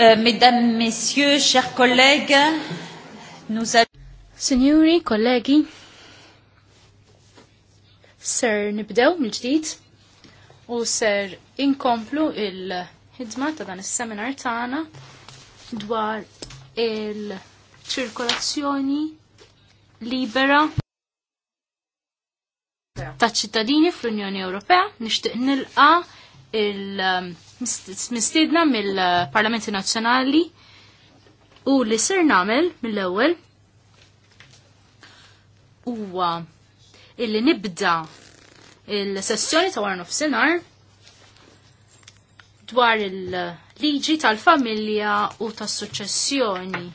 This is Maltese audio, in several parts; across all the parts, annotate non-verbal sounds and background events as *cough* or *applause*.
Euh, mesdames, Messieurs, chers collègues, nous avons... Signori, kollegi, ser nibdew mill-ġdid u ser inkomplu il-ħidma ta' dan is-seminar tagħna dwar il-ċirkolazzjoni libera ta' ċittadini fl-Unjoni Ewropea nixtieq nilqa' il-mistidna mill-Parlamenti Nazzjonali u li ser namel mill-ewwel huwa illi nibda il-sessjoni ta' warnof sinar dwar il-liġi tal-familja u tas-suċessjoni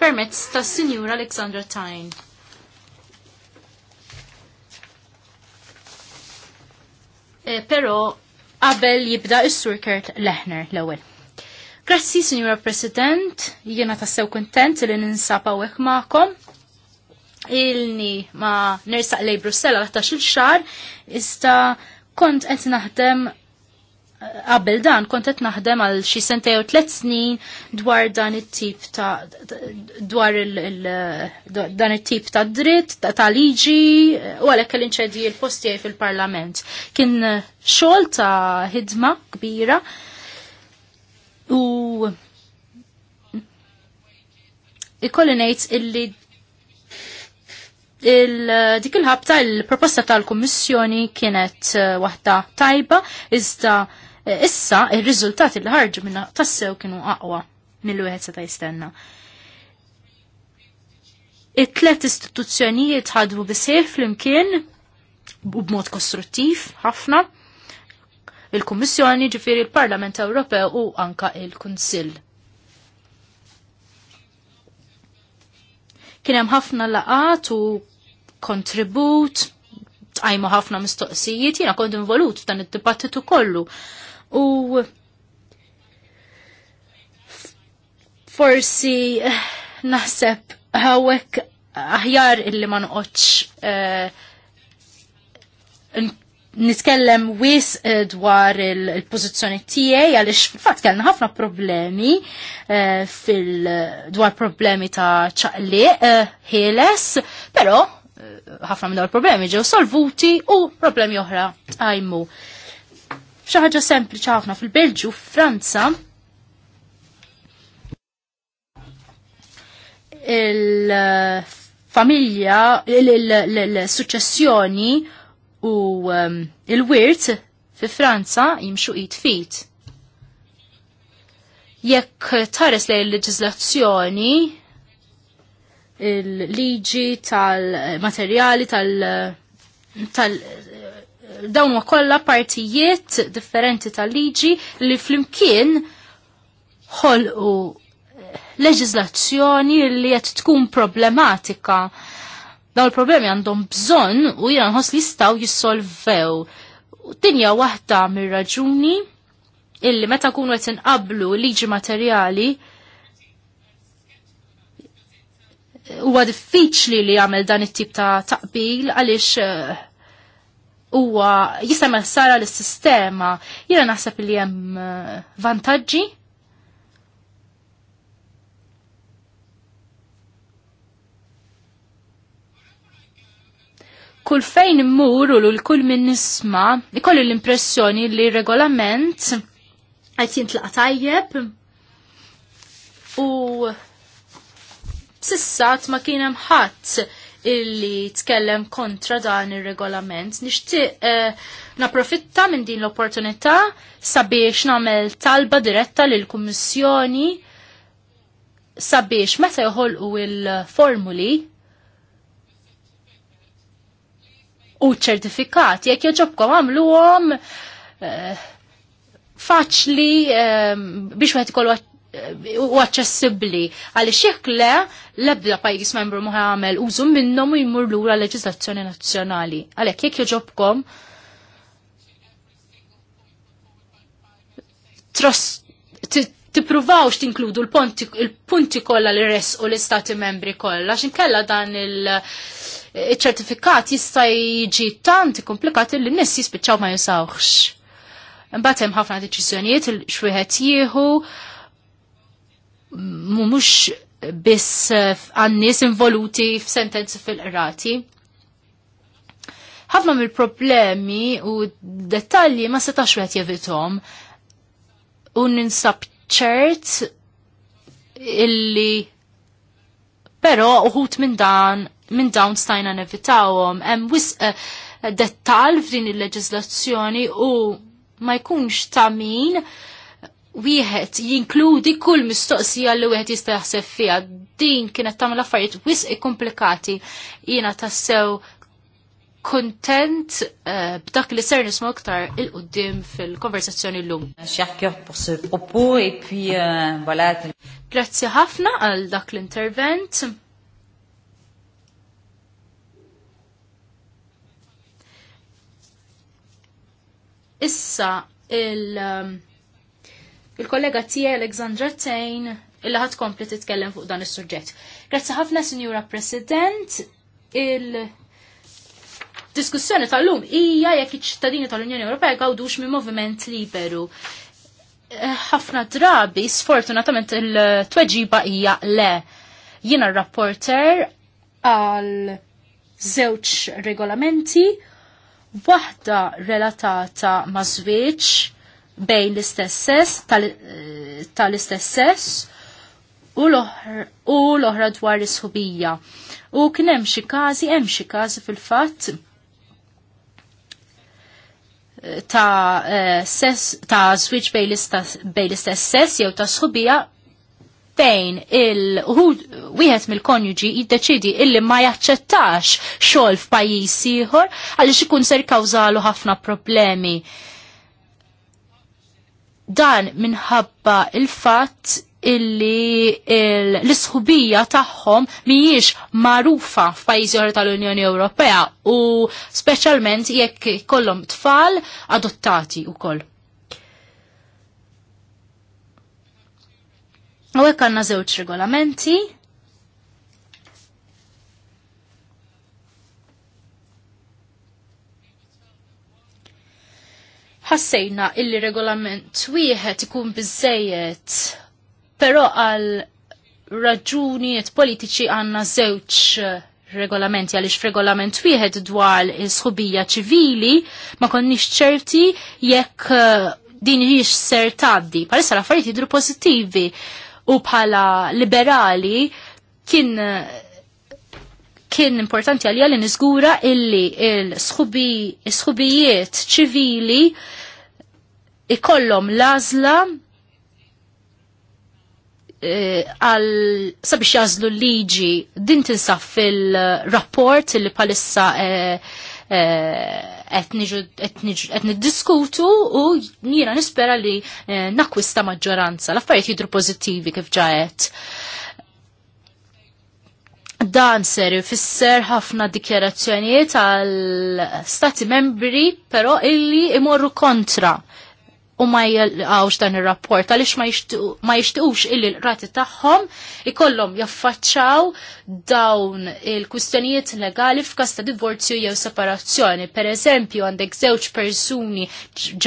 permezz tas-Sinjura Alexandra Tyne. Eh, pero qabel jibda is-Sur Kurt Lehner l-ewwel. Grazzi, Signora President, jiena tassew kontent li ninsab hawnhekk magħkom. Ilni ma nersaq lej Brussella l-11 xar, iżda kont qed naħdem qabel dan kont qed naħdem għal xi sentej u tliet snin dwar dan it-tip ta' dwar il, dan it-tip ta' dritt ta', liġi u għalhekk li nċedi l-postijaj fil-Parlament. Kien xogħol ta' ħidma kbira u ikolli ngħid illi il, dik il-ħabta il-proposta tal-Kummissjoni kienet eh, waħda tajba iżda Eh, issa il riżultati li ħarġu minna tassew kienu aqwa mill-wieħed seta' jistenna. It-tlet istituzzjonijiet ħadbu bisih flimkien u b'mod kostruttiv ħafna il-Kummissjoni ġifiri il-Parlament Ewropew u anka il-Kunsill. Kien hemm ħafna laqat u kontribut, tqajmu ħafna mistoqsijiet, jiena kont involut f'dan id-dibattitu kollu u forsi eh, naħseb hawek aħjar illi ma noqgħodx eh, nitkellem wis eh, dwar il-pożizzjoni tiegħi għaliex fil-fatt kellna ħafna problemi fil dwar problemi ta' ċaqli ħieles, però ħafna minn dawn il problemi ġew solvuti u problemi oħra għajmu. F'xi ħaġa sempliċi ħafna fil-Belġju, Franza, il-familja, il-successjoni u um, il-wirt fi Franza jimxu it-fit. Jekk tares li il-leġizlazzjoni il-liġi tal-materjali tal dawn ma kollha partijiet differenti tal-liġi li flimkien ħolqu leġiżlazzjoni li qed tkun problematika. Daw il-problemi għandhom bżonn u jiena nħoss li jistgħu jissolvew. Dinja waħda mir-raġuni illi meta kunu qed inqablu liġi materjali huwa diffiċli li jagħmel dan it-tip ta' taqbil għaliex eh, huwa jista' sara l sistema Jiena naħseb li hemm eh, vantaġġi kull fejn immur u l-kull min nisma, ikollu l-impressjoni li regolament għajt jintlaqa tajjeb u sissat ma kien hemm ħadd illi tkellem kontra dan ir-regolament. Nixtieq uh, eh, naprofitta minn din l-opportunità sabiex nagħmel talba diretta lil kummissjoni sabiex meta joħolqu il-formuli u ċ-ċertifikat jekk joġobkom għamluhom uh, faċli uh, biex meħti ikollu u aċċessibbli għaliex jekk le l-ebda pajjiż membru ma jagħmel użu minnhom u jmur lura leġiżlazzjoni nazzjonali. Għalhekk jekk joġobkom tippruvawx tinkludu l-punti kollha li res u l-istati membri kollha x'inkella dan il- ċertifikat jista' jiġi tant komplikat li n-nies jispiċċaw ma jisawx. Mbatem hemm ħafna deċiżjonijiet x'wieħed jieħu mhux biss eh, għannis involuti f'sentenzi fil-qrati. Ħafna mill-problemi u dettalji ma setax wieħed jevitom u ninsab ċert illi però uħut minn dan minn dawn stajna nevitawhom hemm wisq uh, eh, dettal f'din il leġislazzjoni u ma jkunx ta' min wieħed jinkludi kull mistoqsija li wieħed jista' jaħseb fiha. Din kienet tagħmel affarijiet wisq komplikati. Jiena tassew kontent eh, b'dak li ser nismu aktar il qudiem fil-konversazzjoni llum. Euh, Grazzi ħafna għal dak l-intervent. Issa il- um, il-kollega tiegħi Alexandra Tejn illa ħat kompli titkellem fuq dan is-suġġett. Grazzi ħafna Sinjura President, il- diskussjoni tal-lum hija jekk iċ-ċittadini tal-Unjoni Ewropea gawdux minn moviment liberu. Eh, ħafna drabi, sfortunatament il-tweġiba hija le. Jiena r-rapporter għal żewġ regolamenti, waħda relatata ma' żwieġ bejn l-istess sess eh, tal-istess sess u l-oħra dwar is-ħubija. U kien hemm xi każi, hemm xi każi fil-fatt eh, ta' eh, sess ta' switch bejn l-istess sess jew ta' sħubija fejn il-ħud wieħed mill-konjuġi jiddeċidi illi ma jaċċettax xogħol f'pajjiż ieħor għaliex ikun ser kawżalu ħafna problemi. Dan minħabba il-fatt illi l-isħubija tagħhom mhijiex magħrufa f'pajjiżi oħra tal-Unjoni Ewropea u speċjalment jekk kollhom tfal adottati wkoll. Għawek għanna żewġ regolamenti ħassejna illi regolament wieħed ikun biżejjed, però għal raġunijiet politiċi għandna żewġ regolamenti għaliex regolament wieħed dwar is-sħubija ċivili ma konniex ċerti jekk uh, din hix ser taddi. Palissa l-affarijiet jidru pożittivi u bħala liberali kien uh, kien importanti għalija li niżgura illi il-sħubijiet ċivili ikollhom lażla eh, għal sabiex jażlu liġi din tinsaf fil-rapport li palissa qed eh, eh, niddiskutu u jiena nispera li nakwista maġġoranza l-affarijiet jidru pożittivi kif ġaet. Dan ser jifisser ħafna dikjerazzjonijiet għal stati membri, però illi imorru kontra u ma jgħawx dan il-rapport, għalix ma jishtiqux illi l-rati taħħom ikollom jaffaċċaw dawn il-kustjonijiet legali f'kas ta' divorzju jew separazzjoni. Per eżempju, għandek żewġ persuni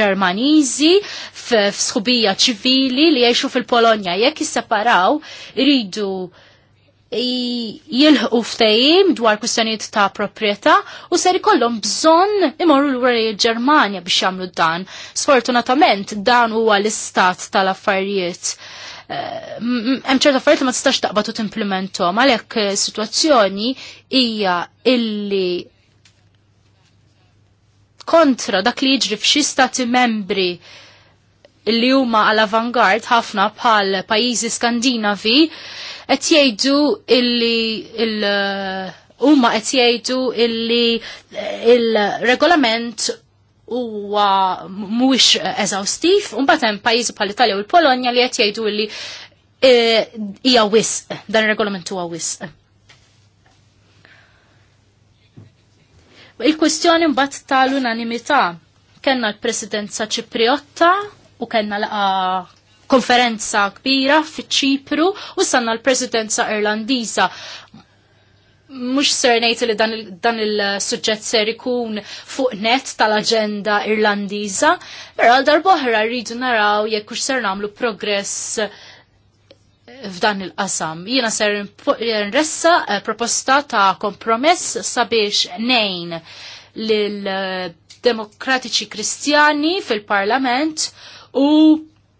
ġermaniżi f'sħubija ċivili li jgħixu fil-Polonja, jekk jisseparaw, iridu jilħu ftejim dwar kwistjonijiet ta' proprjetà u ser ikollhom bżonn imorru l ġermanja biex jagħmlu dan. Sfortunatament dan huwa l-istat tal-affarijiet. Eh, hemm ċerta affarijiet li ma tistax taqbad u timplementhom għalhekk eh, sitwazzjoni hija illi kontra dak li jiġri f'xi stati membri li huma għal avangard ħafna bħal pajjiżi Skandinavi qed jgħidu illi il uh, huma qed jgħidu illi uh, il-regolament huwa mhuwiex eżawstiv, u mbagħad hemm pajjiżi bħal Italja u l-Polonja li qed jgħidu illi uh, hija wisq, dan ir-regolament huwa wisq. Il-kwestjoni mbagħad tal-unanimità. Kenna l-Presidenza Ċipriotta u kenna laqa konferenza kbira fiċ-Ċipru u sanna l-presidenza Irlandiża. Mux ser ngħid li dan il-suġġett ser ikun fuq net tal-aġenda Irlandiża, pero għal darboħra rridu naraw jekk hux ser nagħmlu progress f'dan il-qasam. Jiena ser nressa eh, proposta ta' kompromess sabiex nejn lil eh, demokratiċi kristjani fil-parlament u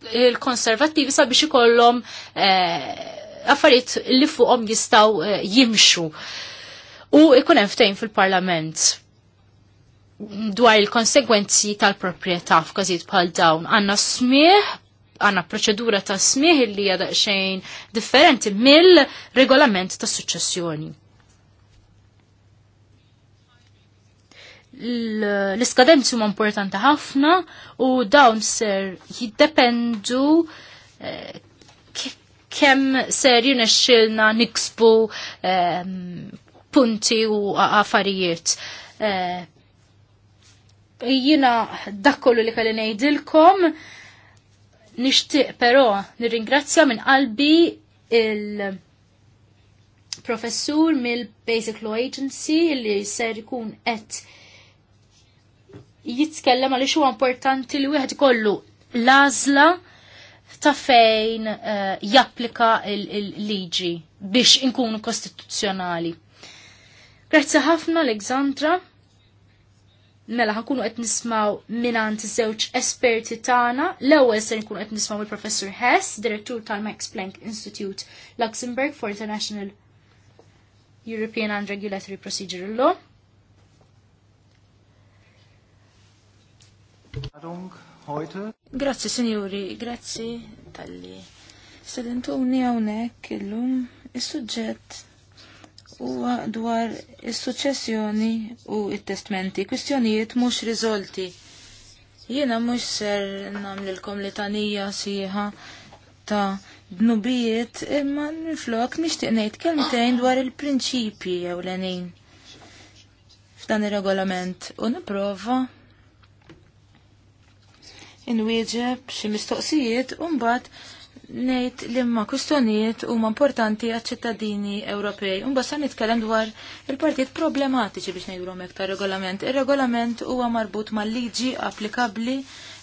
il-konservativi sabiex ikollhom eh, affarijiet li fuqhom jistgħu eh, jimxu. U ikun hemm ftehim fil-Parlament dwar il-konsegwenzi tal-proprjetà f'każijiet bħal dawn. Għandna smieħ għandna proċedura ta' smieħ li hija daqsxejn differenti mill-regolament ta' suċċessjoni l-iskadenzi huma importanti ħafna u dawn ser jiddependu eh, kem kemm ser jinexxilna niksbu ehm, punti u affarijiet. Eh, jina dakollu li kalli ngħidilkom nixtieq però nirringrazzja minn qalbi il- professur mill-Basic Law Agency li ser ikun qed jitkellem għal huwa importanti li wieħed kollu l-għażla ta' fejn uh, japplika il-liġi biex inkunu kostituzzjonali. Grazzi ħafna Alexandra. Mela ħakunu qed nismaw minant żewġ esperti tagħna. L-ewwel se nkunu qed nismaw il-Professur Hess, direttur tal-Max Planck Institute Luxembourg for International European and Regulatory Procedure Law. Grazzi, signori, grazzi tal-li. Sedentuni għawnek il-lum il-sujġet huwa dwar il-suċessjoni u il-testmenti, kwistjonijiet mux rizolti. Jiena mux ser namlilkom li tanija siħa ta' dnubijiet imma minflok nixtieq ngħid kelmtejn dwar il-prinċipji ewlenin f'dan ir-regolament u nipprova inwieġeb xi mistoqsijiet u mbagħad ngħid li ma kwistjonijiet huma importanti għaċ-ċittadini Ewropej. Imbagħad sa nitkellem dwar il-partijiet problematiċi biex ngħidulhom hekk tar-regolament. Ir-regolament huwa marbut mal-liġi applikabbli,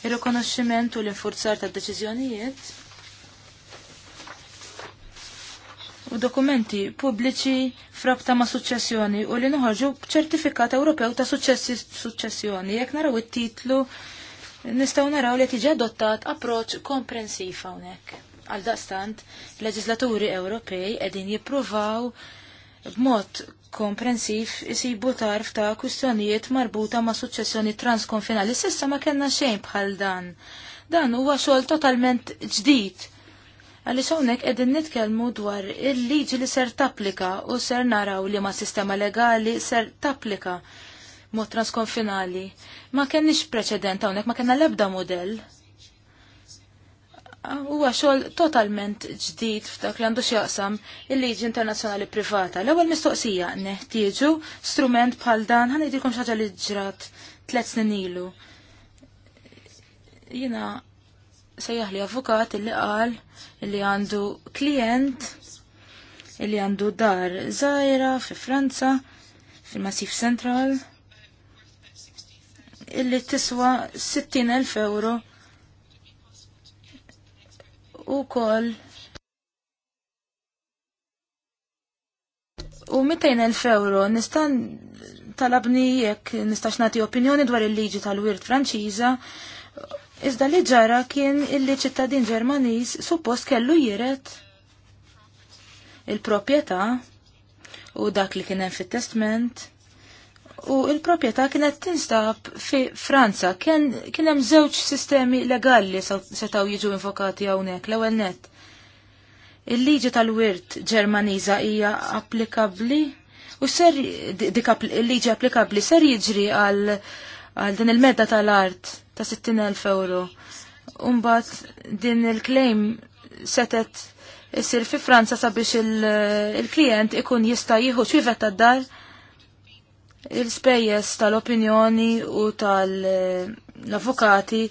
ir-rikonoxximent u l-infurzar tad-deċiżjonijiet. u dokumenti pubbliċi frabta ma' suċċessjoni u li noħorġu ċertifikat Ewropew ta' suċċessjoni. Jekk naraw it-titlu nistgħu naraw li tiġi adottat approċċ komprensiv hawnhekk. Għal daqstant, leġislaturi Ewropej qegħdin jippruvaw b'mod komprensiv isibu tarf ta' kwistjonijiet marbuta ma' suċċessjoni transkonfinali. Sissa ma kellna xejn bħal dan. Dan huwa xogħol totalment ġdid għalix hawnhekk qegħdin nitkellmu dwar il-liġi li ser tapplika u ser naraw li ma' sistema legali ser tapplika mod transkonfinali. Ma kenniex preċedent hawnhekk, ma kellna l-ebda modell. Ah, huwa xogħol totalment ġdid f'dak li għandu x'jaqsam il-liġi internazzjonali privata. L-ewwel mistoqsija neħtieġu strument bħal dan ħan ngħidilkom xi ħaġa li ġrat tliet snin ilu. Jiena sejjaħ li avukat illi qal illi għandu klient illi għandu dar zaħira fi Franza, fil-Massif Central, illi tiswa 60.000 euro u kol u 200.000 euro nistan talabni jekk nistax nati opinjoni dwar il-liġi tal-wirt franċiża iżda li ġara kien illi ċittadin Ġermaniż suppost kellu jiret il-proprjetà u dak li kien hemm fit-testment u il-propieta kienet tinstab fi Franza. Kien hemm żewġ sistemi legali setaw jiġu invokati hawnhekk l-ewwel net. Il-liġi tal-wirt Ġermaniża hija applikabbli u ser dik il-liġi applikabbli ser jiġri għal għal din il-medda tal-art ta' 60.000 euro. Umbat din il klejm setet isir fi Franza sabiex il-klient ikun jista jieħu ċivet tad-dar il spejjes tal-opinjoni u tal-avukati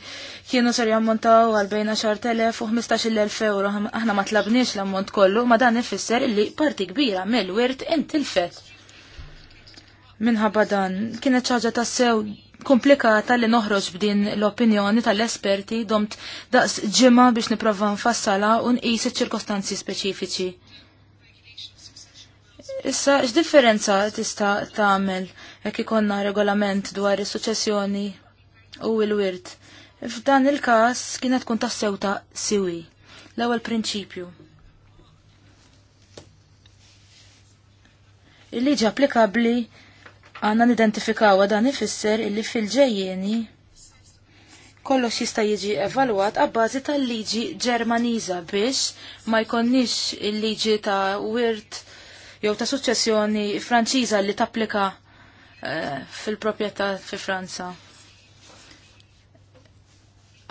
kienu ser jammontaw għal bejna 10.000 u 15.000 euro. Aħna ma tlabniex l-ammont kollu, ma dan ifisser li parti kbira mill-wirt intilfet. Minħabba dan, kienet ċaġa tassew komplikata li noħroġ b'din l-opinjoni tal-esperti domt daqs ġimma biex niprofa nfassala u nqis ċirkostanzi speċifiċi. Issa, x'differenza tista' tagħmel jekk ikonna regolament dwar is-suċessjoni u l-wirt? F'dan il-każ kienet tkun tassew ta' siwi. L-ewwel prinċipju. Il-liġi applikabbli għandna nidentifikawa dan ifisser illi fil-ġejjeni kollox jista' jiġi evalwat għabbażi tal-liġi Ġermaniża biex ma jkonnix il-liġi ta' wirt jew ta' suċċessjoni Franċiża li tapplika eh, fil-proprjetà fi Franza.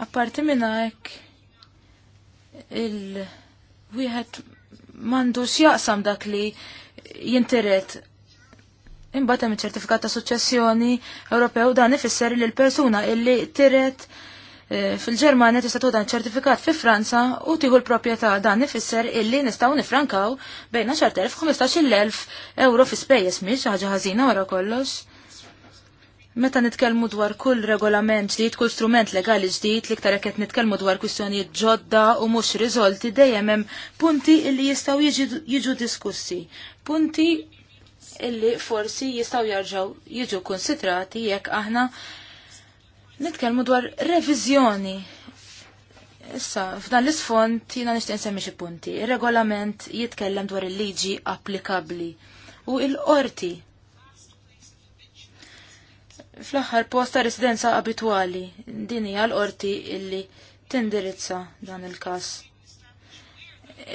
Apparti minn hekk il-wieħed m'għandux jaqsam dak li jinteret Imbagħad hemm iċ-ċertifikat ta' suċċessjoni Ewropew dan ifisser li l-persuna illi tiret Eh, fil ġermania tista' dan ċertifikat fi Franza u tieħu l-proprjetà dan ifisser illi nistgħu nifrankaw bejn 10,000 15,000 euro fi spejjeż mhix ħaġa ħażina wara kollox. Meta nitkellmu dwar kull regolament ġdid, kull strument legali ġdid, ktar qed nitkellmu dwar kwistjonijiet ġodda u mhux riżolti dejjem hemm punti illi jistgħu jiġu diskussi. Punti illi forsi jistgħu jarġgħu jiġu konsidrati jekk aħna Nitkellmu dwar revizjoni. Issa, f'dan l-isfond jiena nixtieq semmi xi punti. Ir-regolament jitkellem dwar il-liġi applikabbli u l-qorti fl-aħħar post ta' residenza abitwali din hija l-qorti illi tindirizza dan il-każ.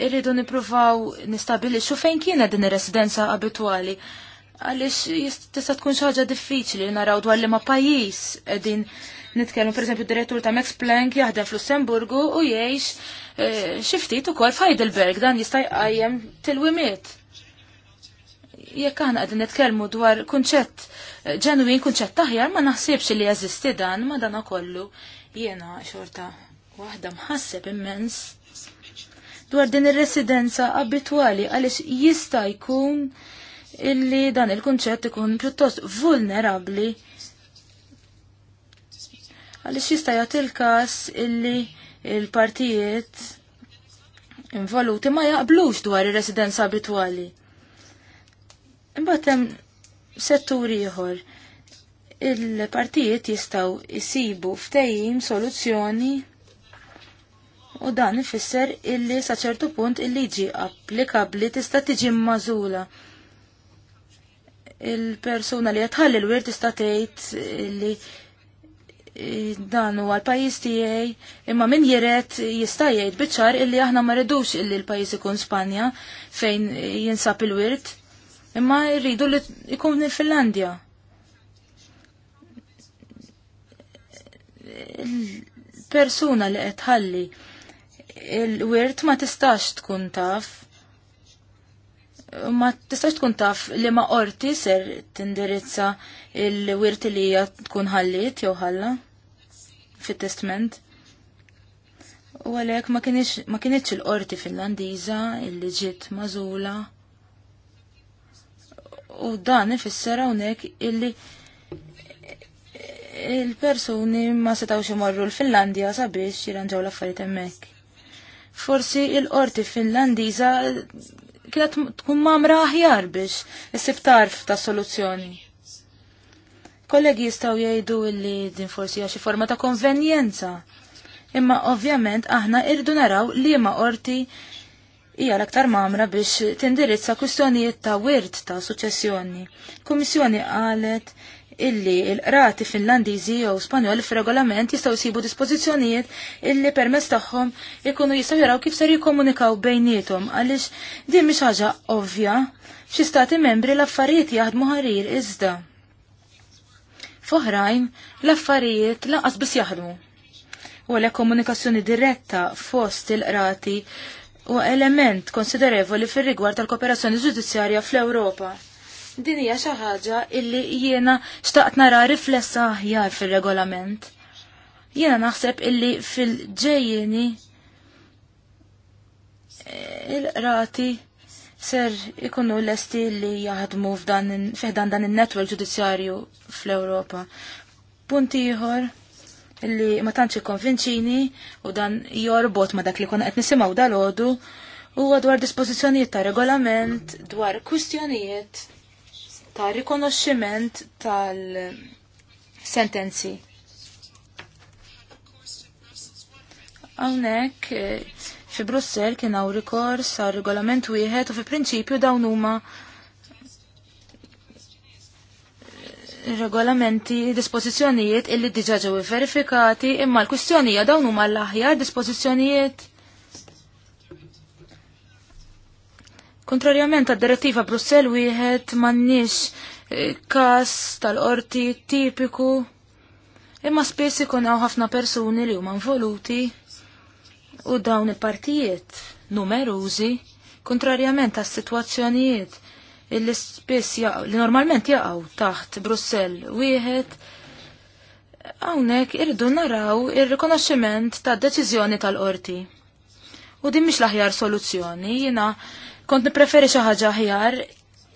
Irridu nippruvaw nistabilixxu fejn kienet din ir-residenza abitwali għalix tista' tkun xaġa diffiċli naraw dwar li ma pajjiż qegħdin nitkellmu pereżempju direttur ta' Max Planck jaħdem f'Lussemburgu u jgħix e, xi ftit ukoll f'Heidelberg dan jista' jqajjem wimiet Jekk aħna għadin nitkellmu dwar kunċett e, ġenwin kunċett taħjar, ma naħsibx li jeżisti dan ma dan kollu jiena xorta waħda mħasseb immens dwar din ir-residenza abitwali għaliex jista' jkun illi dan il-kunċett ikun pjuttost vulnerabli għalix jista' jagħti il-każ illi il-partijiet involuti ma jaqblux dwar ir-residenza abitwali. Imbagħad hemm jħor ieħor il-partijiet jistaw jisibu ftejim soluzzjoni u dan ifisser illi sa ċertu punt illi ġi applikabli tista' tiġi mażula il-persuna li jatħalli l wirt tista' tgħid li eh, dan huwa l-pajjiż tiegħi, imma min jiret jista' jgħid biċ illi aħna ma rridux illi l-pajjiż ikun Spanja fejn jinsab il-wirt, imma rridu li jkun il-Finlandja. Il-persuna li qed il-wirt ma tistax tkun taf ma tistax tkun taf li ma qorti ser tindirizza il wirt li hija tkun ħallit jew ħalla fit-testment. U għalhekk ma kienx il-qorti Finlandiża illi ġiet mażula. U dan ifisser hawnhekk illi il-persuni ma setawx imorru l-Finlandja sabiex jiranġaw l-affarijiet hemmhekk. Forsi il-qorti Finlandiża kienet tkun mamra aħjar biex issib tarf ta' soluzzjoni. Kollegi jistaw jgħidu illi din forsi xi forma ta' konvenjenza. Imma ovvjament aħna irdu naraw li ma orti hija l-aktar mamra biex tindirizza kwistjonijiet ta' wirt ta' suċessjoni. Kummissjoni qalet illi il-qrati finlandiżi jew Spanjol fir-regolament jistgħu jsibu dispożizzjonijiet illi permezz tagħhom ikunu jistgħu jaraw kif ser jikkomunikaw bejniethom għaliex din mhix ħaġa ovvja xi stati membri l-affarijiet jaħdmu ħarir iżda. F'oħrajn l-affarijiet lanqas biss jaħdmu. U għalhekk komunikazzjoni diretta fost il-qrati huwa element konsiderevoli fir-rigward tal-kooperazzjoni ġudizzjarja fl-Ewropa. Din hija xi ħaġa illi jiena xtaqt nara riflessa aħjar fir-regolament. Jiena naħseb illi fil-ġejjeni eh, il-rati ser ikunu l-esti li jaħdmu f'dan dan il-network ġudizzjarju fl ewropa Punti ieħor li ma tantx ikkonvinċini u dan jorbot ma dak li konna qed nisimgħu dal-għodu huwa dwar dispożizzjonijiet ta' regolament dwar kwistjonijiet ta' rikonoxximent tal-sentenzi. Hawnhekk eh, fi Brussell kien hawn rikors għal regolament wieħed u fi prinċipju dawn huma eh, regolamenti, dispożizzjonijiet illi diġaġu ġew verifikati imma l kustjonija dawn huma l-aħjar dispożizzjonijiet Kontrarjament għad direttiva Brussel wieħed m'għandniex eh, kas tal-qorti tipiku imma spiss ikun hawn ħafna persuni li huma involuti u dawn il-partijiet numerużi kontrarjament għas situazzjonijiet illi spess li normalment jaqgħu taħt Brussel wieħed hawnhekk irridu naraw ir-rikonoxximent tad deċiżjoni tal-qorti. U din mhix l-aħjar soluzzjoni, jiena kont nipreferi xi ħaġa ħjar,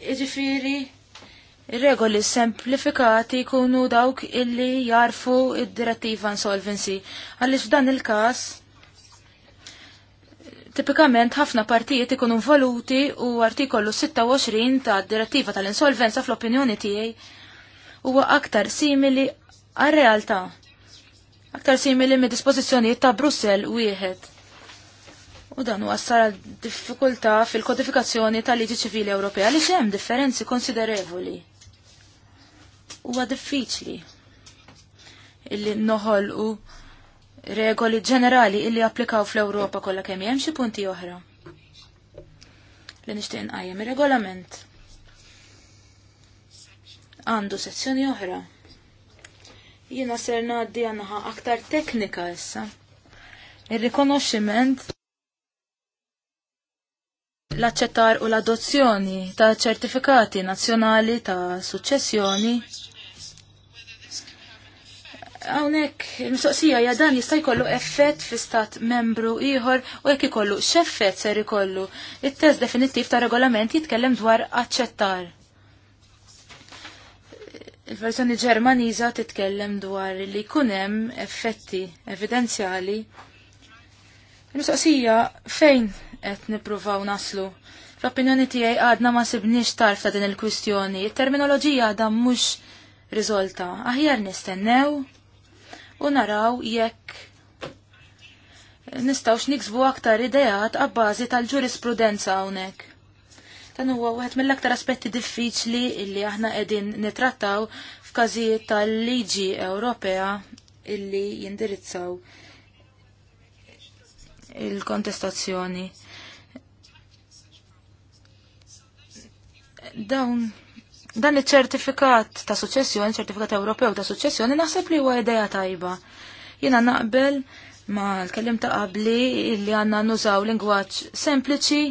jiġifieri regoli semplifikati jkunu dawk illi jarfu id-direttiva insolvency. Għaliex f'dan il-każ tipikament ħafna partijiet ikunu voluti u artikolu 26 ta' direttiva tal-insolvenza fl-opinjoni tiegħi huwa aktar simili għar-realtà. Aktar simili mid dispożizzjonijiet ta' Brussel wieħed. U dan huwa għal diffikultà fil-kodifikazzjoni tal-liġi ċivili Ewropea li hemm differenzi konsiderevoli. Huwa diffiċli illi noħolqu regoli ġenerali illi applikaw fl-Ewropa kollha kemm hemm xi punti oħra. Li nixtieq inqajjem ir-regolament. Għandu sezzjoni oħra. Jiena ser ngħaddi għandha aktar teknika issa. Ir-rikonoxximent l-aċċettar u l-adozzjoni ta' ċertifikati nazzjonali ta' suċċessjoni. Hawnhekk il-mistoqsija ja dan jista' jkollu effett fi stat membru ieħor u jekk ikollu x'effett ser ikollu. It-test definittiv ta' regolament jitkellem dwar aċċettar. Il-verżjoni Ġermaniża titkellem dwar li jkun hemm effetti evidenzjali il-mistoqsija fejn qed nippruvaw naslu. Fl-opinjoni tiegħi għadna ma sibniex tarf ta' din il-kwistjoni. Il-terminoloġija għadha mhux riżolta. Aħjar nistennew u naraw jekk nistgħux niksbu aktar ideat għabbażi tal-ġurisprudenza hawnhekk. Dan huwa wieħed mill-aktar aspetti diffiċli illi aħna qegħdin nitrattaw f'każijiet tal-liġi Ewropea illi jindirizzaw il-kontestazzjoni. Dawn dan iċ-ċertifikat ta' suċessjoni, ċertifikat Ewropew ta' suċessjoni, naħseb li huwa idea tajba. Jiena naqbel ma l-kellim ta' qabli li għanna nużaw lingwaġġ sempliċi,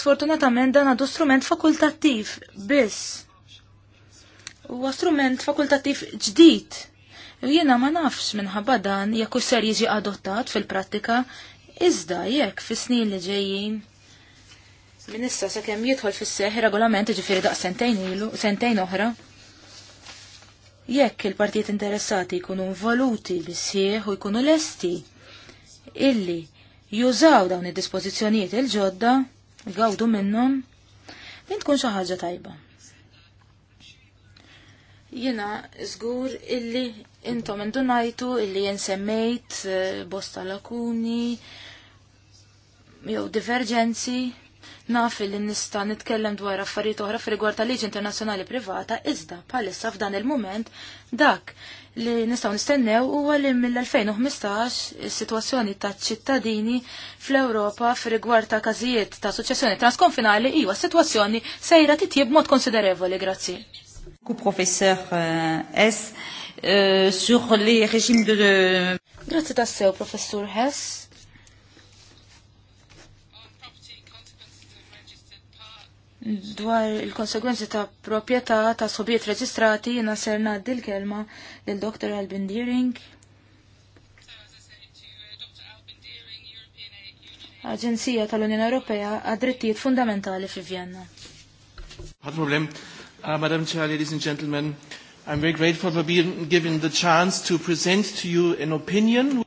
sfortunatament dan għadu strument fakultattiv biss. Huwa strument fakultattiv ġdid. Jiena ma nafx minħabba dan jekk ser jiġi adottat fil-prattika iżda jekk fis-snin li ġejjin Minissa se kem jidħol fis-seħ regolament ġifieri daqs sentejn ilu, sentejn oħra. Jekk il-partijiet interessati jkunu involuti bis-sieħ u jkunu lesti illi jużaw dawn id-dispożizzjonijiet il-ġodda, gawdu minnhom, min tkun xi ħaġa tajba. Jiena żgur illi intom indunajtu illi jien semmejt eh, bosta lakuni jew divergenzi Naf li nista' nitkellem dwar affarijiet oħra f'rigward tal-liġi internazzjonali privata, iżda bħalissa f'dan il-mument dak li nistgħu nistennew huwa li mill-2015 is-sitwazzjoni taċ-ċittadini fl-Ewropa f'rigward ta' każijiet ta' suċċessjoni transkonfinali iwa sitwazzjoni sejra titjib mod konsiderevoli, grazzi. Ku professor eh, S eh, sur li reġim de Grazzi tassew, professur Hess dwar il-konsegwenzi ta' propieta ta' sobiet reġistrati jina ser ngħaddi kelma lil Dr. Albin Deering. Aġenzija tal-Unjoni Ewropea għad-drittijiet fundamentali fi Vienna. Għad problem. Uh, Madam Chair, ladies and gentlemen, I'm very grateful for being given the chance to present to you an opinion.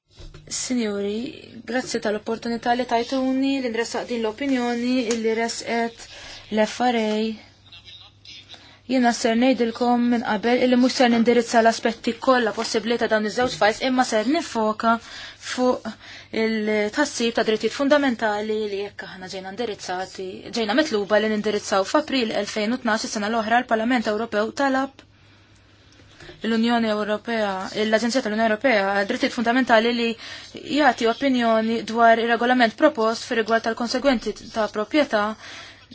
Signori, grazie tal-opportunità li tajtuni l-indressaq din l-opinjoni il illi resqet l affarej jina ser nejdilkom minn qabel illi mux ser nindirizza l-aspetti kolla possibli ta' dawn iż-żewġ fajs imma ser nifoka fuq il-tassib ta' drittijiet fundamentali li jekk aħna ġejna indirizzati, ġejna mitluba li nindirizzaw f'April 2012 sena l-oħra l-Parlament Ewropew talab l-Unjoni Ewropea, l-Aġenzija tal-Unjoni Ewropea, drittijiet fundamentali li jagħti opinjoni dwar ir-regolament propost fir rigward tal-konsegwenti ta' proprjetà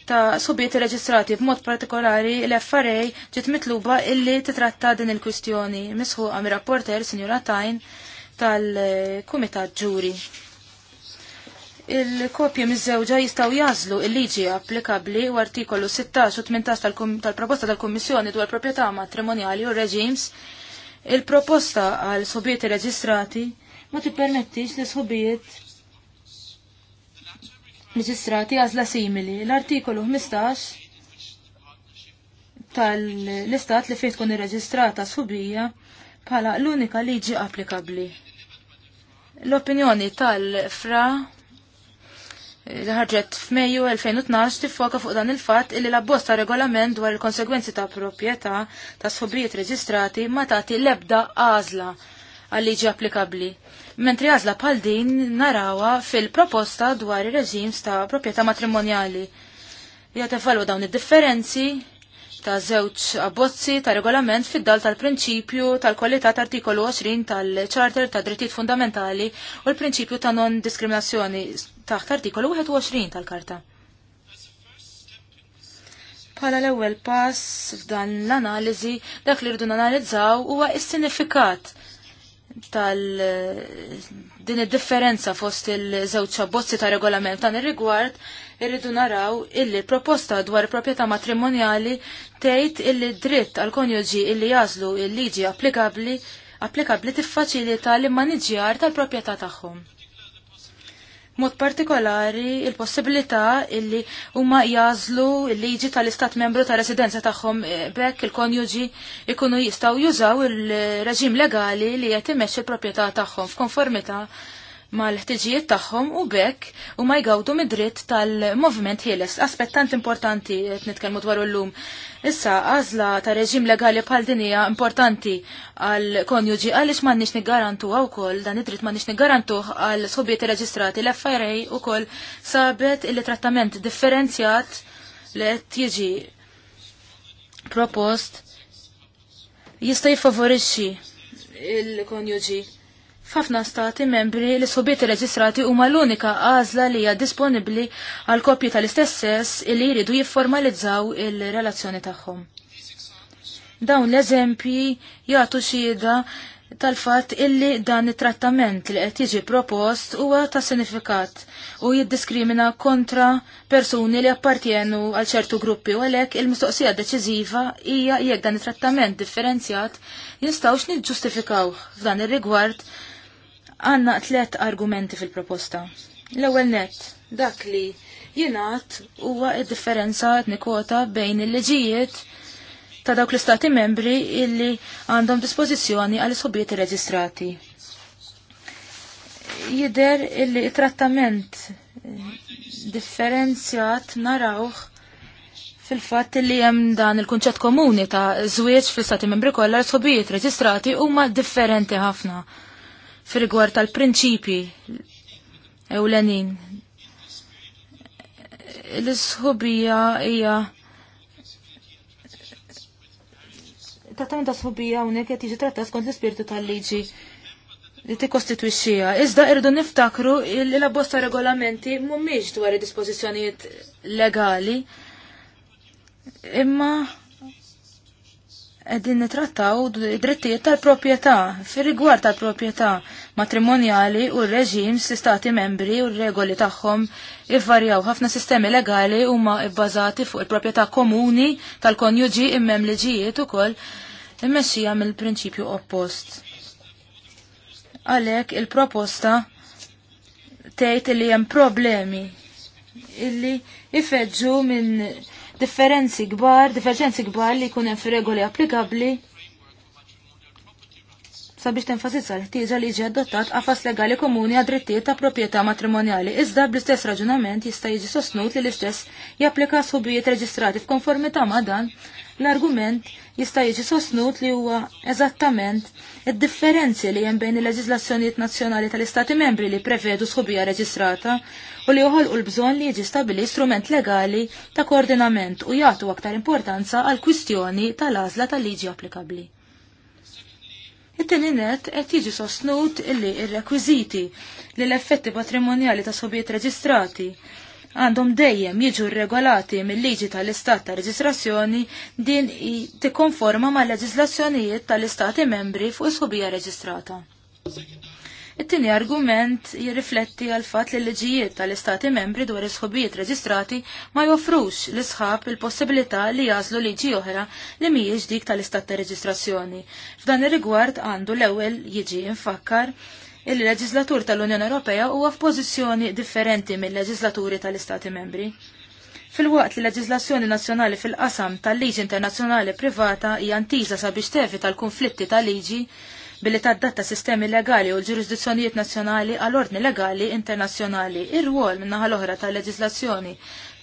ta' subiet reġistrati b'mod partikolari l-FRA ġiet mitluba illi titratta din il-kwistjoni misħuqa mir rapporter Signora Tajn tal-Kumitat Ġuri. Il-kopji miż-żewġa jistgħu jażlu il-liġi applikabbli u artikolu 16 u 18 tal-proposta tal-Kummissjoni dwar proprjetà matrimonjali u reġims il-proposta għal sobiet reġistrati ma tippermettix li subiet reġistrati għażla simili. L-artikolu 15 tal-istat li fejn tkun irreġistrata sħubija bħala l-unika liġi applikabbli. L-opinjoni tal-fra li ħarġet f'Mejju 2012 tiffoka fuq dan il-fatt illi l-abbosta regolament dwar il-konsegwenzi ta' proprjetà ta' subijiet reġistrati ma tagħti l-ebda għażla għal liġi applikabbli mentri għazla bħal din narawa fil-proposta dwar ir-reġim ta' proprjetà matrimonjali. Ja tefalu dawn id-differenzi ta' żewġ abbozzi ta' regolament fid-dal tal-prinċipju tal-kwalità tal-artikolu 20 tal ċarter ta' Drittijiet Fundamentali u l-prinċipju ta' non-diskriminazzjoni taħt artikolu 21 tal-Karta. Pala l-ewwel pass f'dan l-analiżi dak li rridu nanalizzaw huwa s-sinifikat tal din id-differenza fost il-żewġ bozzi ta' regolament tan ir-rigward irridu naraw illi proposta dwar proprjetà matrimonjali tgħid illi dritt għal konjuġi illi jażlu il-liġi applikabbli applikabbli tiffaċilita l-immaniġjar tal-proprjetà tagħhom mod partikolari il-possibilità illi huma jażlu il-liġi tal-istat membru ta' residenza tagħhom eh, bekk il-konjuġi ikunu jistgħu jużaw il-reġim legali li qed imexxi l-proprjetà tagħhom f'konformità mal-ħtiġijiet tagħhom u bekk u ma jgawdu mid-dritt tal movement ħieles. Aspett tant importanti qed nitkellmu dwar llum. Issa għażla ta' reġim legali bħal din hija importanti għal konjuġi għaliex m'għandniex niggarantuha wkoll dan id-dritt m'għandniex niggarantuh għal subjiet irreġistrati l-FRA wkoll sabet il-trattament differenzjat li qed jiġi propost jista' jfavorixxi il-konjuġi F'ħafna stati membri li subiet reġistrati huma l-unika għażla li hija disponibbli għal koppji tal-istess sess li jridu jifformalizzaw il-relazzjoni tagħhom. Dawn l-eżempji jagħtu xhieda tal-fatt illi dan it-trattament li qed jiġi propost huwa ta' sinifikat u jiddiskrimina kontra persuni li appartjenu għal ċertu gruppi u għalhekk il-mistoqsija deċiżiva hija jekk dan it-trattament differenzjat jinstawx niġġustifikawh f'dan ir-rigward Għanna tlet argumenti fil-proposta. L-ewwel net, dak li jingħat huwa id-differenza etnikota bejn il-liġijiet ta' dawk l-istati membri illi għandhom dispożizzjoni għal sobiet irreġistrati. Jider illi trattament differenzjat narawh fil-fatt li hemm dan il-kunċett komuni ta' żwieġ fl-istati membri kollha l-sħobijiet reġistrati huma differenti ħafna fil-rigward tal-prinċipi ewlenin. L-sħubija hija ta' ta' sħubija hawnhekk qed jiġi trattas kont l-ispirtu tal-liġi li tikkostitwixxija. Iżda irdu niftakru l-abbozz regolamenti mhumiex dwar id-dispożizzjonijiet legali imma qegħdin nitrattaw id-drittijiet tal-proprjetà fir-rigward tal-proprjetà matrimonjali u r-reġim stati membri u r-regoli tagħhom ivvarjaw ħafna sistemi legali huma bbażati fuq il-proprjetà komuni tal-konjuġi immem liġijiet ukoll immexxija mill-prinċipju oppost. Għalhekk il-proposta tgħid li hemm problemi illi ifeġġu minn differenzi kbar, differenzi kbar li jkun hemm regoli applikabbli sabiex tenfasizza l tiġa li jiġi adottat għafas legali komuni għad drittijiet ta' proprjetà matrimonjali. Iżda bl-istess raġunament jista' jiġi sostnut li l-istess japplika subijiet reġistrati f'konformità ma' dan l-argument jista' jiġi sostnut li huwa eżattament id-differenzi li hemm bejn il-leġiżlazzjonijiet nazzjonali tal-Istati membri li prevedu sħubija reġistrata u li joħolqu l-bżonn li jiġi stabili strument legali ta' koordinament u jagħtu aktar importanza għal kwistjoni tal-għażla tal-liġi applikabbli. It-tieni net qed jiġi sostnut illi ir-rekwiżiti li l-effetti patrimonjali ta' sħubijiet reġistrati għandhom dejjem jiġu regolati mill-liġi tal-istat ta' reġistrazzjoni din tikkonforma ma' leġislazzjonijiet tal-istati membri fuq is-subija reġistrata. It-tieni argument jirrifletti għal fatt li l-liġijiet tal-istati membri dwar is-sħobijiet reġistrati ma jofrux l-isħab il-possibilità li jażlu liġi oħra li mhijiex dik tal-istat ta' reġistrazzjoni. F'dan ir-rigward għandu l-ewwel jiġi infakkar il-leġislatur tal-Unjoni Ewropea huwa f'pożizzjoni differenti mill-leġislaturi tal-Istati membri. Fil-waqt li leġislazzjoni nazzjonali fil-qasam tal-liġi internazzjonali privata hija ntisa sabiex tevi tal-konflitti tal-liġi billi tadatta sistemi legali u l-ġurisdizzjonijiet nazzjonali għal ordni legali internazzjonali. Ir-rwol naħa l-oħra tal-leġislazzjoni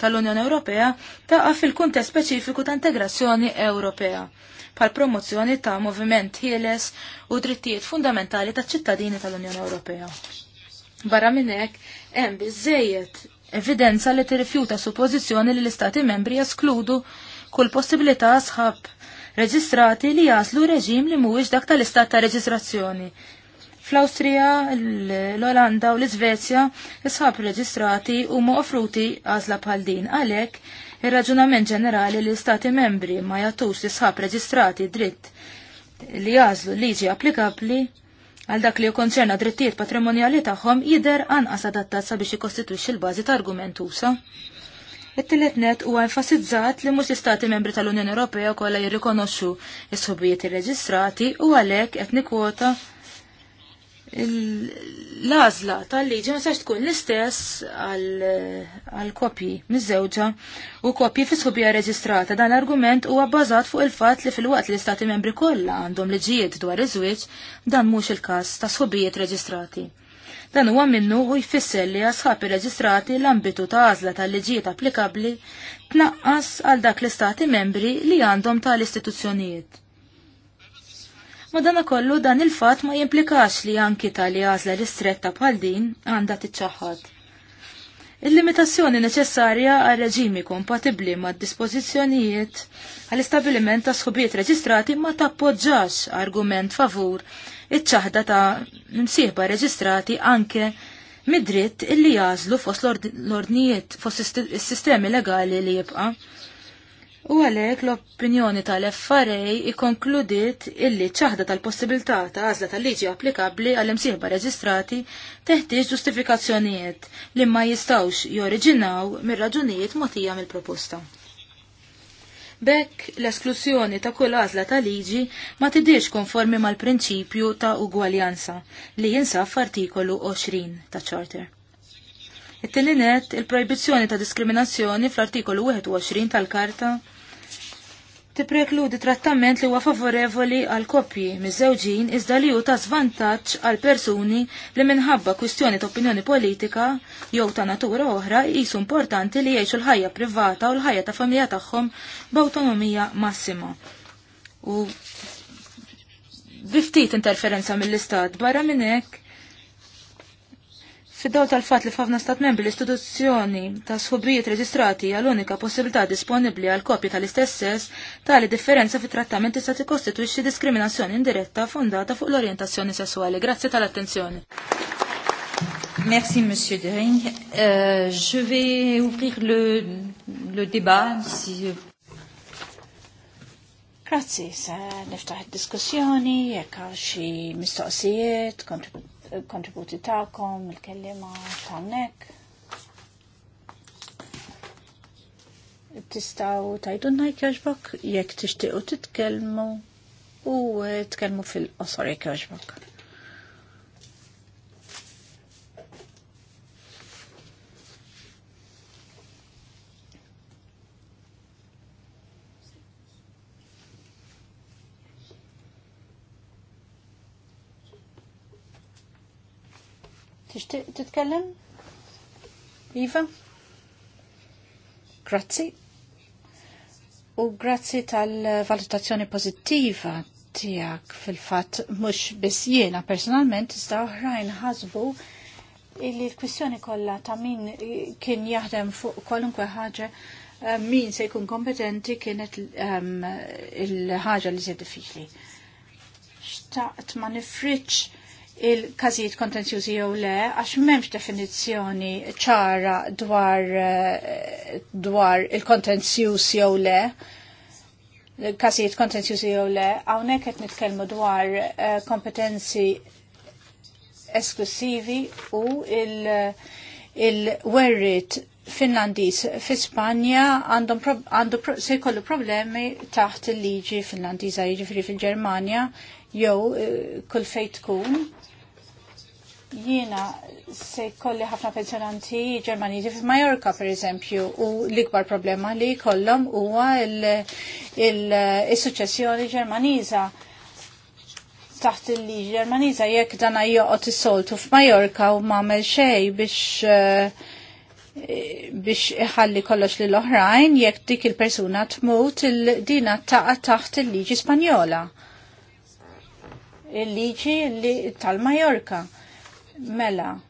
tal-Unjoni Ewropea taqa fil-kuntest speċifiku ta' integrazzjoni Ewropea pal promozzjoni ta' moviment ħieles u drittijiet fundamentali ta' ċittadini tal-Unjoni Ewropea. Barra minnek, hemm biżejjed evidenza li tirrifjuta suppożizzjoni li l-Istati membri jaskludu kull possibilità sħab reġistrati li jaslu reġim li mhuwiex dak tal-istat ta' reġistrazzjoni fl awstrija l-Olanda u l-Svezja sħab reġistrati u offruti għazla bħal din. Għalek, Ir-raġunament ġenerali li stati membri ma jagħtux isħab reġistrati dritt li jażlu liġi applikabbli għal dak li jkonċerna drittijiet patrimonjali tagħhom jidher anqas adattat sabiex jikostitwixxi l-bażi ta' argument usa. It-tielet net huwa enfasizzat li mhux l-istati membri tal-Unjoni Ewropea kollha jirrikonoxxu s-subijiet irreġistrati u għalhekk qed nikwota l-għażla tal-liġi ma sax tkun l-istess għal kopji miż u kopji fi sħubija reġistrata. Dan l-argument huwa bbażat fuq il-fatt li fil-waqt li l-istati membri kollha għandhom liġijiet dwar iż-żwieġ dan mhux il-każ ta' sħubijiet reġistrati. Dan huwa minnu u jfisser li għasħab irreġistrati l-ambitu ta' għażla tal-liġijiet applikabbli tnaqqas għal dak l-istati membri li għandhom tal-istituzzjonijiet. Madana kollu dan il-fat ma jimplikax li anki għazla għażla istretta bħal din għandha tiċċaħħad. Il-limitazzjoni neċessarja għal reġimi kompatibli ma' dispożizzjonijiet għal istabiliment ta' sħubiet reġistrati ma tappoġġax argument favur iċ-ċaħda ta' msieħba reġistrati anke midritt illi jażlu fost l-ordnijiet fost is-sistemi legali li jibqa' U għalek l-opinjoni tal-FRA ikonkludit illi ċaħda tal-possibilità ta' għazla tal-liġi applikabli għal imsieħba reġistrati teħtieġ ġustifikazzjonijiet li ma jistawx joriġinaw mir-raġunijiet motija mill-proposta. Bekk l-esklusjoni ta' kull għażla tal liġi ma tidhirx konformi mal-prinċipju ta' ugwaljanza li jinsab artikolu 20 ta' Charter. It-tininet il-projbizzjoni ta' diskriminazzjoni fl-artikolu 21 tal-Karta tipprekludi trattament li huwa favorevoli għal koppji miż-żewġin iżda li hu ta' żvantaġġ għal persuni li minħabba kwistjoni ta' opinjoni politika jew ta' natura oħra jisu importanti li jgħixu l-ħajja privata u l-ħajja ta' familja tagħhom b'awtonomija massima. U biftit interferenza mill-istat barra minn hekk Fid-daw tal-fat li f'afna stat membri l-istituzzjoni ta' sħubrijiet reġistrati għal unika possibilità disponibli għal kopji tal-istess sess tali differenza fit trattamenti se tikkostitwixxi diskriminazzjoni indiretta fondata fuq l orientazzjoni sessuali. Grazzi tal-attenzjoni. Merci monsieur Dering. Euh, je vais ouvrir le, le débat si Grazzi, sa niftaħ id-diskussjoni, jekka għal xi mistoqsijiet, kontribut il-kontributi ta'kom, il-kellima ta'nek. Tistaw tajdunna jkjoġbok, jek tixtiqu titkelmu u titkelmu eh, fil-qosor jkjoġbok. Tixtieq titkellem? Iva? Grazzi. U grazzi tal-valutazzjoni pozittiva tiegħek fil-fatt mhux biss jiena personalment iżda oħrajn ħasbu illi l-kwistjoni kollha ta' min kien jaħdem fuq kwalunkwe ħaġa eh, min se jkun kompetenti kienet ehm, il ħagġa li se diffiċli. Xtaqt ma nifriċ il-każijiet kontenzjużi jew le, għax m'hemmx definizzjoni ċara dwar, eh, dwar il-kontenzjuż jew le kasijiet kontenzjużi jew le, hawnhekk qed nitkellmu dwar eh, kompetenzi esklusivi u il-werrit il Finlandis fi Spanja għandu se jkollu problemi taħt il-liġi Finlandiża jiġifieri fil-Ġermanja jew eh, kull fejn tkun Jiena se jkolli ħafna pensjonanti Ġermaniżi f'Majorka per eżempju u l-ikbar problema li jkollhom huwa il-suċċessjoni Ġermaniża taħt il-liġi Ġermaniża jekk dana joqgħod is-soltu f'Majorka u m'għamel xejn biex eh, biex iħalli kollox lil oħrajn jekk dik il-persuna tmut il-dina taqa' taħt il-liġi Spanjola. Il-liġi tal-Majorka. Il Mela.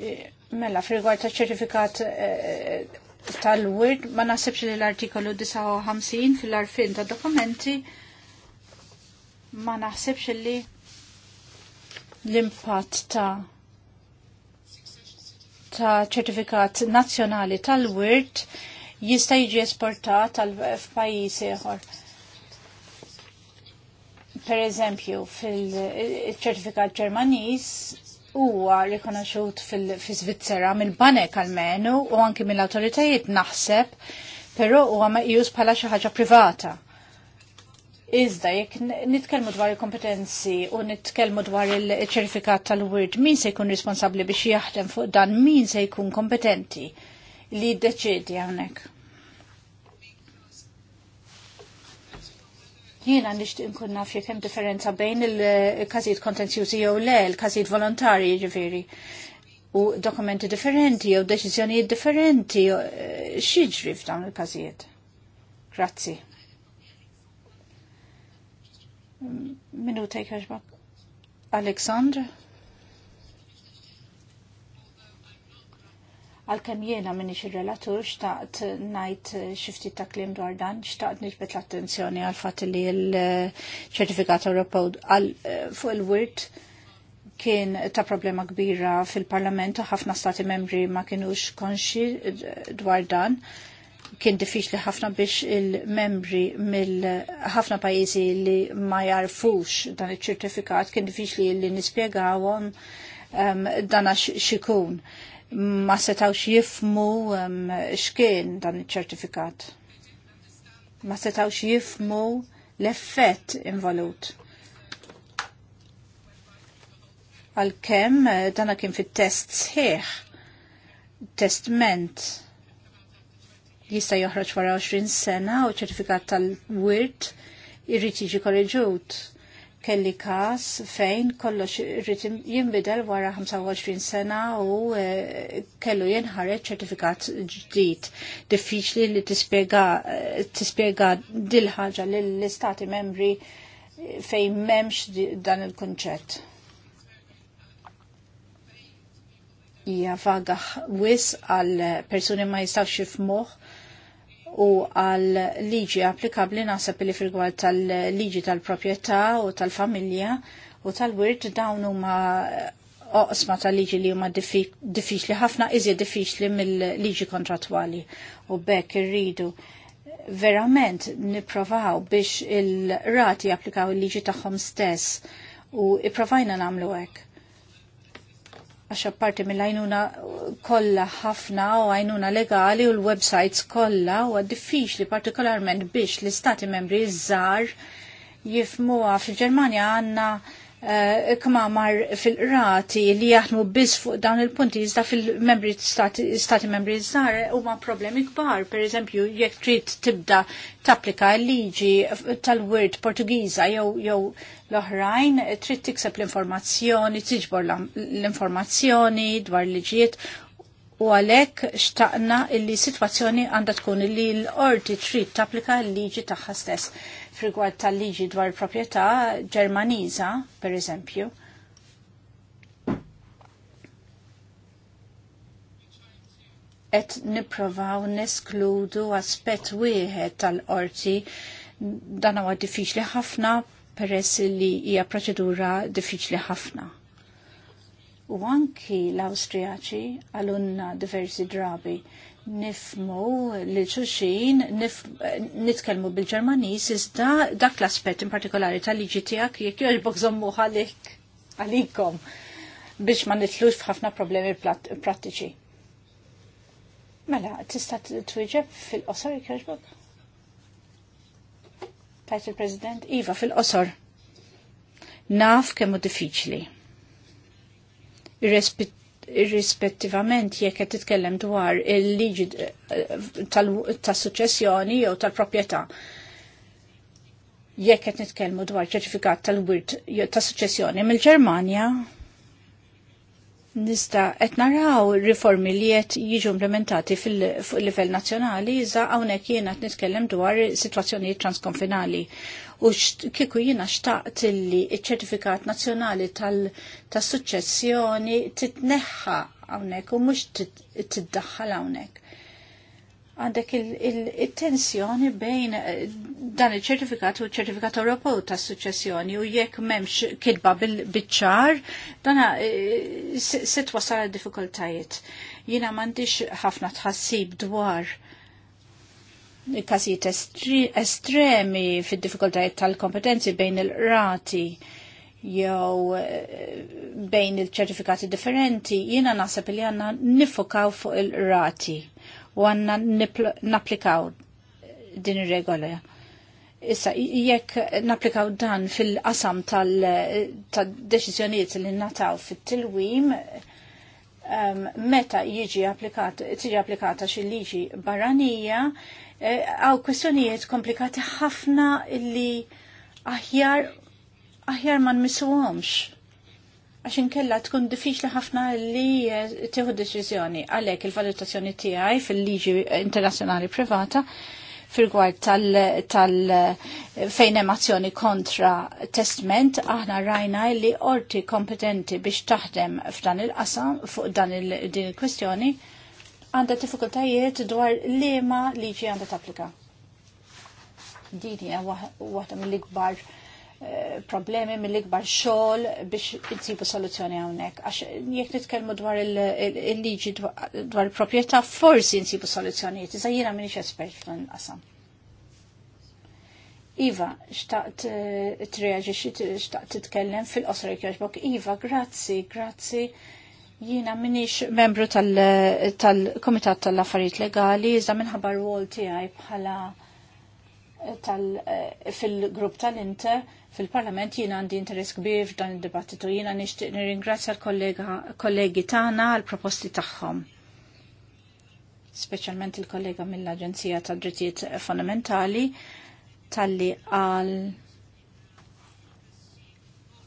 E, mela, fil ta' ċertifikat e, e, tal-word, ma nasibx li l-artikolu 59 fil-arfin ta' dokumenti, ma naħsibx li l-impatt ta' ta' ċertifikat nazzjonali tal-wirt jista' jiġi esportat tal f'pajjiż ieħor per eżempju, fil-ċertifikat ġermanis huwa rikonoxut fil-Svizzera mill-banek al-Menu u anki mill-autoritajiet naħseb, però huwa meqjus bħala xi ħaġa privata. Iżda jekk nitkellmu dwar il-kompetenzi u nitkellmu dwar il-ċertifikat tal word min se jkun responsabbli biex jaħdem fuq dan, min se jkun kompetenti li jiddeċiedi hawnhekk. Jiena nixtieq nkun naf jekk hemm differenza bejn il-każijiet kontenzjużi jew le, il-każijiet volontarji ġifieri u dokumenti differenti jew deċiżjonijiet differenti eh, ġri f'dawn il-każijiet. Grazzi. Minuta jkaxba. Aleksandra? għal-kem jena minni relatur xtaqt najt xifti ta' klim dwar dan, xtaqt nġbet l-attenzjoni għal-fat li l-ċertifikat Ewropew eh, fuq il-wirt kien ta' problema kbira fil-parlament u ħafna stati membri ma kienux konxi dwar dan. Kien diffiċli ħafna biex il-membri mill-ħafna pajizi li ma jarfux dan il-ċertifikat kien diffiċli li nispiegawon um, ehm, dana xikun. Sh ma setawx jifmu xkien dan iċ-ċertifikat. Ma setawx jifmu l-effett involut. Għal-kem eh, dana kien fit-test sħiħ, testment jista joħroġ wara 20 sena u ċertifikat tal-wirt irrid jiġi korreġut kelli kas fejn kollox irrid jinbidel wara 25 sena u eh, kellu jinħareġ ċertifikat ġdid. Diffiċli li tispjega eh, dil li lill-istati membri fejn memx dan il-kunċett. Hija vaga wis għal persuni ma jistawx moħ u għal liġi applikabli nasab li fil-gwar tal-liġi tal-propieta u tal-familja u tal-wirt dawn huma oqsma tal-liġi li huma diffiċli ħafna iżjed diffiċli mill-liġi kontratwali u bekk irridu verament nipprovaw biex il-rati applikaw il-liġi tagħhom stess u ipprovajna nagħmlu hekk għax apparti mill-għajnuna kollha ħafna u għajnuna legali u l-websites kollha u diffiċli partikolarment biex l-istati membri żgħar jifmuha fil ġermania għandna kma eh, kmamar fil-rati li jaħdmu biss fuq dawn il-punti iżda fil-membri stati, stati membri u huma problemi kbar. Per eżempju, jekk trid tibda tapplika l-liġi tal-word Portugiża jew jew l-oħrajn trid tikseb l-informazzjoni, tiġbor l-informazzjoni dwar liġijiet u għalhekk xtaqna illi situazzjoni għandha tkun li l-orti trid tapplika l-liġi tagħha stess. Frigward tal-liġi dwar proprjetà Ġermaniża, per eżempju. Et niprovaw neskludu aspett wieħed tal-orti dan huwa diffiċli ħafna peress li hija proċedura diffiċli ħafna. U anki l-Awstrijaċi għalunna diversi drabi nifmu li xuxin nif, nitkelmu bil-Ġermanis iżda dak l-aspett in partikolari tal-liġi tiegħek jekk jogħġbok żommu għalik għalikom biex ma nitlux f'ħafna problemi prattiċi. Mela, tista' twieġeb fil-qosor jekk jogħġbok? Tajt president Iva, fil-qosor. Naf kemmu diffiċli. Irrispettivament jekk qed titkellem dwar il-liġi eh, tas-suċessjoni jew tal-proprjetà. Jekk qed nitkellmu dwar ċertifikat tal-wirt tas-suċessjoni mill-Ġermanja, Nista, qed naraw riformi li qed jiġu implementati fuq livell nazzjonali iżda jien qed nitkellem dwar is-sitwazzjonijiet transkonfinali. U kiku jiena xtaqt li ċertifikat nazjonali tal-successjoni titneħħa għawnek u mux tiddaħħal għawnek għandek il-tensjoni bejn eh, dan il-ċertifikat u ċertifikat Ewropew ta' suċessjoni u jekk memx kidba bil-ċar, dana eh, sit wasal diffikultajiet. Jina mandiċ ħafna tħassib dwar kazijiet estremi fid diffikultajiet tal-kompetenzi bejn il-rati jew eh, bejn il-ċertifikati differenti, jina nasab li għanna nifokaw fuq il-rati u għanna naplikaw din ir-regola. Issa, jekk naplikaw dan fil-qasam tal-deċizjoniet li nataw fit-tilwim, um, meta jiġi applikata, tiġi applikata xi liġi barranija, e, għaw e, kwestjonijiet komplikati ħafna li aħjar aħjar ma nmisuhomx għax inkella tkun diffiċli ħafna li eh, tieħu deċiżjoni għalhekk il-valutazzjoni tiegħi fil-liġi internazzjonali privata fil-gwart tal, tal eh, fejn emazzjoni kontra testment, aħna rajna li orti kompetenti biex taħdem f'dan il-qasam fuq dan il-din il-kwestjoni għandha diffikultajiet dwar liema liġi għandha tapplika. Dini hija waħda mill-ikbar Eh, problemi mill-ikbar xogħol biex insibu soluzzjoni hawnhekk. Għax jekk nitkellmu dwar il-liġi dwar il-proprjetà forsi insibu soluzzjonijiet, iżda jiena minix espert f'dan qasam. Iva, xtaqt eh, treaġi, xtaqt titkellem fil-qosra jkjaġbok. Iva, grazzi, grazzi. Jiena minix membru tal-Komitat tal-Affarijiet Legali, iżda minħabba rwol tiegħi bħala eh, fil grupp tal-Inter fil-Parlament jien għandi interess kbir f'dan id-dibattitu jiena nixtieq nirringrazzja l-kollegi tagħna għal proposti tagħhom. Speċjalment il-kollega mill-Aġenzija tad Drittijiet Fondamentali talli għal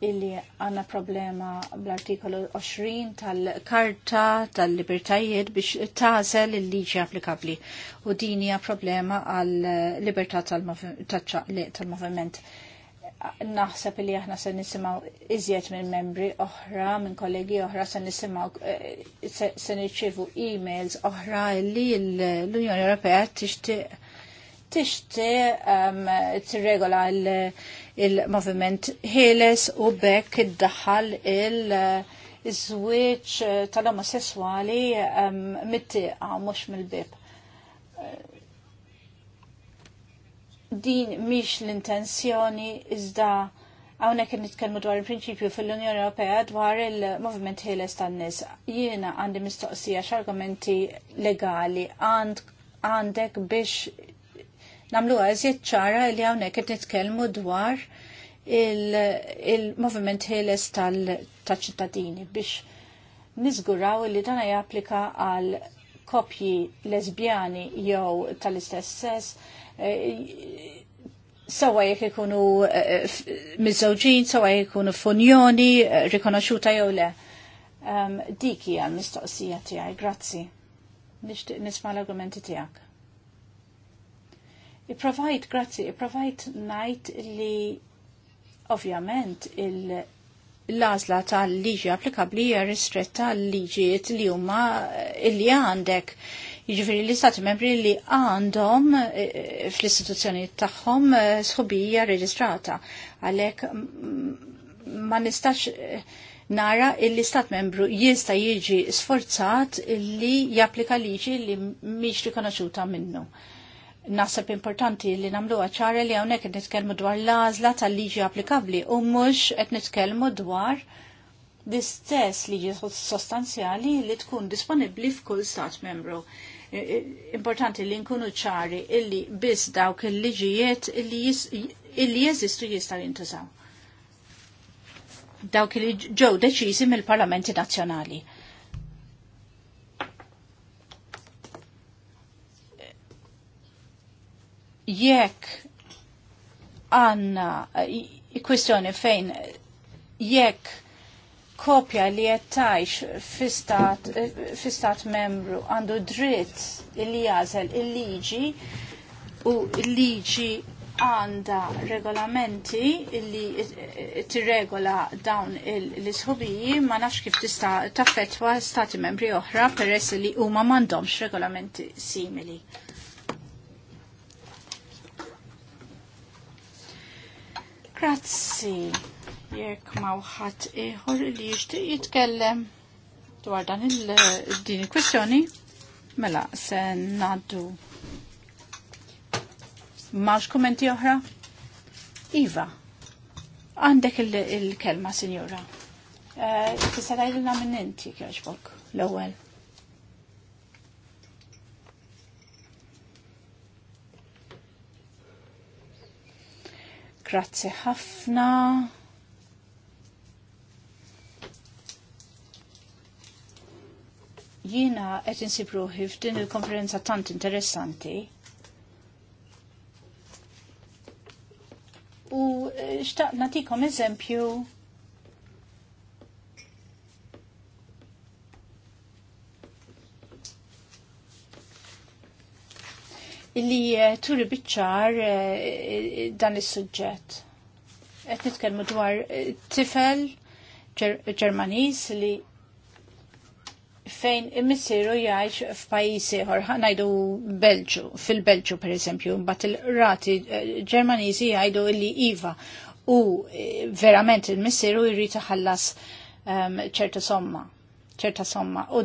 illi għanna problema bl-artikolu 20 tal-Karta tal-Libertajiet biex tażel il-liġi applikabli u din hija problema għal libertà tal-moviment. tal movement tal moviment naħseb li aħna se nisimgħu iżjed minn membri oħra, minn kollegi oħra se nisimgħu eh, se nirċievu emails oħra li l-Unjoni Ewropea tixtieq tixtieq um, tirregola il-moviment ħieles u bekk iddaħħal il- eh, iż-żwieġ eh, tal-omosessuali um, mittieqa mhux mill-bib din miex l-intenzjoni iżda għawnek nitkellmu dwar il-prinċipju fil-Unjoni Ewropea dwar il-movement ħieles tan-nies. Jiena għandi mistoqsija x'argumenti legali għandek biex namlu eżjed ċara li hawnhekk qed nitkellmu dwar il-movement il tal-ċittadini biex niżguraw li dana japplika għal kopji lesbjani jew tal-istess sess Eh, sawa jek ikunu eh, mizzawġin, sawa jek ikunu funjoni, eh, rikonoxuta jew le. Ehm, Diki għal mistoqsija tijaj, grazzi. Nishtiq nisma l-argumenti tijak. Iprovajt, grazzi, iprovajt najt li ovvjament il- l tal-liġi applikabli hija ristretta l-liġijiet li huma li għandek Jiġifieri l-istati membri li għandhom e, e, fl-istituzzjoni tagħhom e, sħubija reġistrata. Għalhekk ma nistax nara l-istat membru jista' jiġi sforzat li japplika liġi li mhix rikonoxuta minnu. Nasab importanti li namluha ċara li hawnhekk qed nitkellmu dwar l-għażla tal-liġi applikabbli u mhux qed nitkellmu dwar l-istess liġi sostanzjali li tkun disponibli f'kull stat membru importanti li nkunu ċari illi biss dawk il-liġijiet illi jeżistu jistaw jintużaw. Dawk li ġew deċiżi mill-parlamenti nazzjonali. Jekk għanna kwistjoni fejn jekk kopja li jettajx fi stat membru għandu dritt li jazel il-liġi u il-liġi għanda regolamenti li tirregola dawn l isħubiji ma nafx kif tista taffetwa stati membri oħra peress li huma m'għandhomx regolamenti simili. Grazzi. Jekk ma wħat iħor li jixtieq jitkellem dwar dan il dini kwestjoni mela se naddu. Mawx kommenti oħra? Iva, għandek il-kelma, sinjora. Eh, tista' tgħidilna minn inti kieġbok l ewel Grazzi ħafna. Jiena qed insib f'din il-konferenza tant interessanti. U e, xtaq natikom eżempju li e, turi biċċar e, dan is-suġġett. Qed nitkellmu dwar tifel Ġermaniż li fejn imissiru jgħajx f'pajjiżi ieħor, ngħidu Belġu, fil-Belġu pereżempju, mbagħad il-rati eh, Ġermaniżi jgħidu li iva u eh, verament il-missieru jrid iħallas ehm, ċerta somma ċerta somma u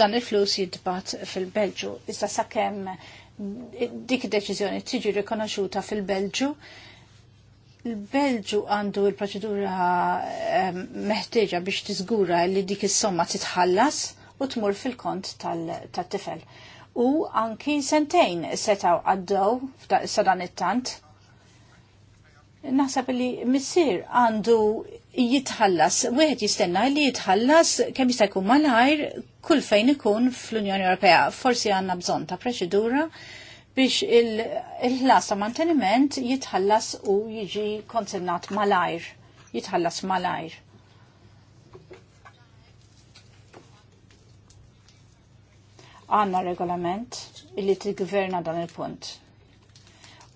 dan il-flus jitbat fil-Belġu. Issa sakemm eh, dik id-deċiżjoni tiġi rikonoxuta fil-Belġu, il-Belġu għandu il-proċedura ehm, meħtieġa biex tiżgura li dik is-somma titħallas u tmur fil-kont tal-tifel. U anki sentejn setaw għaddew sadan it-tant. Naħseb li missir għandu jitħallas, wieħed jistenna li jitħallas kemm jista' jkun malajr kull fejn ikun fl-Unjoni Ewropea. Forsi għandna bżonn ta' proċedura biex il-ħlas ta' manteniment jitħallas u jiġi konsennat malajr, jitħallas malajr għanna regolament illi t-gverna dan il-punt.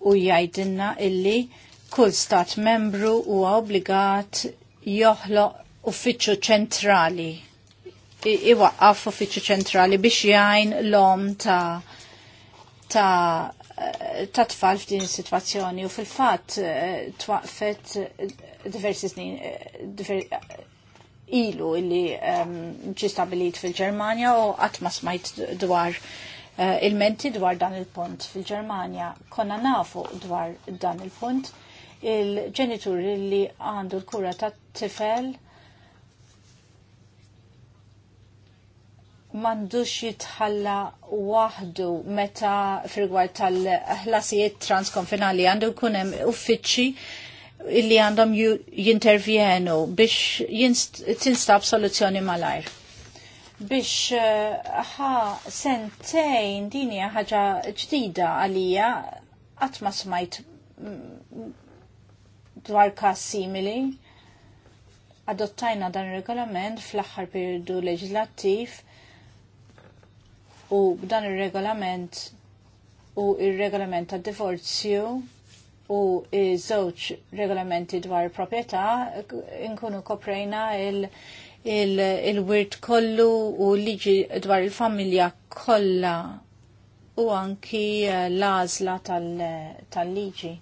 U jgħidinna illi kull stat membru u obbligat joħloq uffiċċju ċentrali iwaqqaf uffiċċju ċentrali biex jgħin l-om ta' ta' ta' tfal f'din is-sitwazzjoni u fil-fatt eh, twaqfet diversi snin eh, ilu illi ehm, ġistabilit stabilit fil-Ġermanja u qatt ma smajt dwar eh, il-menti dwar dan il-punt fil-Ġermanja. Konna nafu dwar dan il-punt il-ġenitur li għandu l-kura ta' tifel mandux jitħalla waħdu meta frigwar tal-ħlasijiet transkonfinali għandu kunem uffiċi illi għandhom jintervjenu biex tinstab soluzzjoni malajr. Biex eh, ħa sentejn dini ħaġa ġdida għalija għatma smajt mm, dwar kas simili. Adottajna dan il-regolament fl-axħar periodu leġislattiv u b'dan il-regolament u il-regolament tad divorzju u żewġ regolamenti dwar proprjetà inkunu koprejna il-wirt kollu u liġi dwar il-familja kollha u anki eh, l-għażla tal-liġi.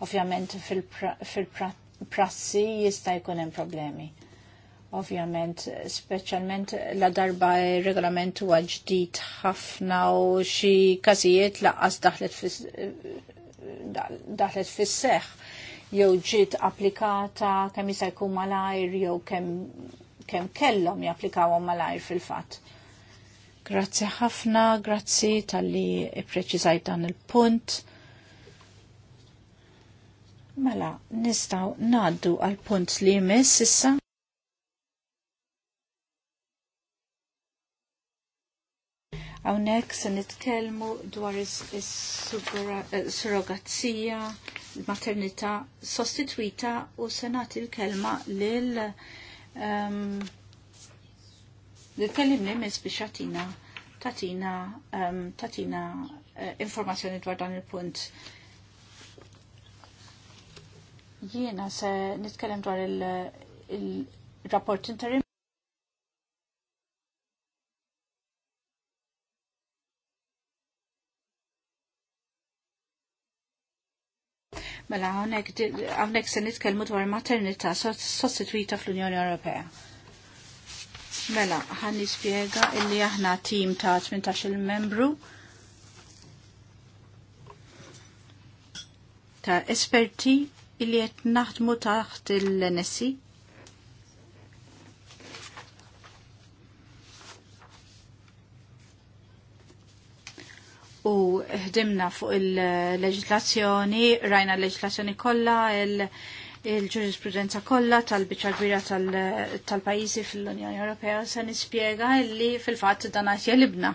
Ovvjament fil-prassi jista' jkun hemm problemi Ovvjament, speċjalment la darba regolament huwa ġdid ħafna u xi każijiet laqqas daħlet fis-seħħ jew ġiet applikata kemm jista' jkun malajr jew kemm kemm kellhom japplikawhom malajr fil-fatt. Grazzi ħafna, grazzi tal-li preċizajt dan il-punt. Mela, nistaw naddu għal-punt li jmiss issa. Hawnhekk se nitkellmu dwar is-surrogazzija, eh, maternità sostitwita u se nagħti l-kelma lil um, ehm, kellimni miss biex tatina um, tatina uh, ehm, eh, informazzjoni dwar dan il-punt. Jiena se nitkellem dwar il-rapport il interim Mela hawnhekk se nitkellmu dwar maternità sostituita fl-Unjoni Ewropea. Mela, għan nispiega illi aħna tim ta' 18 membru ta' esperti illi qed naħdmu taħt il-NSI u ħdimna fuq il-leġislazzjoni, rajna l-leġislazzjoni kollha, il-ġurisprudenza kollha tal-biċċa tal-pajjiżi fl-Unjoni Ewropea se nispjega li fil-fatt dan qed jelibna.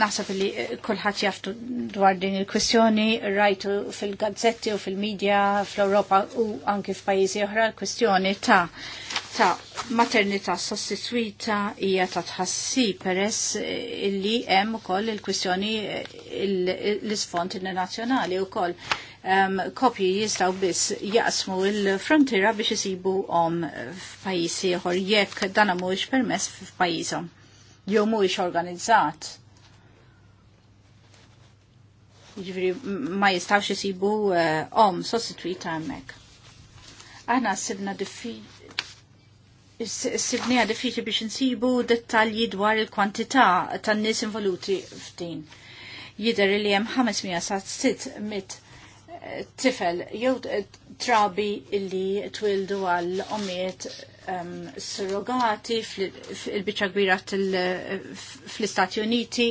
Naħseb li kullħat jaftu dwar din il-kwestjoni, rajtu fil-gazzetti u fil-medja fl-Europa u anki f'pajjiżi oħra l-kwestjoni ta' ta' maternità sostituita hija ta' tħassi peress eh, illi hemm ukoll il-kwistjoni eh, l-isfond internazzjonali wkoll um, kopji jistaw biss jaqsmu l frontiera biex isibu om f'pajjiżi ieħor jekk dan mhuwiex permess f'pajjiżhom jew mhuwiex organizzat. Jiġri ma jistgħux isibu eh, om sostituita hemmhekk. Aħna sibna diffi sibni għad fiċi biex nsibu dettalji dwar il-kwantità tan nies involuti f'din. Jider li hemm 500 sa 600 eh, tifel jew eh, trabi illi twildu għal omiet ehm, surrogati fil bicċa eh, kbira fl-Istati Uniti,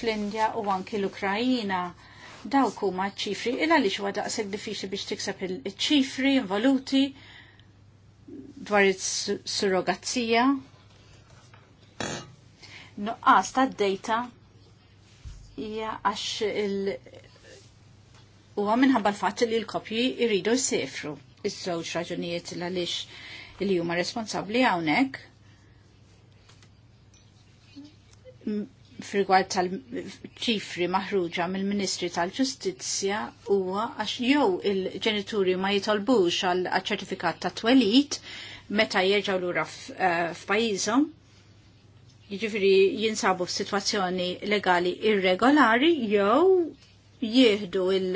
fl-Indja u anki l-Ukrajina dawk huma ċifri illa li huwa daqshekk diffiċli biex tikseb iċ-ċifri involuti dwar is-surrogazzija, nuqqas ta' data hija għax il- huwa minħabba l-fatt li l-kopji jridu jsefru. Iż-żewġ raġunijiet għaliex li huma responsabbli hawnhekk fil tal-ċifri maħruġa mill-Ministri tal-Ġustizzja huwa għax jew il-ġenituri ma jitolbux għal ċertifikat ta' twelid meta jerġaw lura eh, f'pajjiżhom, jiġifieri jinsabu f'sitwazzjoni legali irregolari jew jieħdu il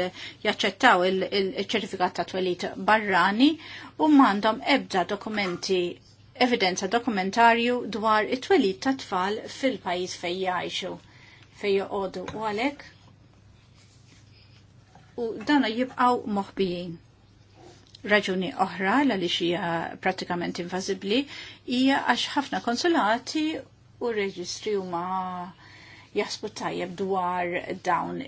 jaċċettaw il-ċertifikat ta' twelit barrani u m'għandhom ebda dokumenti evidenza dokumentarju dwar it-twelit ta' tfal fil-pajjiż fejn jgħixu fejn joqogħdu u għalhekk u dana jibqgħu moħbijin Raġuni oħra l għaliex hija pratikament invażibbli hija għax ħafna konsulati u reġistri huma jaħsbu tajjeb dwar dawn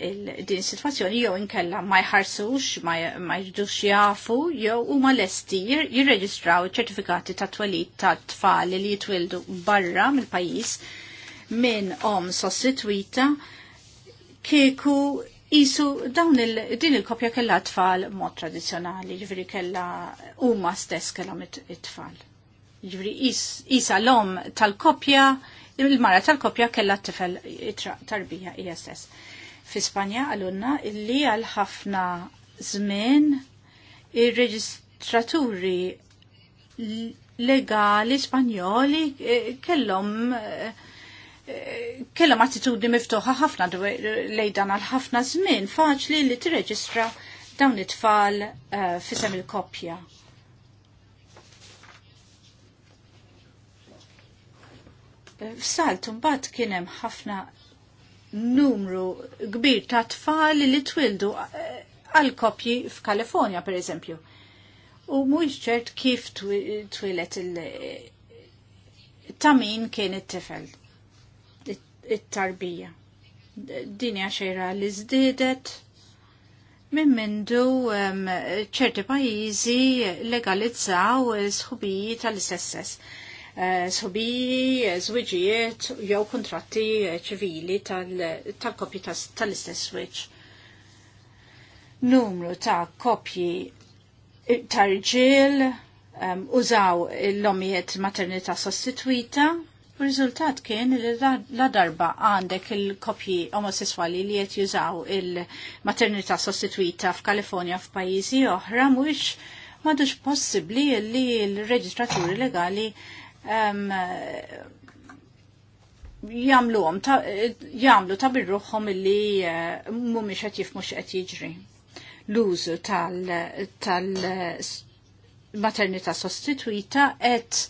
din situazzjoni jew inkella ma jħarsux, ma jġdux jafu, jew huma lesti jirreġistraw ċertifikati ta' twelid ta' tfal li jitwildu barra mill-pajjiż minn om sostitwita kieku Isu dawn il, din il-kopja kella tfal mod tradizjonali, ġivri kella huma stess kellhom it-tfal. Ġivri, is, isa l-om tal-kopja, il-mara tal-kopja kella t-tifel tarbija hija stess. Fi Spanja għalunna illi għal ħafna żmien ir-reġistraturi legali spanjoli eh, kellhom eh, kellhom attitudni miftuħa ħafna lej dan għal ħafna żmien faċli li tirreġistra dawn it-tfal eh, fisem il-koppja. Eh, F'Salt mbagħad kien hemm ħafna numru kbir ta' tfal li twildu eh, għal koppji f'Kalifornja pereżempju. U mhux ċert kif twilet il- ta' min kien it-tifel it-tarbija. Dini għaxejra li zdidet minn mindu ċerti pajizi legalizzaw sħubiji tal-istess eh, sħubiji, zwiġijiet jew kontratti ċivili tal-kopji tal kopji tal istess switch. Numru ta' kopji tal-ġil, użaw l-omijiet maternita sostituita U riżultat kien li la darba għandek il-kopji omosessuali li qed jużaw il-maternità sostituita f'Kalifornja f'pajjiżi oħra mhuwiex m'għadux possibbli li l-reġistraturi legali um, jamluhom jamlu ta' birruħom li uh, eh, mhumiex qed jifmu qed jiġri. L-użu tal-maternità tal, tal sostituita qed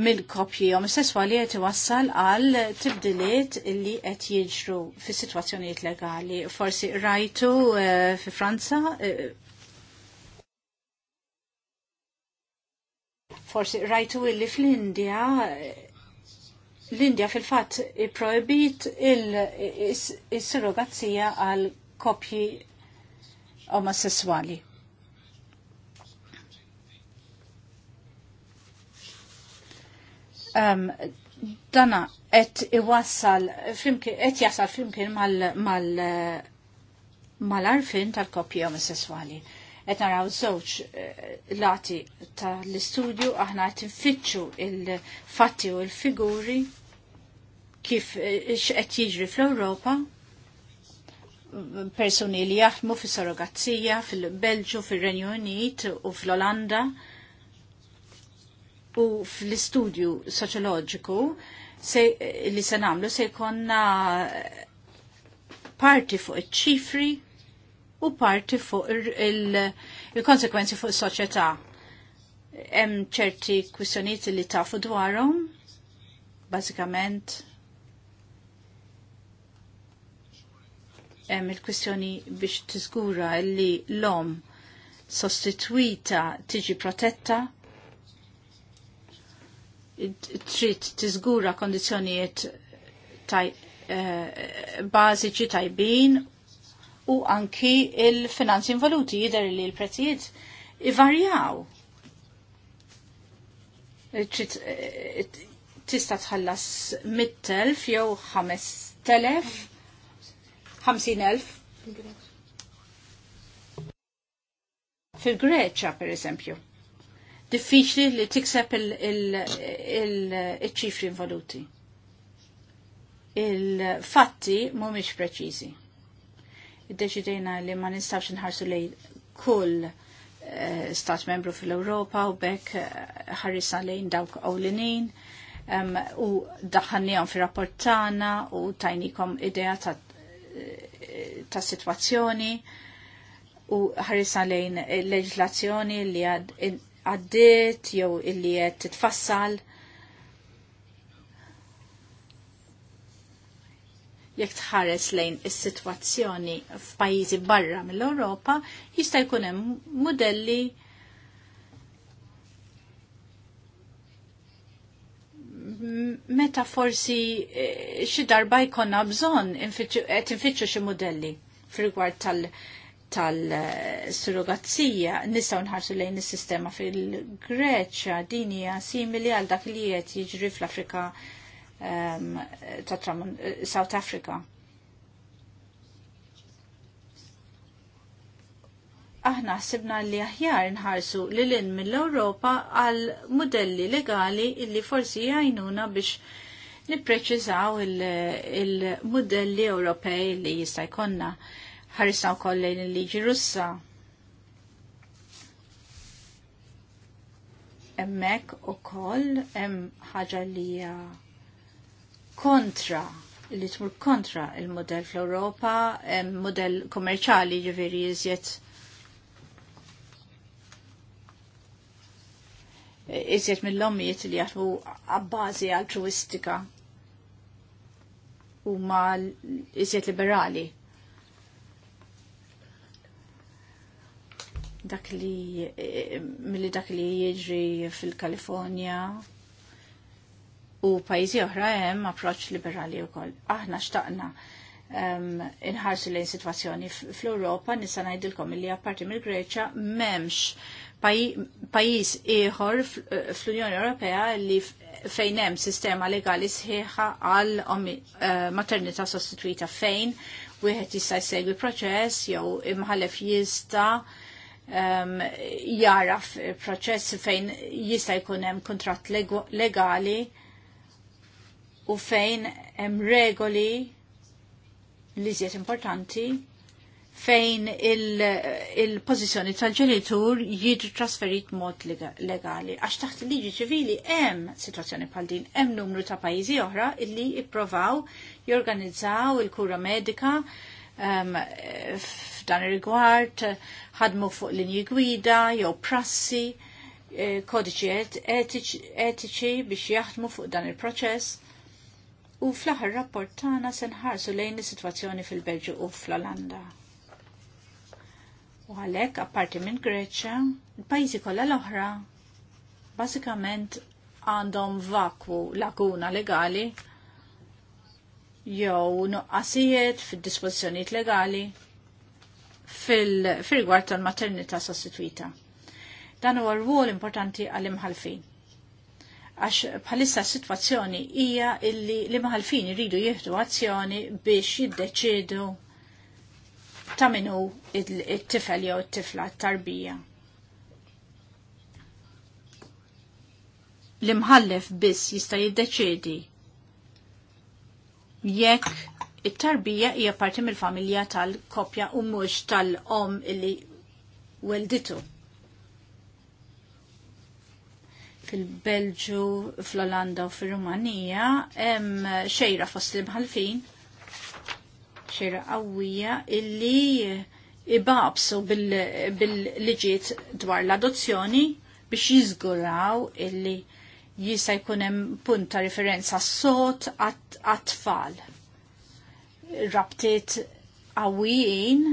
mill kopji omosessuali qed iwassal għal tibdiliet li qed jiġru fi situazzjoniet legali. Forsi rajtu eh, fi Franza eh, forsi rajtu illi fl-Indja l-Indja fil-fatt proibit il-surrogazzija għal kopji omosessuali um, dana qed iwassal qed jasal flimkien mal mal-arfin tal-koppji omosessuali. Qed naraw żewġ eh, lati tal-istudju aħna qed nfittxu il-fatti u l-figuri kif eh, x'qed jiġri fl-Ewropa persuni li jaħmu fis-sorogazzija fil-Belġu, fil-Renju Unit u fl-Olanda. fil belġu fil renju unit u fl olanda fil renju unit u fl olanda u fl-istudju soċjoloġiku li se nagħmlu se jkollna parti fuq iċ-ċifri u parti fuq il-konsekwenzi fuq is-soċjetà. Hemm ċerti kwistjonijiet li tafu dwarhom, bażikament hemm il-kwistjoni biex tiżgura li l-om sostitwita tiġi protetta trid tiżgura kondizzjonijiet taj, eh, bażiċi tajbin u anki il-finanzi involuti jidher li l-prezzijiet ivarjaw. Eh, tista tħallas mit-telf jew ħames telef, ħamsin elf. Fil-Greċa, per eżempju diffiċli li tikseb il-ċifri involuti. Il-fatti mhumiex preċiżi. Iddeċidejna li ma nistax nħarsu lejn kull eh, stat membru fil-Europa u bekk eh, ħarrisna lejn dawk ewlenin u daħannijom fil-rapport tagħna u tajnikom idea ta' eh, situazzjoni u ħarrisna lejn leġislazzjoni li għad għaddit jew illi qed titfassal. Jekk tħares lejn is-sitwazzjoni f'pajjiżi barra mill-Ewropa, jista' jkun hemm modelli meta forsi eh, xi darba jkollna bżonn qed infittxu xi modelli f'rigward rigward tal- tal-surrogazzija nistgħu nħarsu lejn is-sistema fil-Greċja din hija simili għal dak li qed jiġri fl-Afrika um, ta' eh, South Africa. Aħna sibna li aħjar nħarsu li l mill-Ewropa għal modelli legali illi forsi jgħinuna biex nippreċiżaw il-modelli Ewropej li jista' jkollna ħarisna wkoll lejn il-liġi Russa. Hemmhekk ukoll hemm ħaġa li hija kontra li tmur kontra il model fl-Europa, model kommerċali ġiviri jizjet iżjed mill-lommijiet li jaħdmu għabbażi altruistika u ma iżjed liberali dak li eh, milli dak li jiġri fil-Kalifornja u pajjiżi oħra hemm approċċ liberali wkoll. Aħna xtaqna um, inħarsu lejn sitwazzjoni fl-Ewropa nista' ngħidilkom li apparti mill-Greċja m'hemmx pajjiż ieħor fl-Unjoni Ewropea li fejn hemm sistema legali sħiħa għal eh, maternità sostituita fejn wieħed jista' jsegwi proċess jew imħallef jista' um, jaraf proċess fejn jista' jkun hemm kontratt legali u fejn hemm regoli li żiet importanti fejn il-pożizzjoni il, tal-ġenitur jiġu trasferit mod legali. Għax taħt liġi ċivili hemm situazzjoni bħal din, hemm numru ta' pajjiżi oħra illi jipprovaw jorganizzaw il-kura medika Um, f'dan ir-rigward ħadmu fuq linji gwida jew prassi eh, kodiċi etiċi biex jaħdmu fuq dan il-proċess. U fl-aħħar rapport tagħna se nħarsu lejn is-sitwazzjoni fil-Belġju u fl-Olanda. U għalhekk apparti minn Greċja, il-pajjiżi kollha l-oħra bażikament għandhom vakwu laguna legali jew nuqqasijiet fid-dispożizzjonijiet legali fil-rigward tal-maternità sostituita. Dan huwa rwol importanti għall-imħalfin. Għax bħalissa s-sitwazzjoni hija illi l-imħalfin iridu jieħdu azzjoni biex jiddeċidu ta' minu it-tifel jew it-tifla t-tarbija. L-imħallef biss jista' jiddeċidi jekk it-tarbija hija parti mill-familja tal koppja u mhux tal-om illi welditu. Fil-Belġu, fl-Olanda u fil-Rumanija hemm xejra fost l-imħalfin xejra qawwija illi ibabsu bil-liġiet dwar l-adozzjoni biex jiżguraw illi jista' jkun hemm punt ta' referenza sot għat-tfal. Rabtiet għawijin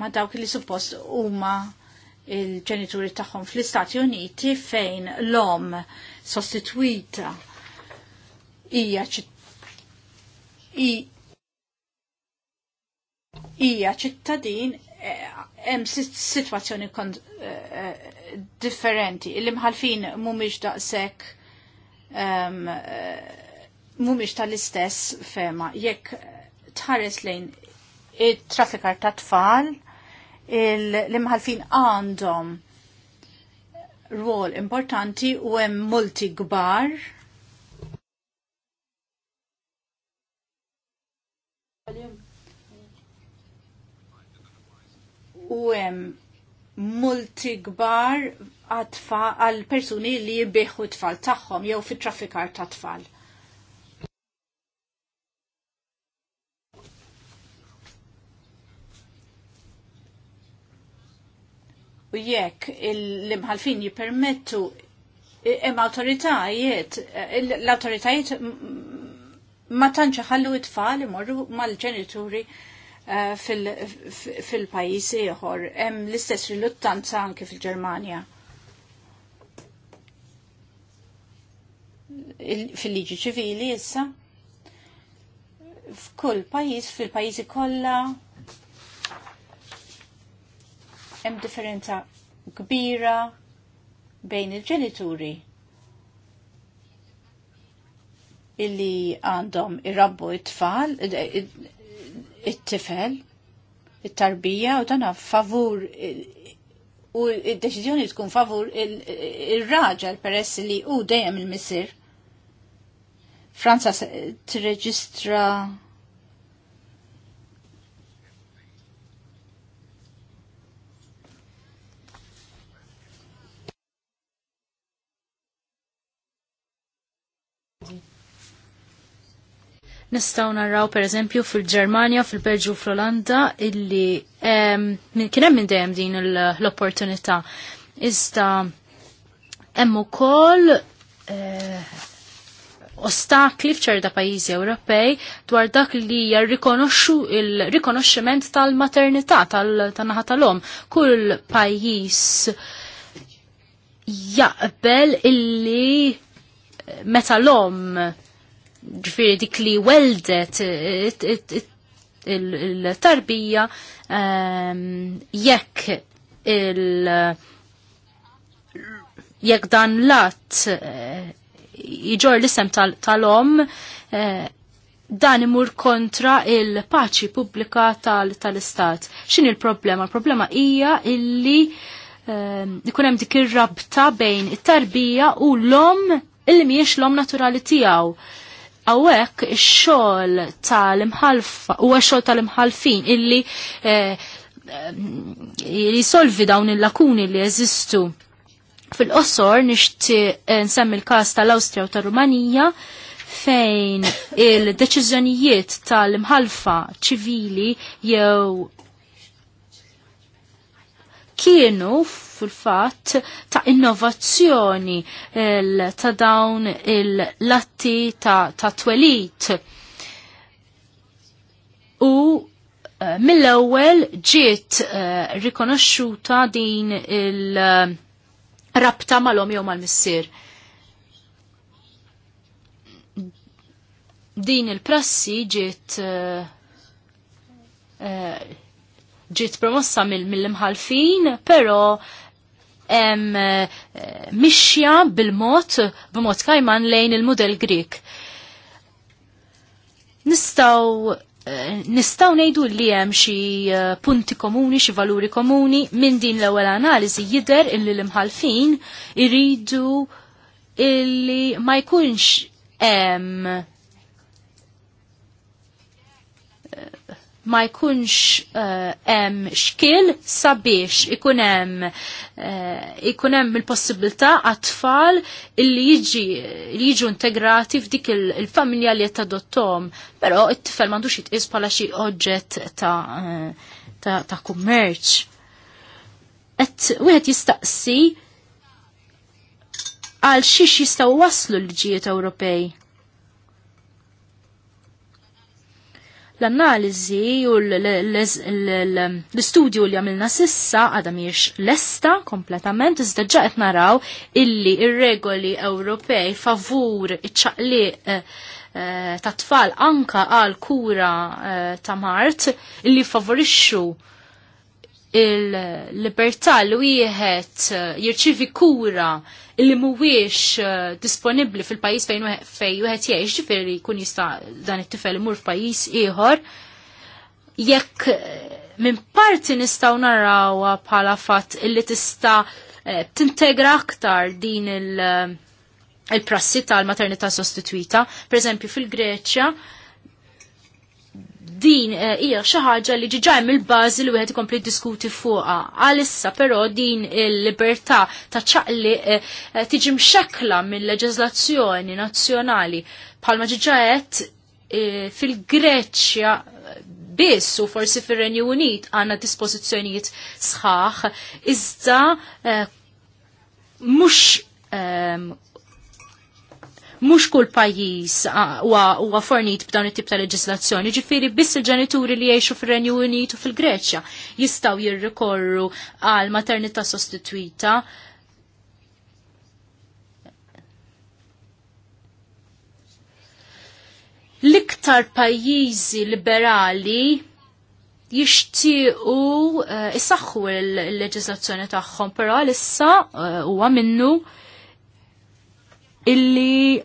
ma' dawk li suppost huma il-ġenituri tagħhom fl-Istati Uniti fejn l-om sostitwita hija hija ċittadin eh, hemm sitwazzjoni eh, eh, differenti. Il-imħalfin mumiex daqsek um, mumiex tal-istess fema. Jekk tħares lejn it-traffikar ta' tfal, l-imħalfin għandhom rwol importanti u hemm multi gbar u hemm multi gbar għatfa għal persuni li jibbeħu tfal tagħhom jew fit traffikar ta' tfal. U jekk l-imħalfin jipermettu hemm awtoritajiet, l-awtoritajiet ma tantx ħallu it-tfal imorru mal-ġenituri Eh, fil-pajis ieħor. Hemm l-istess riluttanza anke fil-Ġermanja. Fil-liġi ċivili issa. F'kull pajis, fil-pajjiżi kollha hemm differenza kbira bejn il-ġenituri illi għandhom irrabbu it-tfal, it-tifel, it-tarbija u tana favur u id-deċizjoni tkun favur il-raġel peress li u dejjem il-missir. Franza tirreġistra Nistaw narraw per eżempju fil-Germania, fil-Belġu, fl-Olanda illi kien hemm minn dejjem din l-opportunità. Iżda hemm ukoll eh, ostakli f'ċerda pajjiżi Ewropej dwar dak li jirrikonoxxu il-rikonoxximent tal-maternità tan-naħa tal-om. Kull pajjiż jaqbel illi meta l-om ġifiri dik li weldet eh, il-tarbija ehm, jekk il jekk dan lat eh, iġor l-isem tal-om eh, dan imur kontra il-paċi pubblika tal-istat. Xin il-problema? Il-problema hija illi ehm, ikunem dik ir-rabta bejn it-tarbija u l-om illi miex l-om naturali tijaw. Għawek xol tal-imħalfa, u xol tal-imħalfin illi jisolvi eh, eh, dawn il-lakuni li jeżistu. Fil-qosor nixti eh, nsemmi l-kas tal-Austria u tal-Rumanija fejn il-deċiżjonijiet tal-imħalfa ċivili jew kienu fil-fatt ta' innovazzjoni eh, ta' dawn il-latti ta', ta twelit. U eh, mill-ewwel ġiet uh, rikonoxxuta din il-rabta mal-om jew mal-missier. Din il-prassi ġiet uh, uh, ġiet promossa mill-imħalfin, mil pero em, eh, mixja bil-mod, b'mod kajman lejn il-model Grik. Nistaw eh, nistaw nejdu li hemm xi eh, punti komuni, xi valuri komuni, minn din l-ewwel analiżi jidher illi l-imħalfin iridu illi ma jkunx hemm ma jkunx eh, hemm uh, xkil sabiex ikun hemm uh, ikun il-possibilità għat-tfal li jiġi li jiġu integrati f'dik il-familja li qed adottom, però it-tifel m'għandux jitqis bħala xi oġġett ta' uh, ta', ta kummerċ. Et wieħed jistaqsi għal xiex jistgħu waslu l-ġijiet Ewropej l-analizi u l-istudju li għamilna sissa għada miex lesta kompletament, iżda ġaqet naraw illi ir-regoli Ewropej favur iċċaqli eh, eh, ta' tfal anka għal kura eh, ta' mart illi favorixxu il-libertà li wieħed eh, jirċivi kura li mhuwiex eh, disponibbli fil-pajjiż fejn wieħed jgħix, ġifieri jkun jista' dan it-tifel imur f'pajjiż ieħor, jekk eh, minn parti nistgħu narawha bħala fatt illi tista' tintegra aktar din il- il-prassi tal-maternità sostituita, per eżempju fil-Greċja, din eh, hija xi ħaġa li ġi hemm il-bażi li wieħed ikompli diskuti fuqha. Għalissa però din il-libertà ta' ċaqli eh, eh, tiġi mxekkla mill-leġiżlazzjoni nazzjonali bħalma ġi ġajet fil-Greċja biss u forsi fir-Renju Unit għandna dispożizzjonijiet sħaħ iżda mhux ehm, mhux kull pajjiż huwa fornit b'dawn it-tip ta' leġislazzjoni, ġifieri biss il-ġenituri li jgħixu fir-Renju Unit u fil-Greċja jistgħu jirrikorru għal maternità sostitwita l-iktar pajjiżi liberali jixtiequ uh, eh, l-leġislazzjoni tagħhom, però issa eh, huwa uh, minnu illi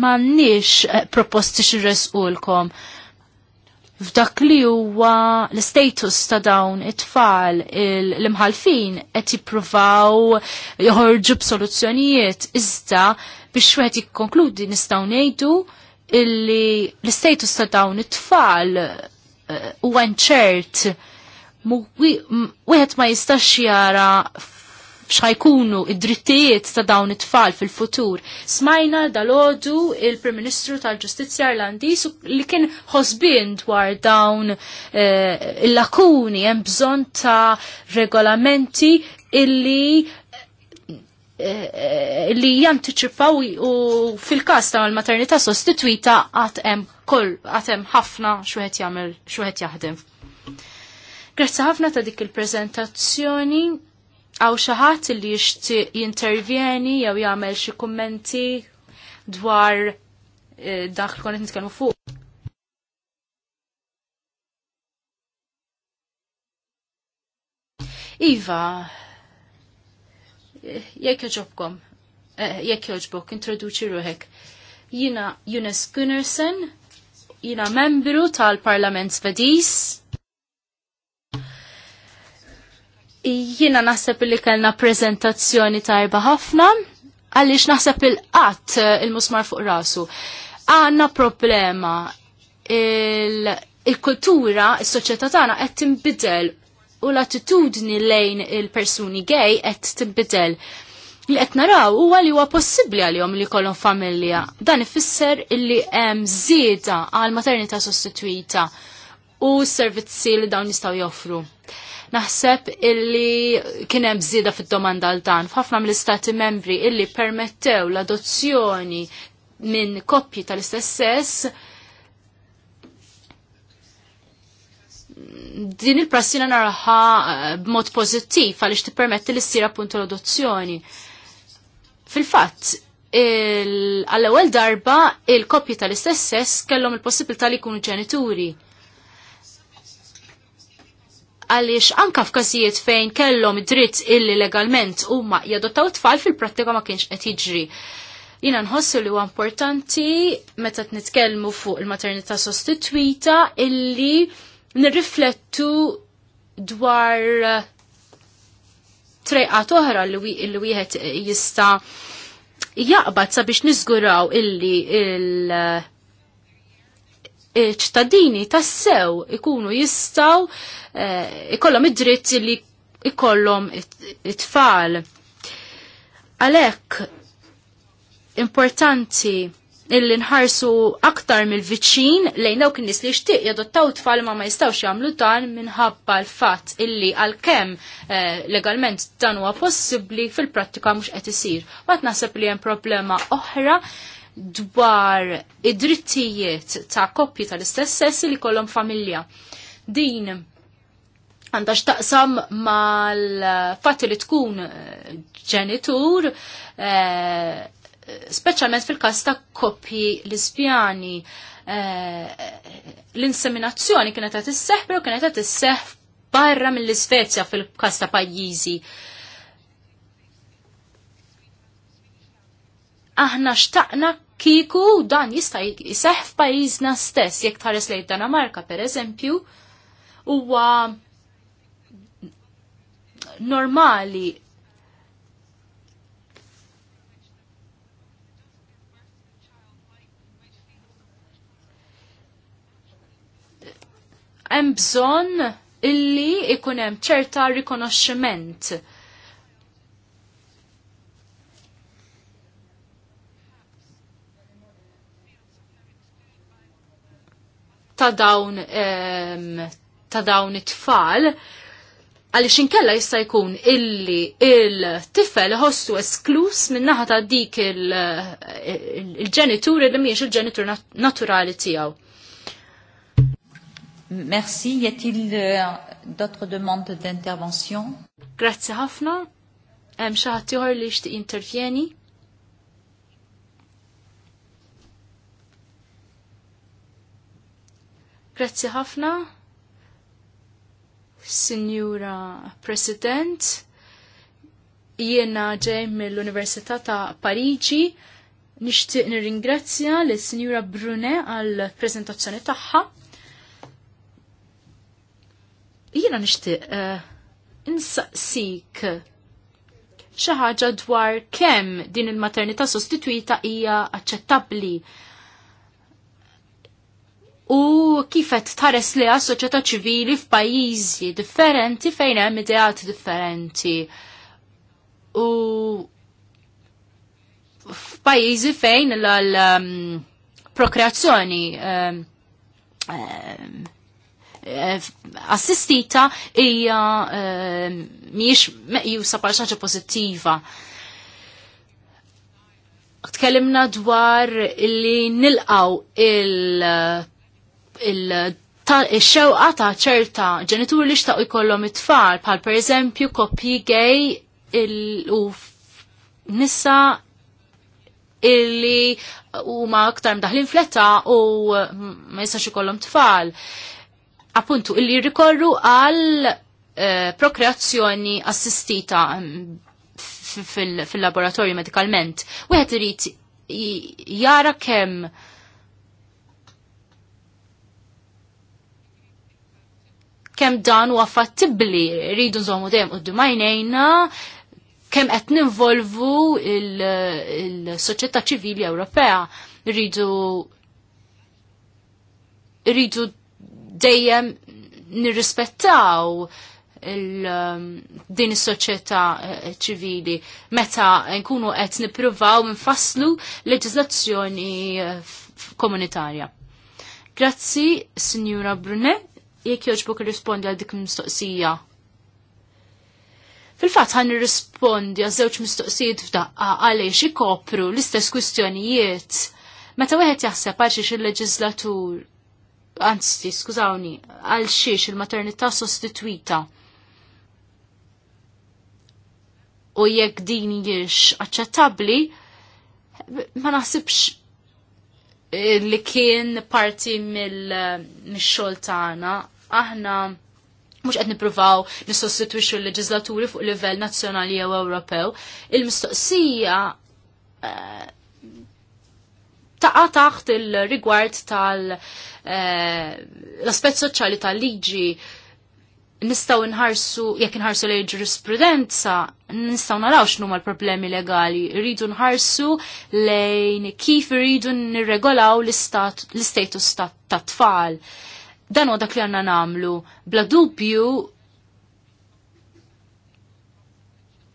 m'għandniex eh, proposti xirresqulkom f'dak li huwa l-status ta' dawn it-tfal l-imħalfin qed jippruvaw joħorġu b'soluzzjonijiet iżda biex wieħed jikkonkludi nistgħu ngħidu illi l-status ta' dawn it-tfal eh, huwa nċert wieħed ma jistax jara xħajkunu id-drittijiet ta' dawn it-tfal fil-futur. Smajna dal-ħodu il-Prim Ministru tal-Ġustizja Irlandis li kien ħosbin dwar dawn eh, il-lakuni hemm bżonn ta' regolamenti illi eh, li jantiċipaw u fil-kas ta' l-maternità sostituita għatem koll għatem ħafna xuħet jagħmel xuħet jaħdem. Grazzi ħafna ta' dik il-prezentazzjoni għaw xaħat li jixtieq jintervjeni jew jagħmel xi kummenti dwar eh, dak li konet nitkellmu fuq. Iva, jekk joġobkom, eh, jekk joġbok, introduċi ruħek. Jina Junes Gunnarsson, jina membru tal-Parlament Svedis, Jiena naħseb li kellna prezentazzjoni tajba ħafna għaliex naħseb il-qatt eh, il-musmar fuq rasu. Għanna problema il-kultura, il kultura il soċjetà tagħna qed tinbidel u l-attitudni lejn il-persuni gay qed tinbidel. Li qed naraw huwa li huwa possibbli għalihom li jkollhom familja. Dan ifisser illi hemm żieda għal maternità sostitwita u s-servizzi li dawn jistgħu joffru. Naħseb illi kien hemm fil fid-domanda għal dan f'ħafna mill-istati membri illi permettew l-adozzjoni minn koppji tal-istess sess din il-prassina narħa eh, b'mod pozittiv għaliex tippermetti li ssir appunt l-adozzjoni. Fil-fatt, għall-ewwel darba il-koppji tal-istess sess kellhom il-possibilità li jkunu ġenituri għaliex anka f'kasijiet fejn kellhom dritt illi legalment huma jadottaw tfal fil-prattika ma kienx qed jiġri. Jina nħossu li huwa importanti meta nitkellmu fuq il-maternità sostitwita illi nirriflettu dwar eh, trejqat oħra li wieħed eh, jista' jaqbad sabiex nizguraw illi il- ċittadini tassew ikunu jistaw eh, ikollhom id-dritt li ikollhom it-tfal. Għalhekk importanti illi nħarsu aktar mill-viċin lejn dawk in-nies li jixtieq jadottaw tfal ma ma jistgħux jagħmlu dan minħabba l-fatt illi għalkemm eh, legalment dan huwa possibbli fil-prattika mhux qed isir. Waqt naħseb li hemm problema oħra dwar id-drittijiet ta' koppji tal-istess sess li kollhom familja. Din għandha x'taqsam mal-fatt li tkun eh, ġenitur eh, speċjalment fil-każ ta' koppji lesbjani. Eh, L-inseminazzjoni kienet qed isseħħ, però kienet qed isseħħ barra mill-Isvezja fil-każ ta' pajjiżi. aħna xtaqna Kiku dan jista' jiseħ f'pajjiżna stess jekk tħares lejn Danamarka pereżempju huwa normali hemm bżonn illi ikun hemm ċerta rikonoxximent ta' dawn ta' dawn it-tfal għaliex inkella jista' jkun illi il-tifel ħossu esklus minnaħa ta' dik il-ġenitur il, li mhijiex il-ġenitur naturali tiegħu. Merci, y a-t-il euh, d'autres demandes d'intervention? Grazzi ħafna. Hemm xi ħadd li jixtieq intervjeni? Grazzi ħafna, Signora President, jiena ġej mill-Università ta' Pariġi, nixtieq nirringrazzja l sinjura Brune għal prezentazzjoni tagħha. Jiena nixtieq uh, insaqsik xi ħaġa dwar kemm din il-maternità sostitwita hija aċċettabbli u kifet tħares li soċjetà ċivili f'pajjiżi differenti fejn hemm ideat differenti. U f'pajjiżi fejn l-prokreazzjoni um, um, um, eh, assistita hija mhijiex meqjusa bħal xi pożittiva tkellimna dwar li nilqaw il il-xewqa ta' ċerta ġenituri li xtaqu jkollhom it-tfal bħal pereżempju koppji gay u nissa illi huma aktar mdaħlin fletta u ma jistax ikollhom tfal. Appuntu, illi rikorru għal eh, prokreazzjoni assistita mm, fil-laboratorju medikalment. Wieħed irid jara kemm kemm dan huwa fattibbli rridu nżommu dejjem d għajnejna kemm qed ninvolvu il-soċjetà ċivili Ewropea rridu rridu dejjem nirrispettaw din is-soċjetà eh, ċivili meta nkunu qed nippruvaw nfasslu leġiżlazzjoni eh, komunitarja. Grazzi, Signora Brunet, jekk jogħġbok kirrispondi għal dik mistoqsija. Fil-fatt għan nirrispondi għal żewġ mistoqsijiet f'daqqa għaliex ikopru l-istess kwistjonijiet. Meta wieħed jaħseb għal xiex il-leġislatur anzi, skużawni, għal xiex il-maternità sostituita. U jekk din jiex aċċettabbli, ma naħsibx li kien parti mill-xol tagħna aħna mux qed nippruvaw nissostitwixxu l-leġislaturi fuq livell nazzjonali jew Ewropew. Il-mistoqsija eh, taqa taħt il-rigward tal-aspett eh, soċjali tal-liġi nistaw nħarsu, jekk nħarsu lej ġurisprudenza, nistaw naraw x'numa l-problemi legali. Rridu nħarsu lejn kif rridu nirregolaw l-istatus tat-tfal dan dak li għanna namlu. Bla dubju,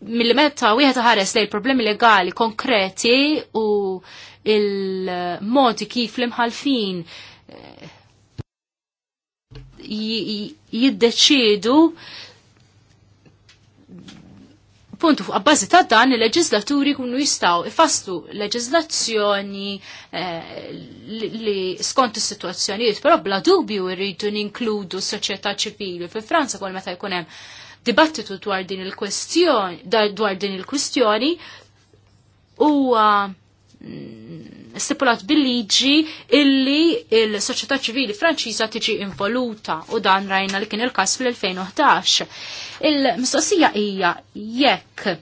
mill-metta u jħet ħares lej problemi legali konkreti u il-modi kif l-imħalfin eh, jiddeċidu punt fuq abbażi ta' dan il-leġislaturi kunu jistaw ifastu leġislazzjoni eh, li skont is-sitwazzjonijiet, però bla dubju rridu ninkludu s-soċjetà ċivili fi Franza kol meta jkun hemm dibattitu dwar din il-kwestjoni dwar din il-kwistjoni huwa uh, stipulat bil-liġi illi il-soċjetà ċivili Franċiża tiġi involuta u dan rajna li kien il-każ fil-2011. Il-mistoqsija hija jekk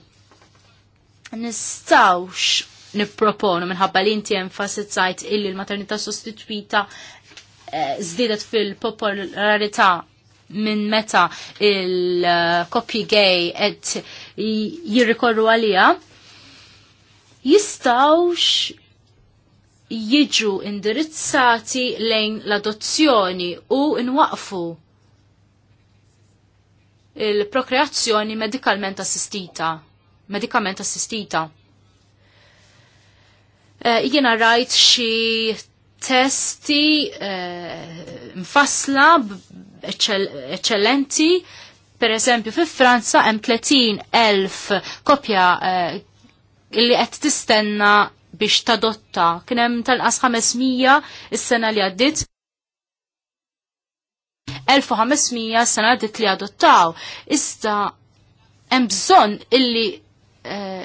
nistawx nipproponu minħabba li inti enfasizzajt illi l-maternità sostituita żdiedet eh, fil-popolarità minn meta il-kopji gay qed jirrikorru għalija jistawx jiġu indirizzati lejn l-adozzjoni u nwaqfu il-prokreazzjoni medikalment assistita. Medikament assistita. Jiena eh, jiena rajt xi testi uh, eh, mfasla eccellenti per eżempju fi Franza hemm 30 elf kopja eh, illi qed tistenna biex tadotta. Kien hemm tal-qas 500 is-sena li għaddit. 1500 sena għaddit li adottaw. Iżda hemm bżonn illi eh,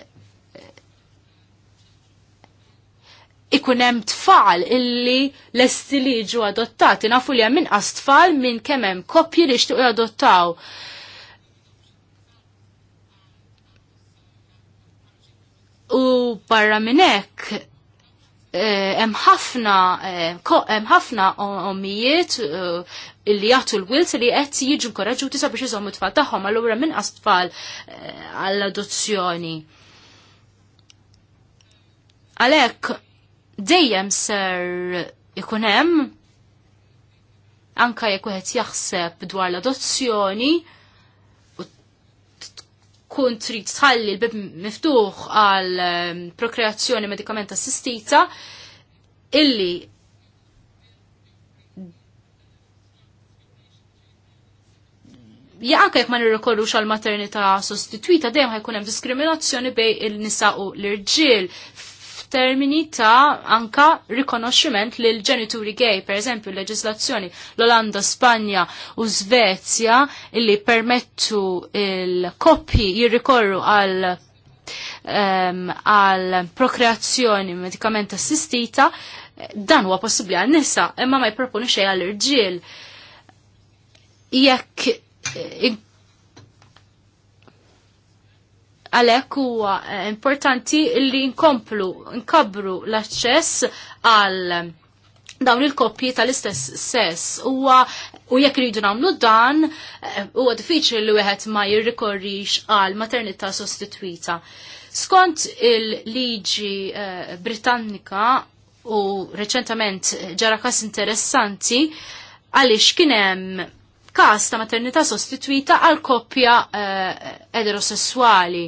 ikun hemm tfal illi lesti li jiġu adottati nafu li hemm inqas tfal minn kemm hemm koppji li jixtiequ jadottaw. adottaw U barra minnek, eh, hemm ħafna eh, hemm ħafna ommijiet eh, li jagħtu l-wilt li qed jiġu nkoraġuti sabiex iżommu tfal tagħhom allura qas tfal għall-adozzjoni. Għalhekk dejjem ser ikun hemm anke jekk wieħed jaħseb dwar l-adozzjoni, Kun trid tħalli l-bib miftuħ għal ehm, prokreazzjoni medikament assistita illi jaqak jekk ma nirrikorrux għal maternità sostituita dejjem ħajkun hemm diskriminazzjoni bej il-nisa u l-irġiel f'termini ta' anka rikonoxximent lil ġenituri gay, per eżempju l-leġislazzjoni l-Olanda, Spanja u Svezja illi permettu il-koppi jirrikorru għal ehm, għal prokreazzjoni medikament assistita, dan huwa possibbli għal nisa, imma ma jproponi xejn għall irġiel Jekk eh, għalek huwa eh, importanti li nkomplu, nkabru l-aċċess għal eh, dawn il-koppji tal-istess sess huwa u jekk rridu nagħmlu dan eh, huwa diffiċli li wieħed ma jirrikorrix għal maternità sostitwita. Skont il-liġi Britannika u reċentament ġara kas interessanti għaliex kien hemm kas ta' maternità sostituita għal koppja eh, eterosessuali.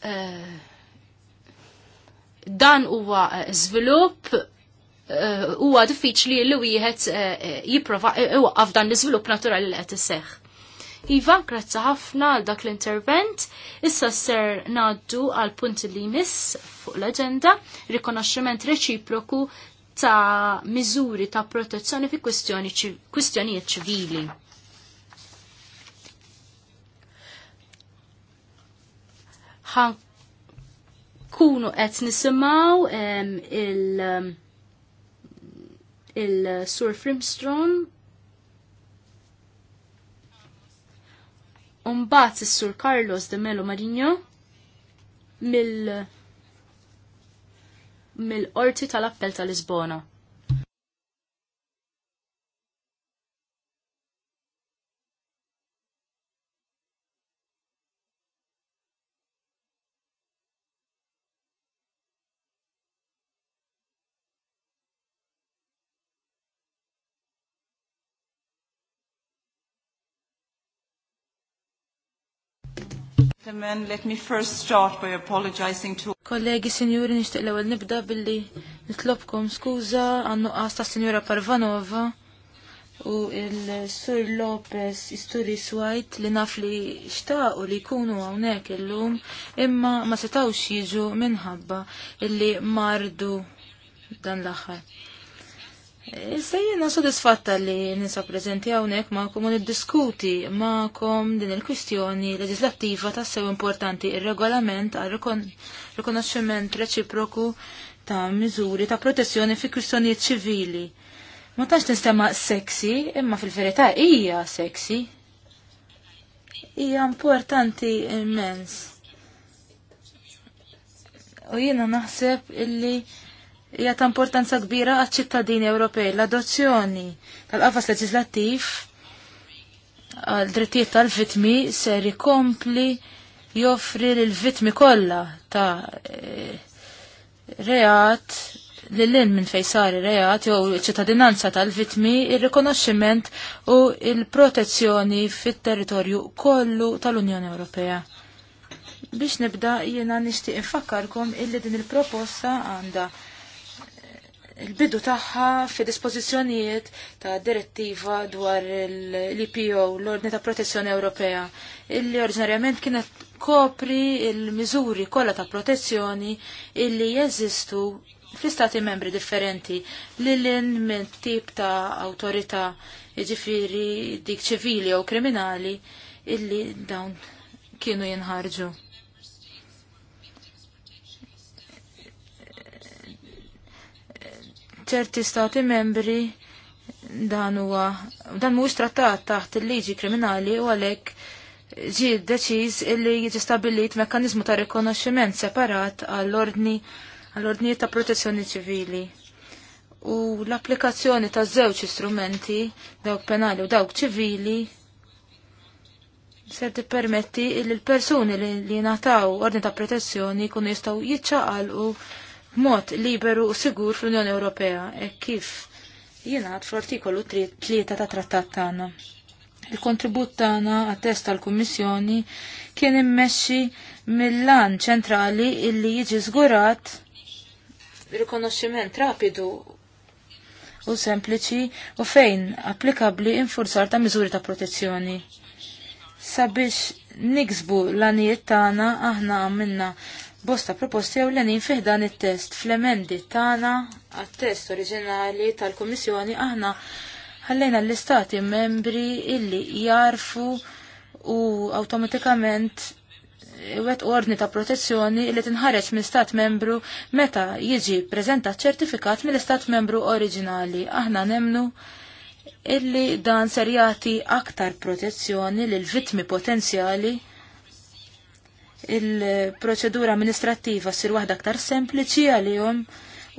Eh, dan huwa żvilupp eh, eh, huwa diffiċli li wieħed eh, jipprova iwaqqaf dan l-iżvilupp naturali li qed iseħħ. Iva, grazzi ħafna għal dak l-intervent. Issa ser naddu għal punt li jmiss fuq l-agenda, rikonoxximent reċiproku ta' miżuri ta' protezzjoni fi kwistjonijiet ċivili. ħan kunu qed nisimgħu il-Sur Frimstrom Umbat is-Sur Carlos de Melo Marino mill mill-Qorti tal-Appell tal-Lisbona. Kollegi, sinjuri, nishtiq l-ewel nibda billi nitlobkom skuza għannu ta' sinjura Parvanova u il-Sur Lopez Isturi Swajt li naf li xtaqu li jkunu għawnek il-lum imma ma setgħux jiġu minħabba illi mardu dan l-axar. Sejjena sodisfatta li nisa prezenti għawnek komun id diskuti ma'kom din il-kwistjoni leġislattiva ta' sew importanti il-regolament għal rikonoxximent reċiproku ta' miżuri ta' protezzjoni fi kwistjonijiet ċivili. Ma tantx nistema seksi, imma fil-verità hija seksi. Hija importanti immens. U jiena naħseb illi hija ta' importanza kbira għaċ-ċittadini Ewropej. L-adozzjoni tal-qafas leġislattiv għal drittijiet tal-vitmi ser ikompli joffri lil vitmi kollha ta' eh, reat lil-lin minn fejn sar reat jew ċittadinanza tal-vitmi ir-rikonoxximent u l-protezzjoni fit-territorju kollu tal-Unjoni Ewropea biex nibda jiena nixtieq infakkarkom illi din il-proposta għandha il-bidu tagħha fi dispożizzjonijiet ta' direttiva dwar l-IPO, l-Ordni ta' Protezzjoni Ewropea, illi Ordinarjament kienet kopri il-miżuri kollha ta' protezzjoni illi jeżistu fi stati membri differenti li l-in minn tip ta' autorita' iġifiri dik ċivili u kriminali illi dawn kienu jinħarġu. ċerti stati membri dan huwa dan mhuwiex trattat taħt il-liġi kriminali u għalhekk ġi deċiż illi jiġi stabbilit mekkaniżmu ta' rikonoxximent separat għall-ordni għall-ordnijiet ta' protezzjoni ċivili. U l-applikazzjoni ta' żewġ istrumenti dawk penali u dawk ċivili se tippermetti li l-persuni li jingħataw ordni ta' protezzjoni jkunu jistgħu jiċċaqalqu mod liberu u sigur fl-Unjoni Ewropea e kif jingħad fl-artikolu 3 ta' trattat tagħna. Il-kontribut tagħna għat-test tal-Kummissjoni kien immessi mill-lan ċentrali illi jiġi żgurat rikonoxximent rapidu u sempliċi u fejn applikabli infurzar ta' miżuri ta' protezzjoni. Sabiex niksbu l anijiet tagħna aħna għamilna bosta proposti u l għanin fiħdan il-test fl-emendi tana għat-test oriġinali tal-Komissjoni aħna ħallejna l-istati membri illi jarfu u automatikament wet ordni ta' protezzjoni li tinħareġ minn stat membru meta jiġi preżentat ċertifikat mill-istat membru oriġinali. Aħna nemnu illi dan ser jagħti aktar protezzjoni lil vittmi potenzjali il-proċedura amministrattiva ssir waħda aktar sempliċi għalihom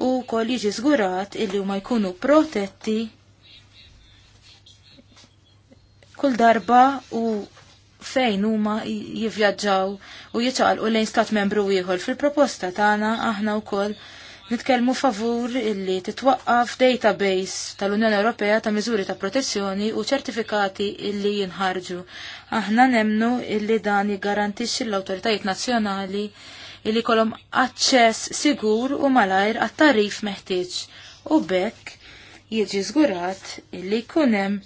u wkoll jiġi żgurat illi huma jkunu protetti kull darba u fejn huma jivvjaġġaw u jiċaqalqu lejn stat membru ieħor fil-proposta tagħna aħna wkoll nitkellmu favur illi titwaqqaf database tal-Unjoni Ewropea ta' miżuri ta' protezzjoni u ċertifikati illi jinħarġu. Aħna nemnu illi dan jiggarantixxi l-awtoritajiet nazzjonali illi kolom aċċess sigur u malajr għat-tarif meħtieġ u bekk jiġi żgurat illi jkun hemm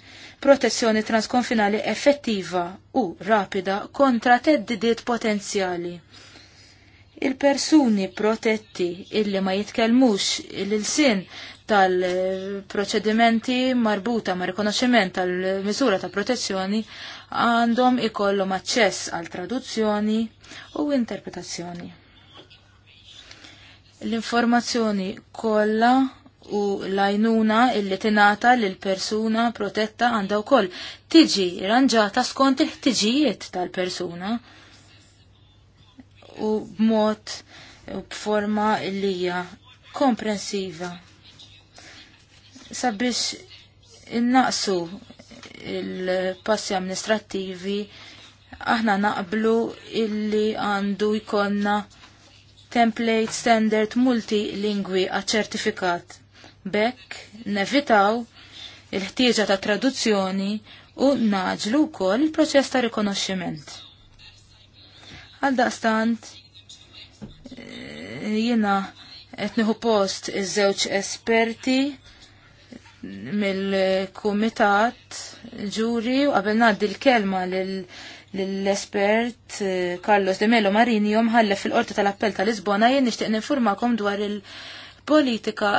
protezzjoni transkonfinali effettiva u rapida kontra teddidiet potenzjali il-persuni protetti illi ma jitkelmux il-sin tal-proċedimenti marbuta ma' rikonoxximent tal-misura ta' protezzjoni għandhom ikollhom aċċess għal traduzzjoni u interpretazzjoni. L-informazzjoni kollha u l-għajnuna illi tinata lil persuna protetta għandha wkoll tiġi ranġata skont il-ħtiġijiet tal-persuna. il ħtiġijiet tal persuna u b'mod u b'forma li hija komprensiva. Sabiex innaqsu il-passi amministrattivi aħna naqblu illi għandu jkonna template standard multilingwi għaċ-ċertifikat. Bekk nevitaw il-ħtieġa ta' traduzzjoni u naġlu wkoll il-proċess ta' rikonoxximent. Għal daqstant, eh, jena etniħu post iż-żewġ esperti mill-kumitat ġuri u qabel naddi l-kelma l-espert eh, Carlos de Melo Marini jom fil-qorti tal-appell tal-Lisbona jien nixtieq ninformakom dwar il-politika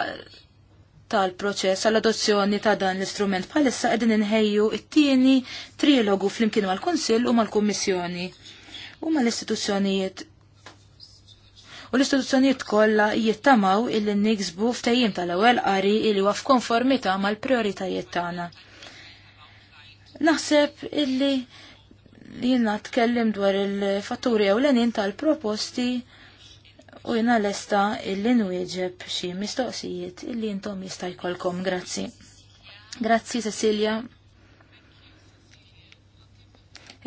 tal-proċess għall-adozzjoni ta' dan l-istrument bħalissa qegħdin inħejju it-tieni trilogu flimkien mal-Kunsill u mal-Kummissjoni ma l-istituzzjonijiet u l-istituzzjonijiet kollha jittamaw illi niksbu ftejjim tal-ewwel qari illi huwa f'konformità mal prioritajiet tagħna. Naħseb illi jiena tkellim dwar il-fatturi ewlenin tal-proposti u l lesta illi nwieġeb xi mistoqsijiet illi intom jista' jkollkom grazzi. Grazzi Cecilia.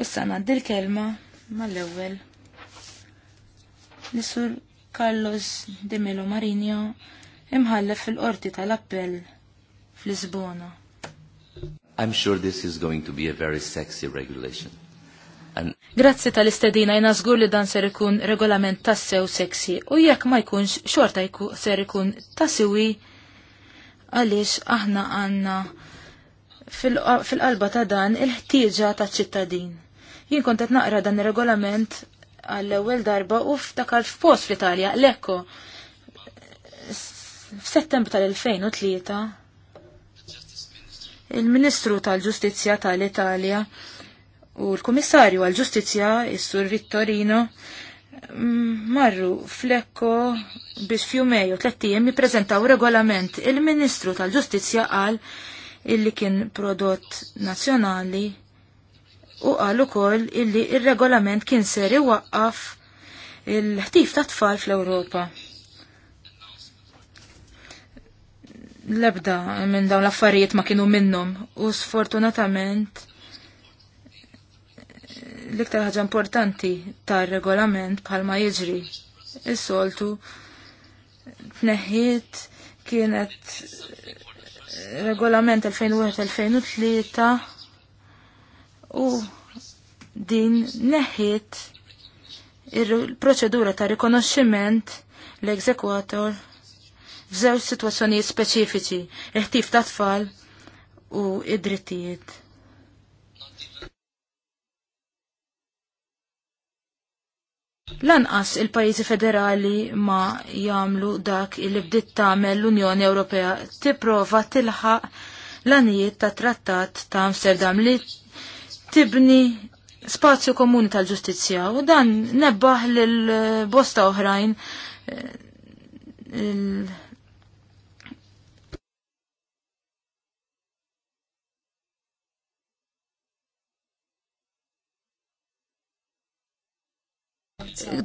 Issa naddi l-kelma mal-ewwel Nisur Carlos de Melo Marinho imħallef fil-qorti tal-appell fl-Lisbona. I'm sure this is going to be a very sexy regulation. And... Grazzi tal-istedina jina zgur li dan ser ikun regolament tassew seksi u jekk ma jkunx xorta jku ser ikun tassiwi għaliex aħna għanna fil-qalba ta' dan il-ħtieġa ta' ċittadin. Jien kont qed naqra dan ir-regolament għall-ewwel darba u ftakar f'post fl-Italja, l-ekko. F'Settembru tal-2003 il-Ministru tal-Ġustizzja tal-Italja u l-Kummissarju għall-Ġustizzja, is-Sur Vittorino, mm, marru flekko biex fjumejo tlettijem jiprezentaw regolament. Il-Ministru tal ġustizzja qal illi kien prodott nazjonali u qal ukoll illi ir-regolament kien ser iwaqqaf il-ħtif ta' tfal fl-Ewropa. Lebda minn dawn l-affarijiet ma kienu minnhom u sfortunatament l-iktar ħaġa importanti tar-regolament bħalma jiġri is-soltu tneħħiet kienet regolament 2001-2003 u din neħiet il-proċedura ta' rikonoxximent l-eżekwator f'żewġ sitwazzjonijiet speċifiċi, il-ħtif ta' tfal u id-drittijiet. Lanqas il-pajjiżi federali ma jagħmlu dak il bdiet tagħmel l-Unjoni Ewropea tipprova tilħaq l-anijiet ta' trattat ta' Amsterdam li tibni spazju komuni tal-ġustizzja u dan nebbaħ l-bosta oħrajn eh,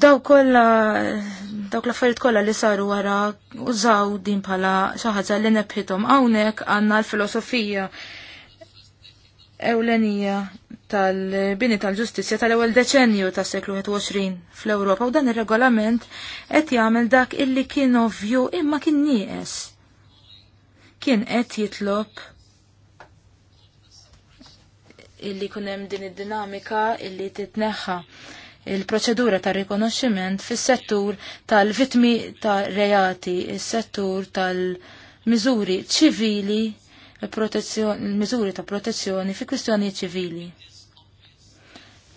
Daw kolla, dawk l-affarijiet kolla li saru wara użaw din bħala xi ħaġa li nebħitom, hawnhekk għandna l-filosofija ewlenija tal-bini tal-ġustizja tal-ewwel deċenju tas-seklu 20 fl-Ewropa u dan ir-regolament qed jagħmel dak illi kien ovvju imma kien nieqes. Kien qed jitlob illi kun hemm din id-dinamika illi titneħħa il-proċedura ta' rikonoxximent fis-settur tal-vitmi ta' reati, is-settur tal-miżuri ċivili Mizuri ta' protezzjoni fi kwistjoni ċivili.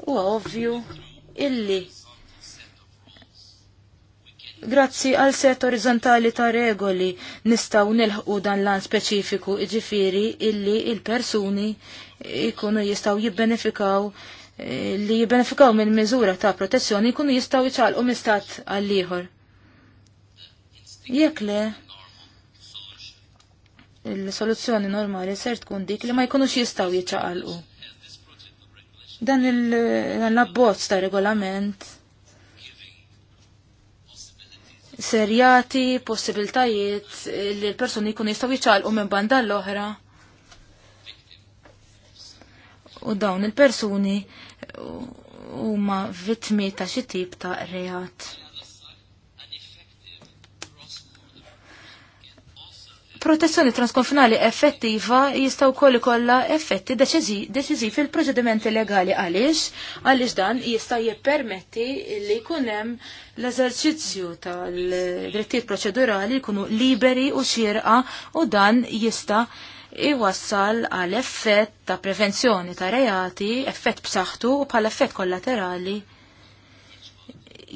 Huwa ovvju illi Grazzi għal set orizzontali ta' regoli nistaw nilħu dan lan speċifiku iġifiri illi il-persuni ikunu jistaw jibbenefikaw li jibbenefikaw minn miżura ta' protezzjoni ikunu jistaw u mistat għall-ieħor. Jekk le, il-soluzzjoni normali ser tkun dik li ma jkunux jistaw jiċċaqalqu. Dan il-abbozz ta' regolament serjati, possibiltajiet li l-personi jkunu jistaw jiċċaqalqu minn banda l-oħra. U dawn il-persuni huma vittmi ta' xi tip ta' reat. Protezzjoni transkonfinali effettiva jistaw koll kolla effetti deċizi fil-proċedimenti legali għaliex għaliex dan jista' jippermetti li jkun hemm l-eżerċizzju tal-drittijiet proċedurali jkunu liberi u xierqa u dan jista' iwassal għal effett ta' prevenzjoni ta' reati, effett b'saħħtu u bħal effett kollaterali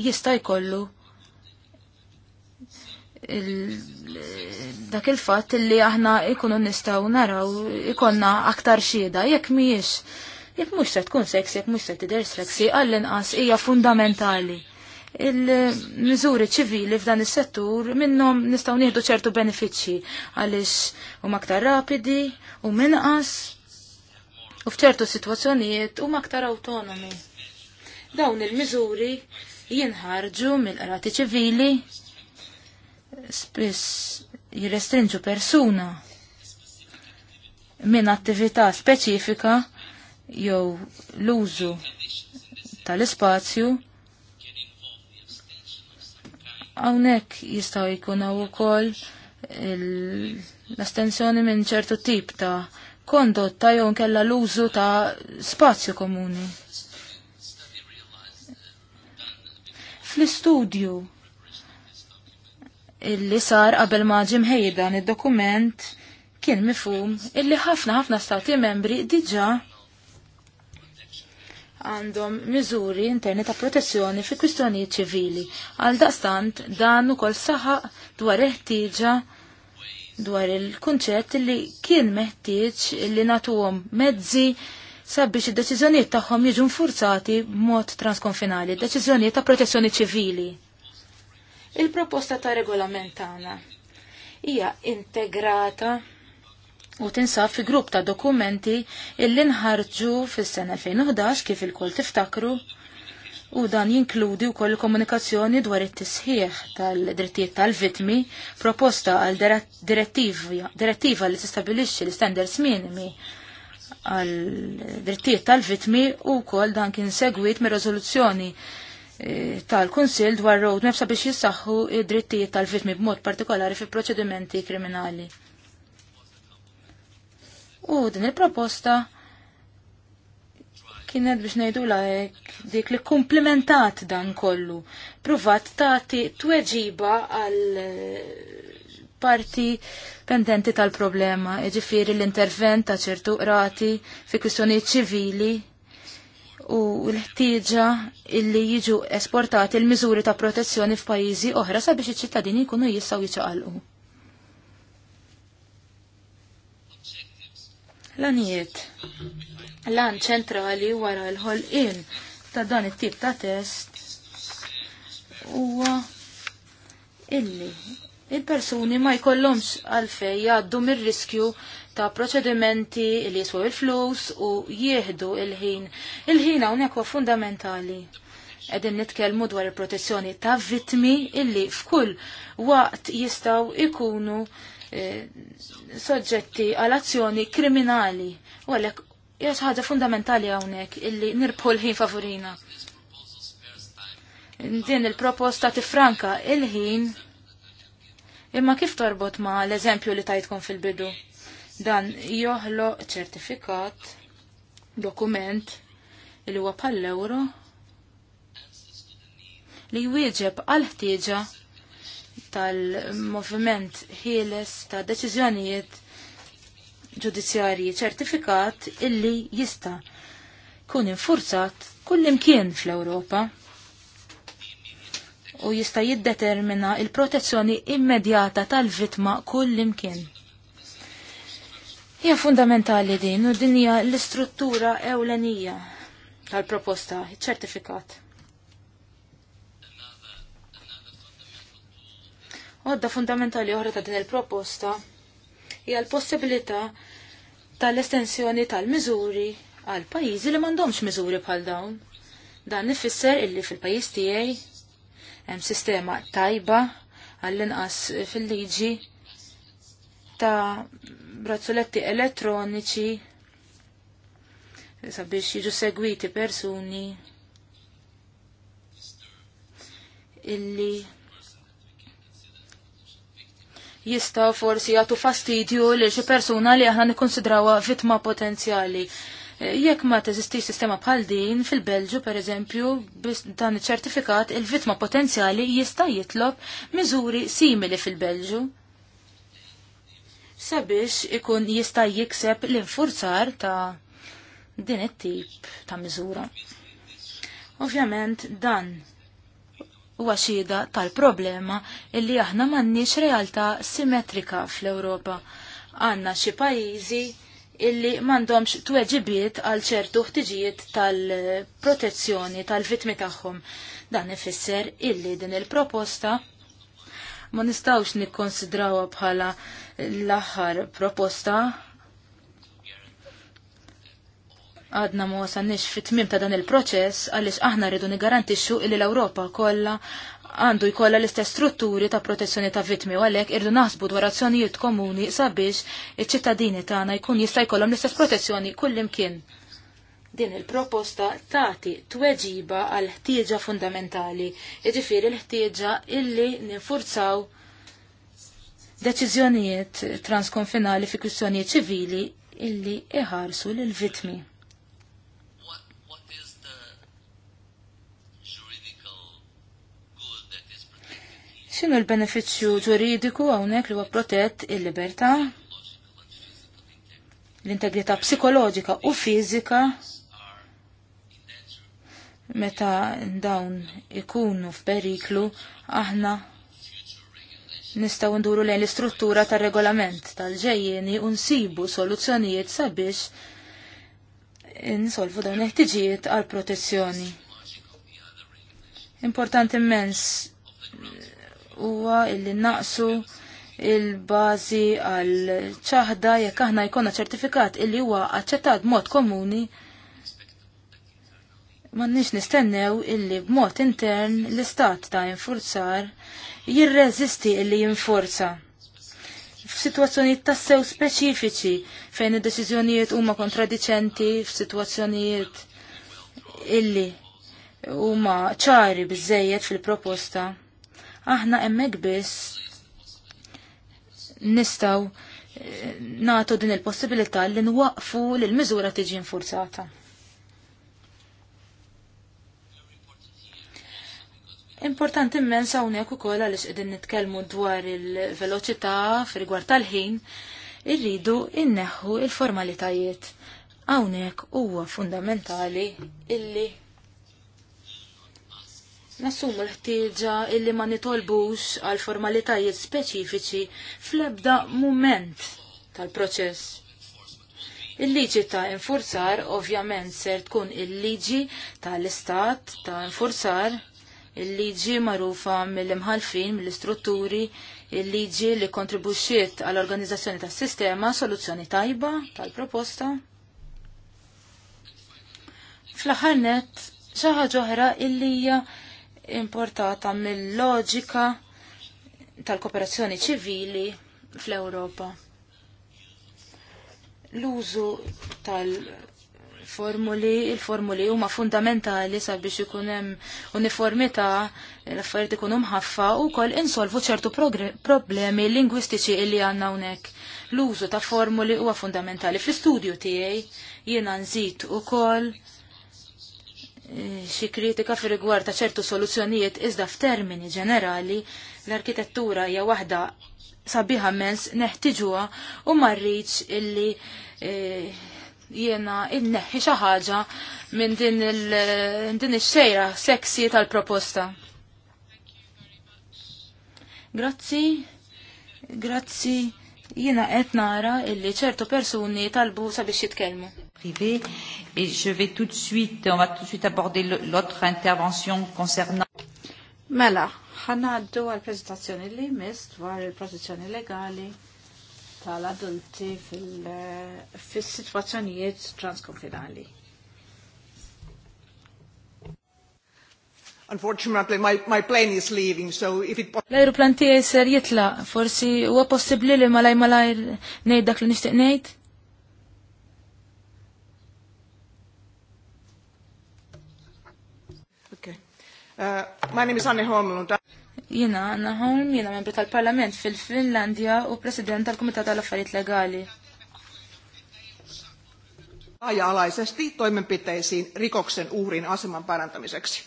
jista' jkollu dak il-fatt li aħna ikunu nistaw naraw ikonna aktar xieda jekk miex jekk mhux se tkun seks jekk mhux se tidher seksi għall-inqas hija fundamentali. Il-miżuri ċivili f'dan is-settur minnhom nistgħu nieħdu ċertu benefiċċji għaliex huma aktar rapidi u minqas u f'ċertu sitwazzjonijiet huma aktar awtonomi. Dawn il-miżuri jinħarġu mill-qrati ċivili spiss jirrestrinġu persuna minn attività speċifika jew l-użu tal-ispazju hawnhekk jistgħu jkunu wkoll l-astensjoni minn ċertu tip ta' kondotta jew nkella l-użu ta' spazju komuni. Fl-istudju illi sar qabel ma dan id-dokument kien mifhum illi ħafna ħafna stati membri diġà għandhom miżuri interni ta' protezzjoni fi kwistjonijiet ċivili. Għal daqstant dan ukoll saħaq dwar il-ħtieġa dwar il-kunċett li kien meħtieġ li natuhom mezzi sabiex id-deċiżjonijiet tagħhom jiġu nfurzati b'mod transkonfinali, deċiżjonijiet ta' protezzjoni ċivili. Il-proposta ta' regolament tagħna hija integrata u tinsab fi grupp ta' dokumenti illi nħarġu fis-sena 2011 kif il-kol tiftakru u dan jinkludi u koll komunikazzjoni dwar it-tisħiħ tal-drittijiet tal-vitmi proposta għal direttiva li tistabilixxi l-standards minimi għal drittijiet tal-vitmi u koll dan kien segwit me rezoluzzjoni tal-Kunsil dwar roadmap sabiex jissaħħu id-drittijiet tal-vittmi b'mod partikolari fi proċedimenti kriminali. U din il-proposta kienet biex nejdu lajk dik li komplementat dan kollu. Provat tati tweġiba għal eh, parti pendenti tal-problema, ġifiri l-intervent ta' ċertu rati fi kwistjoni ċivili u l-ħtieġa illi jiġu esportati l-miżuri ta' protezzjoni f'pajjiżi oħra sabiex iċ-ċittadini jkunu jistgħu jiċċaqalqu. L-anijiet. l għan ċentrali wara l-ħolqien ta' dan it-tip ta' test huwa illi il-persuni ma jkollhomx għalfej jgħaddu mir-riskju ta' proċedimenti li jiswa il-flus u jieħdu il-ħin. Il-ħin hawnhekk huwa fundamentali. Qegħdin nitkellmu dwar il-protezzjoni ta' vittmi illi f'kull waqt jistgħu ikunu eh, soġġetti għal azzjoni kriminali. U għalhekk hija ħaġa fundamentali hawnhekk illi nirbħu l-ħin favorina. Din il-proposta tifranka il-ħin imma kif torbot ma l-eżempju li tajtkom fil-bidu? Dan joħloq ċertifikat, dokument, li huwa pal-euro li jwieġeb għal ħtieġa tal-moviment ħieles ta' deċiżjonijiet ġudizzjarji ċertifikat illi jista' kun infurzat kull imkien fl-Ewropa u jista' jiddetermina il-protezzjoni immedjata tal-vitma kull imkien. Hija fundamentali din u din hija l-istruttura ewlenija tal-proposta, iċ-ċertifikat. Odda fundamentali oħra ta' din il-proposta hija l-possibilità tal-estensjoni tal-miżuri għal pajjiżi li m'għandhomx miżuri bħal dawn. Dan ifisser illi fil-pajjiż tiegħi hemm sistema tajba għall-inqas fil-liġi ta' brazzoletti elettroniċi sabiex jiġu segwiti persuni illi jista' forsi jagħtu fastidju li xi persuna li aħna nikkonsidrawha vittma potenzjali. E, jekk ma teżisti sistema bħal din fil-Belġu pereżempju dan iċ-ċertifikat il-vittma potenzjali jista' jitlob miżuri simili fil-Belġu sabiex ikun jista' jikseb l-infurzar ta' din it-tip ta' miżura. Ovvjament dan huwa xhieda tal-problema illi aħna m'għandniex realtà simmetrika fl-Ewropa. Għandna xi pajjiżi illi m'għandhomx tweġibiet għal ċertu ħtiġijiet tal-protezzjoni tal-vitmi tagħhom. Dan ifisser illi din il-proposta ma nistawx nikkonsidrawha bħala l-aħħar proposta. Għadna ma wasalniex fit-tmim ta' dan il-proċess għaliex aħna rridu nigarantixxu li l-Ewropa kollha għandu jkollha l-istess strutturi ta' protezzjoni ta' vittmi u għalhekk irdu naħsbu dwar azzjonijiet komuni sabiex iċ-ċittadini tagħna jkun jista' jkollhom l-istess protezzjoni kullimkien din il-proposta tati tweġiba għal ħtieġa fundamentali, jiġifieri l-ħtieġa illi ninfurzaw deċiżjonijiet transkonfinali fi kwistjonijiet ċivili illi iħarsu l vitmi. X'inhu l-benefiċċju ġuridiku hawnhekk li huwa protett il-libertà, l-integrità psikoloġika u fizika? meta dawn ikunu f'periklu aħna nistaw nduru lejn l-istruttura tar-regolament tal-ġejjeni u nsibu soluzzjonijiet sabiex insolvu dawn il-ħtiġijiet għal protezzjoni. Importanti immens huwa illi naqsu il-bazi għal ċaħda jekk aħna jkollna ċertifikat illi huwa aċċettat mod komuni Mannix nistennew illi b'mod intern l-istat ta' infurzar jirreżisti illi jinforza. F'sitwazzjonijiet tassew speċifiċi fejn id-deċiżjonijiet huma kontradiċenti, f'sitwazzjonijiet illi huma ċari biżejjed fil-proposta. Aħna hemmhekk biss nistgħu eh, nagħtu din il-possibilità li nwaqfu li l-miżura tiġi infurzata. Importanti immens hawnhekk ukoll għaliex qegħdin nitkellmu dwar il-veloċità f'rigward tal-ħin, irridu inneħħu il-formalitajiet. Hawnhekk huwa fundamentali illi nassumu l-ħtieġa illi ma nitolbux għal formalitajiet speċifiċi fl-ebda mument tal-proċess. Il-liġi ta' infurzar ovvjament ser tkun il-liġi tal-istat ta' infurzar il-liġi marufa mill-imħalfin, mill-istrutturi, il-liġi li kontribuxiet għall-organizzazzjoni tas sistema soluzzjoni tajba tal-proposta. Fl-aħħar net, xi ħaġa oħra illi hija importata mill-loġika tal-kooperazzjoni ċivili fl-Ewropa. L-użu tal- formuli, il-formuli huma fundamentali sabiex ikun hemm uniformità, l-affarijiet ikunu mħaffa u wkoll insolvu ċertu problemi lingwistiċi li għandna hawnhekk. L-użu ta' formuli huwa fundamentali. Fl-istudju tiegħi jiena nżid ukoll eh, xi kritika fi rigward ta' ċertu soluzzjonijiet iżda f'termini ġenerali l-arkitettura hija waħda sabiħa mens neħtiġuha u marriċ illi eh, jiena inneħi xaħġa minn din il xejra seksi tal-proposta. Grazzi, grazzi, jiena qed nara illi ċertu persuni talbu sabiex jitkelmu. Privé, et je vais tout de suite, on va tout de suite aborder l'autre intervention concernant. Mela, ħanaddu għal-prezentazzjoni li mis dwar il-protezzjoni legali tal-adulti fil-situazzjonijiet transkonfinali. Unfortunately, my, my plane is leaving, so if it... L-aeroplan tiegħi ser jitla, forsi huwa possibli li malaj malaj nejt dak li nishtiq nejt? Okay. Uh, my name is Anne Holmlund. Jina naħom, jina membru tal-Parlament fil-Finlandja u President tal-Komitat tal-Affarijiet Legali. Laaja-alaisesti toimenpiteisiin rikoksen uhrin aseman parantamiseksi.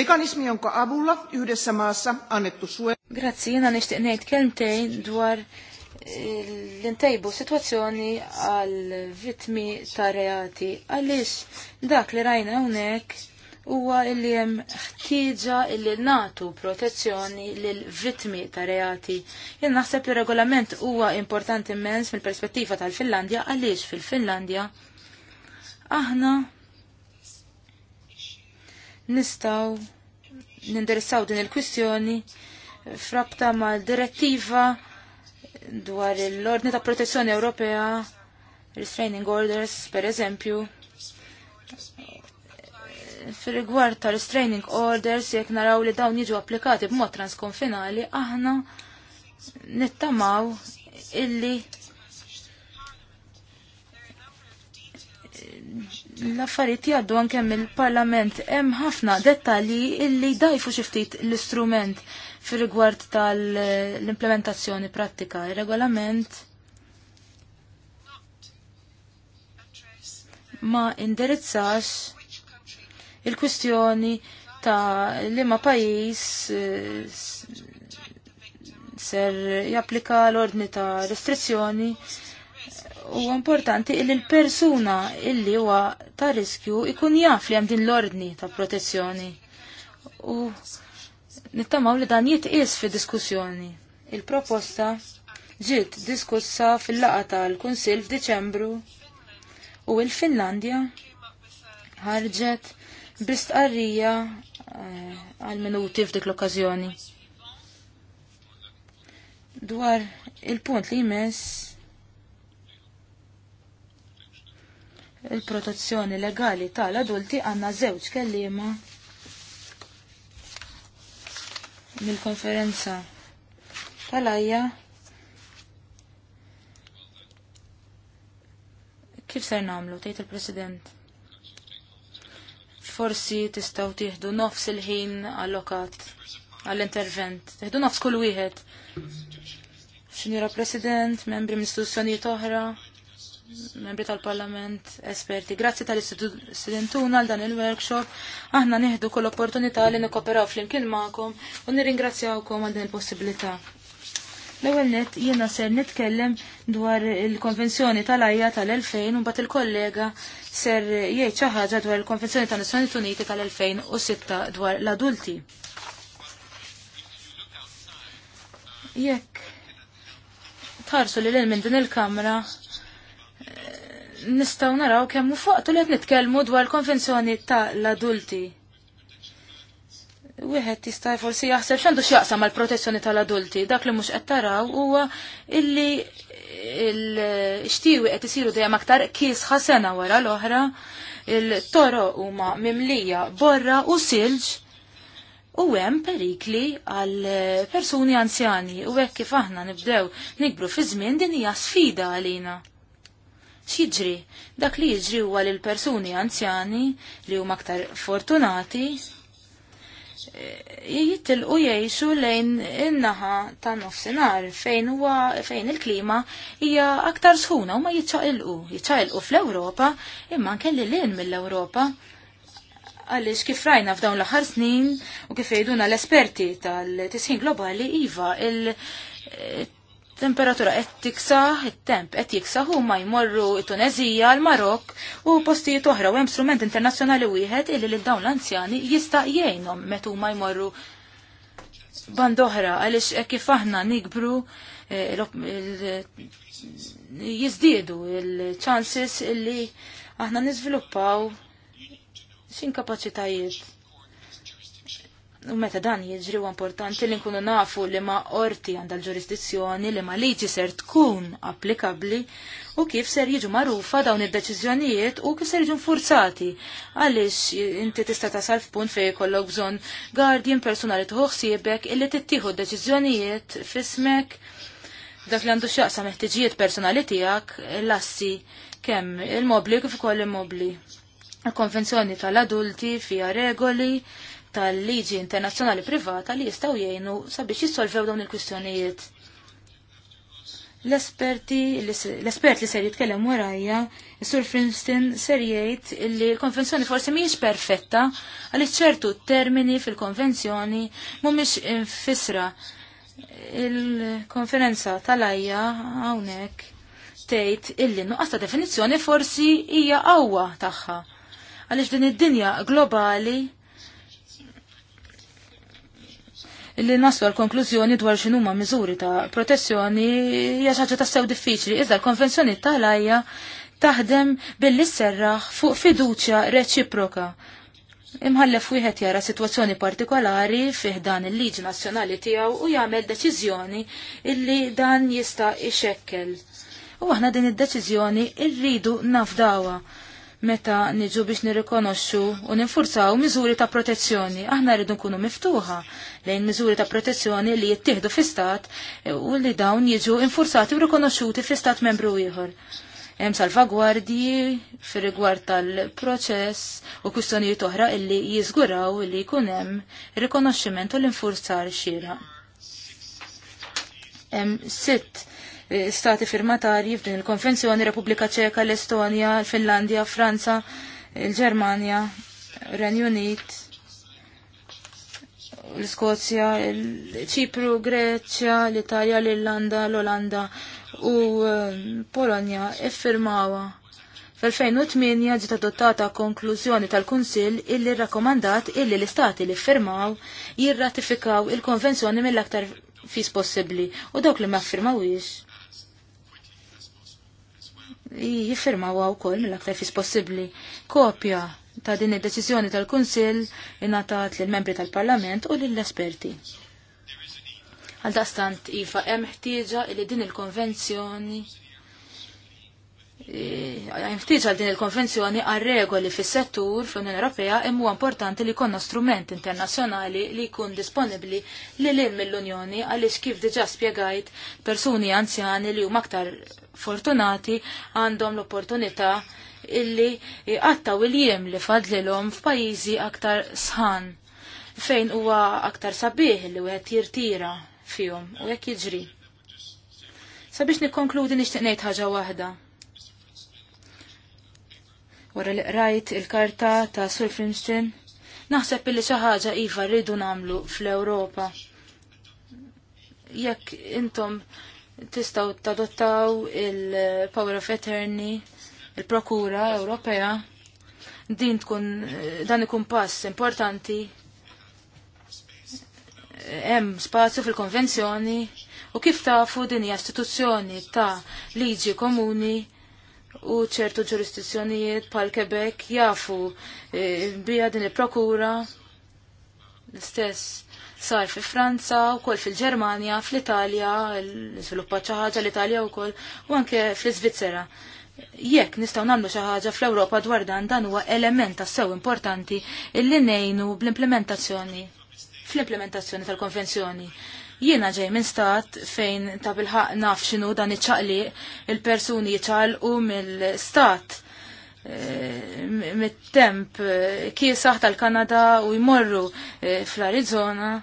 Mekanismi, jonka avulla yhdessä maassa annettu sue... Grazzi, jina nishtiq nejt kelmtejn dwar eh, l-intejbu situazzjoni għal vitmi ta' reati. Għalix, dak li rajna unek huwa illi hemm ħtieġa illi natu protezzjoni lil vittmi ta' reati. Jien naħseb li regolament huwa importanti immens mill-perspettiva tal-Finlandja għaliex fil-Finlandja aħna nistgħu nindirissaw din il-kwistjoni frabta mal direttiva dwar l-ordni ta' protezzjoni Ewropea, restraining orders, per eżempju, fil-rigward ta' restraining orders jekk naraw li dawn jiġu applikati b'mod transkonfinali, aħna nittamaw illi l-affarijiet jgħaddu anke mill-Parlament hemm ħafna dettalji illi dajfu xi ftit l-istrument fil-rigward tal-implementazzjoni prattika. il regolament ma indirizzax il-kwistjoni ta' li ma' pajis eh, ser japplika l-ordni ta' restrizzjoni u importanti illi l-persuna illi huwa ta' riskju ikun jaf li hemm din l-ordni ta' protezzjoni. U nittamaw li dan jitqies fi diskussjoni. Il-proposta ġiet diskussa fil-laqa tal-Kunsil f'Diċembru u il-Finlandja ħarġet bistqarrija eh, għal minuti f'dik l-okkażjoni. Dwar il-punt li jmess il-protezzjoni legali tal-adulti għanna żewġ kellima mill-konferenza tal-ajja kif ser namlu, tgħid il-President forsi tistaw tieħdu nofs il-ħin allokat għall-intervent. Tieħdu nofs kull wieħed. Xinjura President, membri mistituzzjonijiet oħra, membri tal-Parlament, esperti. Grazzi tal-istudentuna għal dan il-workshop. Aħna nieħdu kull opportunità li nikkoperaw flimkien magħkom u nirringrazzjawkom għal din il-possibilità. L-ewwel nett jiena ser nitkellem dwar il-Konvenzjoni tal-Ajja tal-2000 u mbagħad il-kollega ser jgħid xi ħaġa dwar il-Konvenzjoni ta' Nazzjonijiet Uniti tal-2006 dwar l-adulti. Jekk tħarsu li l-minn din il-kamra eh, nistaw naraw kemm fuq li qed nitkellmu dwar il-konvenzjoni ta' l-adulti wieħed jista' forsi jaħseb x'għandu x'jaqsam mal protezzjoni tal-adulti, dak li mhux qed taraw huwa illi l-xtiewi qed isiru dejjem aktar kiesħa sena wara l-oħra, il-toro huma mimlija borra u silġ u hemm perikli għal persuni anzjani u hekk kif aħna nibdew nikbru fi żmien din hija sfida għalina. X'jiġri? Dak li jiġri huwa lill persuni anzjani li huma aktar fortunati jittilqu jgħixu lejn in-naħa ta' nofsinhar fejn huwa fejn il-klima hija aktar sħuna u ma jiċċaqilqu. Jiċċaqilqu fl-Ewropa imma nkelli lejn mill-Ewropa għaliex kif rajna f'dawn l-aħħar snin u kif jgħiduna l-esperti tal-tisħin globali iva il temperatura qed tiksaħ, it-temp qed jiksaħ huma jmorru t-Tunezija, l-Marok u postijiet oħra u hemm strument internazzjonali wieħed illi lil dawn l-anzjani jista' jgħinhom meta huma jmorru band oħra għaliex kif aħna nikbru eh, jiżdiedu il-chances illi aħna niżviluppaw x'inkapaċitajiet U meta dan jiġri importanti li nkunu nafu li ma orti għandha l-ġurisdizzjoni li ma liġi ser tkun applikabli u kif ser jiġu marufa dawn id-deċiżjonijiet u kif ser jiġu nfurzati. Għaliex inti tista' tasal f'punt fejn jkollok bżonn guardian personali tħoħsibek illi tittieħu deċiżjonijiet fismek dak li għandu xaqsa meħtiġijiet personali tiegħek lassi kemm il-mobli kif ukoll il-mobli. Il-konvenzjoni tal-adulti fija regoli tal-liġi internazzjonali privata li jistaw jgħinu sabiex jissolvew dawn il-kwistjonijiet. L-espert li ser jitkellem warajja, Sur Finstin ser jgħid li l-konvenzjoni forsi mhijiex perfetta għaliex ċertu termini fil-konvenzjoni mhumiex infisra. Il-konferenza tal-ajja hawnhekk tgħid illi nuqqas ta' definizzjoni forsi hija qawwa tagħha. Għaliex din id-dinja globali li naslu għal-konklużjoni dwar x'inhuma miżuri ta' protezzjoni hija xi ħaġa tassew diffiċli, iżda l-konvenzjoni tal lajja taħdem billi serraħ fuq fiduċja reċiproka. Imħallef wieħed jara sitwazzjoni partikolari fih dan il-liġi nazzjonali tiegħu u jagħmel deċiżjoni illi dan jista' ixekkel. U aħna din id-deċiżjoni rridu nafdawa meta niġu biex nirrikonoxxu u ninfurzaw miżuri ta' protezzjoni. Aħna rridu nkunu miftuħa lejn miżuri ta' protezzjoni li jittieħdu fl-istat u li dawn jiġu infurzati u rikonoxxuti fl-istat membru ieħor. Hemm salvagwardji fir-rigward tal-proċess u kwistjonijiet oħra illi jiżguraw li jkun hemm rikonoxximent u l-infurzar xieraq. Hemm sitt stati firmatari f'din il-konvenzjoni Repubblika Ċeka, l-Estonja, l-Finlandja, Franza, il-Ġermanja, Renju Unit, l-Skozja, ċipru, Greċja, l-Italja, l-Irlanda, l-Olanda u eh, Polonja iffirmawa. Fl-2008 ġiet adottata konklużjoni tal-Kunsill illi rrakkomandat illi l-istati li firmaw jirratifikaw il-konvenzjoni mill-aktar fis possibbli u dawk li ma firmawiex jiffirmawa wkoll mill-aktar fis possibbli kopja ta' din id-deċiżjoni tal-Kunsill ingħatat lill membri tal-Parlament u lill-esperti. Għaldaqstant iva hemm ħtieġa li din il-konvenzjoni il konvenzjoni Eh, ftit għal din il-konvenzjoni għal regoli fis settur fl-Unjoni Ewropea imma importanti li konna strument internazzjonali li jkun disponibli li l mill-Unjoni għaliex kif diġà spjegajt persuni anzjani li huma aktar fortunati għandhom l-opportunità illi għattaw il-jiem li fadlilhom f'pajjiżi aktar sħan fejn huwa aktar sabiħ li wieħed jirtira fihom u jekk jiġri. Sabiex nikkonkludi nixtieq ngħid ħaġa waħda wara li qrajt il-karta ta' Sulfrinstein, naħseb illi xi ħaġa iva rridu nagħmlu fl-Ewropa. Jekk intom tistgħu tadottaw il-Power of Attorney, il-Prokura Ewropea, din tkun dan ikun pass importanti hemm spazju fil-konvenzjoni u kif tafu din hija istituzzjoni ta' liġi komuni u ċertu ġurisdizzjonijiet pal Quebec jafu e, bija din il-prokura l-istess sar fi Franza u kol fil-Germania, fl-Italja, l-sviluppa ċaħġa l-Italja u kol u anke fl-Svizzera. Jekk nistaw namlu xi ħaġa fl-Ewropa dwar dan dan huwa elementa sew importanti illi ngħinu bl-implementazzjoni fl-implementazzjoni tal-konvenzjoni. Jiena ġej minn stat fejn ta' bilħaq naf x'inhu dan iċċaqli il-persuni jċalqu mill-stat e, mit-temp e, kiesaħ tal-Kanada u jmorru e, fl-Arizona.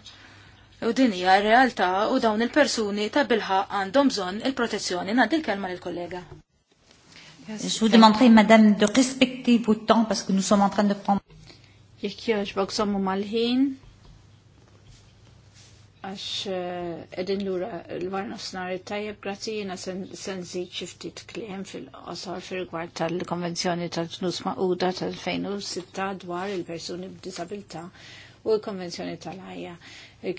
U din hija realtà u dawn il-persuni ta' bilħaq għandhom bżonn il-protezzjoni. Ngħaddi l-kelma lill-kollega. Je vous demanderai, madame, de respecter votre temps parce que nous sommes en train de prendre. Jekk jogħġbok sommu mal-ħin, għax eh, edin lura l-war nofsnar tajjeb gratijina jena senzi ċiftit kliem fil-qosor fil-gwar tal-konvenzjoni tal tnus maquda tal-2006 dwar il-personi b'disabilta u l-konvenzjoni tal-ħajja.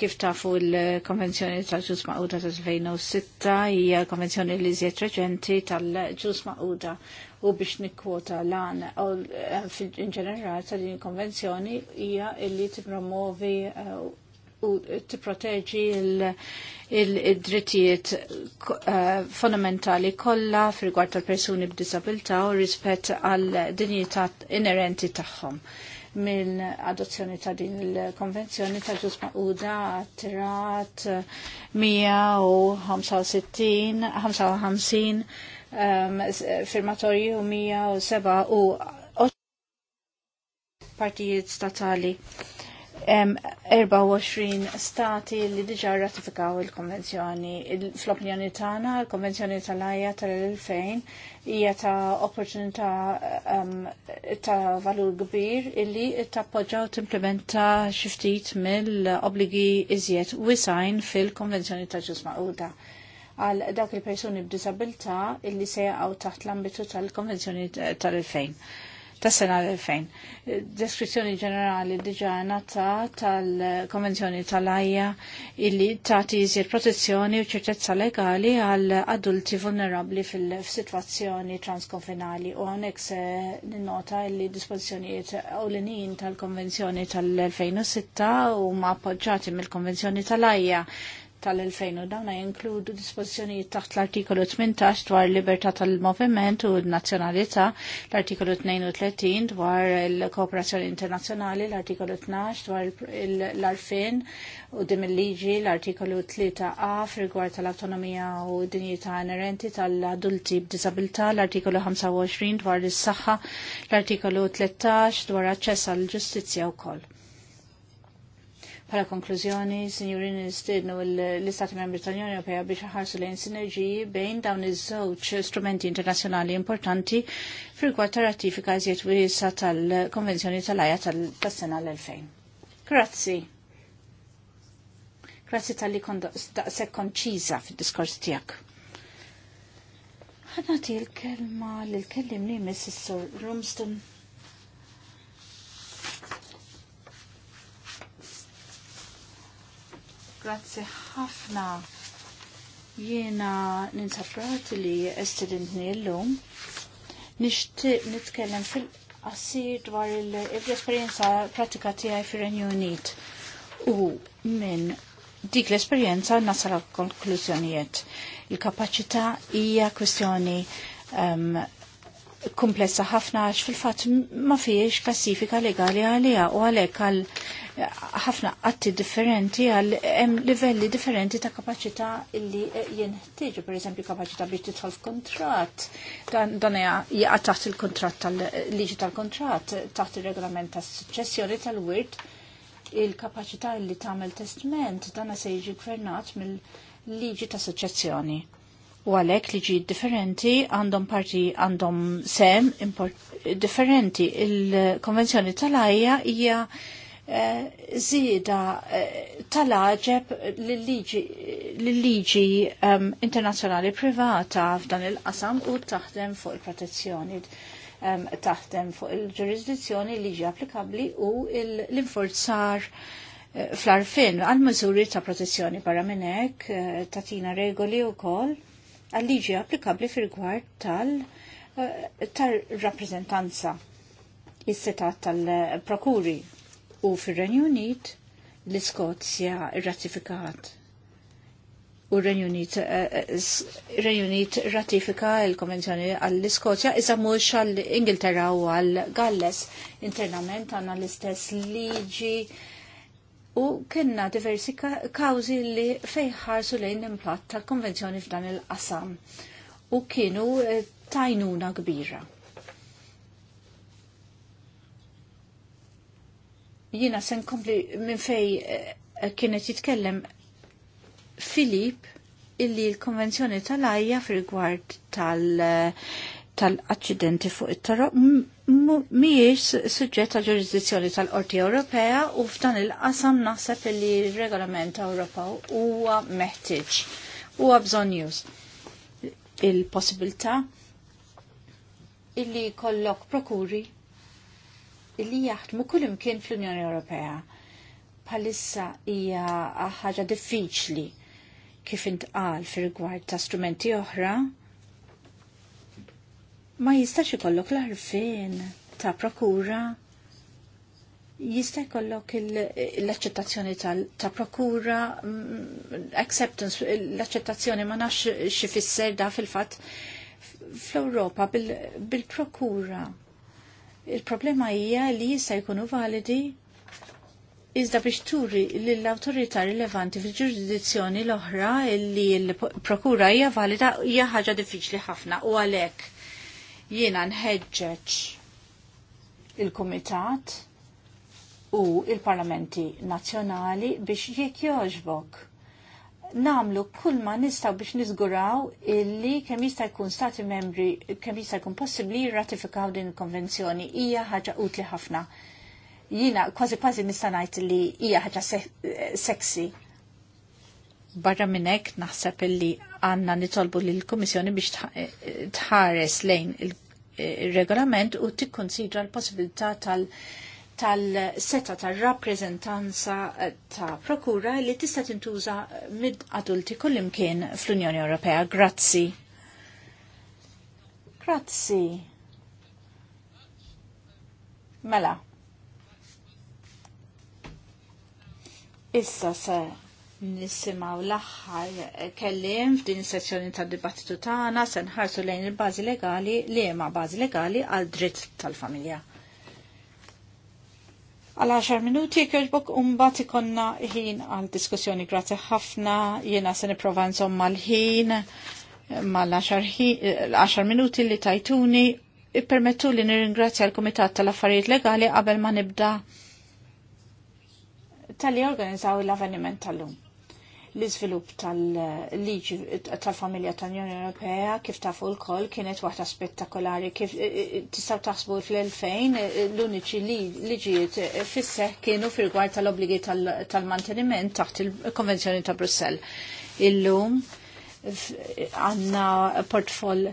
Kif tafu l-konvenzjoni tal ġus maquda tal-2006 hija konvenzjoni li ziet reġenti tal ġus maquda u biex nikkwota lan eh, fil-ġenerata din konvenzjoni hija illi tippromovi uh, eh, u tipproteġi il-drittijiet eh, fondamentali kollha f'rigward tal-persuni b'disabilità u rispett għal dinjità inerenti tagħhom minn adozzjoni ta' din il-konvenzjoni ta' ġus maquda għattirat 165 firmatorji u 107 u partijiet statali 24 stati li diġa ratifikaw il-konvenzjoni. Fl-opinjoni tagħna, il-konvenzjoni tal-ajja tal-2000 hija ta' opportunità um, ta' valur kbir illi tappoġġaw timplementa xi ftit mill-obligi iżjed wisajn fil-konvenzjoni ta' ġusma' għal dawk il-persuni b'disabilta illi se taħt l-ambitu tal-Konvenzjoni tal-2000 ta' sena l-2000. Deskrizzjoni ġenerali diġa nata tal-konvenzjoni tal-ajja illi tagħti iżjed protezzjoni u ċertezza legali għal adulti vulnerabli fil-situazzjoni transkonfinali u għonek se ninnota illi dispożizzjonijiet ewlenin tal-konvenzjoni tal-2006 u ma appoġġati mill-konvenzjoni tal-ajja tal-2000 dawna jinkludu dispożizzjonijiet taħt l-artikolu 18 dwar libertà tal-moviment u n-nazzjonalità, l-artikolu 32 dwar il-kooperazzjoni internazzjonali, l-artikolu 12 dwar l-arfin u dim il-liġi, l-artikolu 3a rigward tal-autonomija u dinjità inerenti tal-adulti b'disabilità, l-artikolu 25 dwar is-saħħa, l-artikolu 13 dwar aċċess għall-ġustizzja wkoll. Pala konklużjoni, Signorini nistednu l-Istati Membri tal-Unjoni Ewropea biex ħarsu lejn sinerġiji bejn dawn iż-żewġ strumenti internazzjonali importanti fil-rigward ta' ratifika iżjed wiesa tal-Konvenzjoni tal-Aja tas-sena l-2000. Grazzi. Grazzi tal-li se konċiża fid-diskors tiegħek. Ħadna l-kelma l-kellim li Mrs. Rumston. Grazzi ħafna. Jiena ninsabrat li estidintni l-lum. Nishtiq nitkellem fil-qasir dwar l-esperienza pratika tiegħi fir-Renju Unit. U minn dik l-esperienza nasal konklusjonijiet. il kapacita hija kwestjoni um, komplessa ħafna għax fil-fat ma fiex klassifika legali għalija u għalek għal eh, ħafna għatti differenti għal livelli differenti ta' kapaċità illi eh, per pereżempju kapaċità biex tidħol f'kuntratt dan hija jaqa' taħt il kontrat tal-liġi tal-kuntratt taħt ir-regolament ta' suċċessjoni tal-wirt il-kapaċità illi tagħmel testament dan se jiġi gvernat mill-liġi ta' suċċessjoni u għalek li ġi differenti għandhom parti għandhom sem differenti. Il-konvenzjoni tal-ajja hija zida eh, eh, tal-aġeb l-liġi ehm, internazjonali privata f'dan il-qasam u taħdem fuq il-protezzjoni ehm, taħdem fuq il-ġurisdizzjoni liġi applikabli u l-inforzar eh, fl-arfin għal-mizuri ta' protezzjoni barra minnek, tatina regoli u kol għal-liġi applikabli fil-gwar eh, tal-rappresentanza tal is-setat tal-prokuri u fil-Renju Unit l-Iskozja ratifikat. U eh, Renju Unit ratifika il-Konvenzjoni għall-Iskozja, iżda mhux għall-Ingilterra u għall-Galles internament għandna l-istess liġi u kienna diversi kawzi li fejħarsu lejn impatt tal-konvenzjoni f'dan il-qasam u kienu eh, tajnuna kbira. Jina sen kompli minn fej eh, kienet jitkellem Filip illi l-konvenzjoni tal-ajja fil-gwart tal- ajja fil eh, gwart tal accidenti fuq it-toroq miex suġġett ta' ġurisdizzjoni tal-Qorti Ewropea u f'dan il-qasam naħseb li regolament Ewropew huwa meħtieġ huwa bżonn już il-possibilità illi kollok prokuri illi jaħdmu kull imkien fl-Unjoni Ewropea bħalissa hija ħaġa diffiċli kif intqal fir rigward ta' strumenti oħra ma jistax ikollok l-arfin ta' prokura jista' jkollok l-aċċettazzjoni ta' prokura mm, acceptance l-aċċettazzjoni ma nafx xi da fil-fatt fl-Ewropa bil-prokura il-problema hija li jista' jkunu validi Iżda biex turi l-autorità rilevanti fil-ġurisdizzjoni l-oħra li l-prokura hija valida hija ħaġa diffiċli ħafna u għalhekk jiena nħeġġeġ il-Kumitat u il-Parlamenti Nazzjonali biex jekk joġbok namlu kull ma nistaw biex nizguraw illi kemm jista' jkun stati membri kemm jista' jkun possibbli jirratifikaw din il-konvenzjoni hija ħaġa utli ħafna. Jina kważi kważi nista' ngħid li hija ħaġa se seksi barra minnek naħseb illi għanna nitolbu li l-Komissjoni biex eh, tħares lejn eh, il-regolament u tikkonsidra l-possibilità tal- tal-seta tal-rappresentanza eh, ta' prokura li tista' tintuża mid adulti kullimkien fl-Unjoni Ewropea. Grazzi. Grazzi. Mela. Issa se nisimaw l-axħar kellim f'din is-sezzjoni tad dibattitu tagħna se nħarsu lejn il-bażi legali li ma bażi legali għal dritt tal-familja. Għal 10 minuti kjoġbok umbat ikonna ħin għal diskussjoni grazzi ħafna, jiena se nipprova insomma l-ħin mal-10 minuti li tajtuni, ippermettu li nirringrazzja l-Kumitat tal-Affarijiet Legali qabel ma nibda tal-li organizaw l-avveniment tal-lum. L-iżvilupp tal-liġi tal-familja tal-Unjoni Ewropea kif tafu l-koll kienet waħda spettakolari kif eh, eh, tistaw taħsbu fl-2000 eh, l-uniċi liġijiet fisseħ kienu fil-gwar tal-obligi tal-manteniment taħt il-Konvenzjoni ta' Brussell. Illum għanna portfol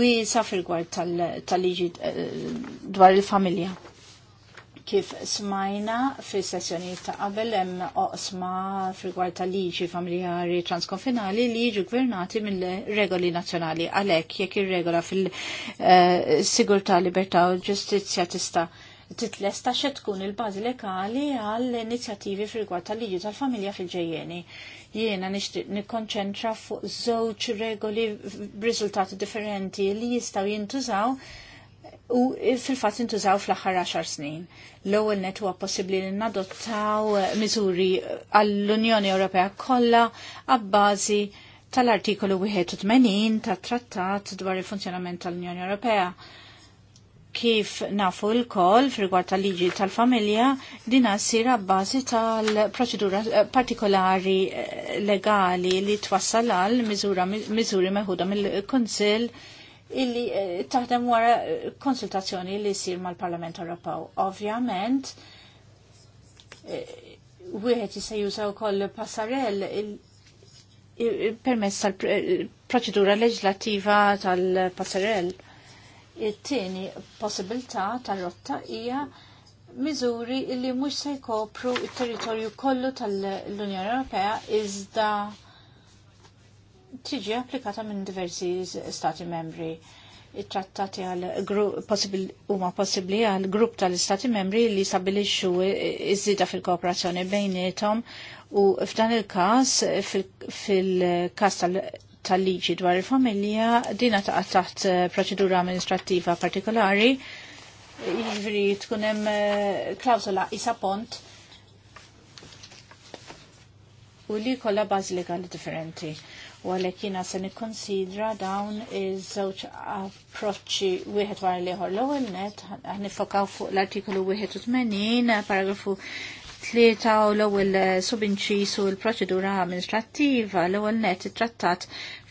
wisa fil-gwar tal-liġi dwar il-familja Kif smajna fi sessjoni ta' qabel hemm oqsma frigward ta' liġi familjari transkonfinali li jiġu gvernati mill-regoli nazzjonali għalhekk jekk ir-regola fil-sigurtà, libertà u ġustizzja tista' titlesta xe tkun il-bazi legali għall inizjattivi fil tal-liġi tal-familja fil-ġejjeni. Jiena nikkonċentra fuq żewġ regoli b'riżultati differenti li jistgħu jintużaw u fil-fatt intużaw fl-aħħar 10 snin. L-ewwel net huwa possibbli li nadottaw miżuri għall-Unjoni Ewropea kollha għabbażi tal-artikolu 81 tat-Trattat dwar il-funzjonament tal-Unjoni Ewropea kif nafu l koll f'rigward tal-liġi tal-familja dina sira għabbażi tal-proċedura partikolari legali li twassal għal miżuri meħuda mill-Kunsill illi eh, taħdem wara eh, konsultazzjoni li jsir mal-Parlament Ewropew. Ovvjament, eh, wieħed jista' juża wkoll passarell permezz tal-proċedura leġislattiva tal-passarell. It-tieni possibilità tar-rotta hija miżuri li mhux se jkopru t territorju kollu tal-Unjoni Ewropea iżda tiġi applikata minn diversi stati membri. It-trattati għal huma possibli għal grupp tal-istati membri li stabilixxu iż-żida fil-kooperazzjoni bejnietom u f'dan il-każ fil-każ tal tal-liġi dwar il-familja dina taqa taħt proċedura amministrativa partikolari jiġri tkunem hemm eh, klawsola isa pont u li kolla bażi legali differenti. U għalhekk jiena se nikkonsidra dawn iż-żewġ approċċi wieħed wara li ieħor l-ewwel net nifokaw fuq l-artikolu 81 paragrafu tlieta u l-ewwel subinċisu l-proċedura amministrattiva l-ewwel net trattat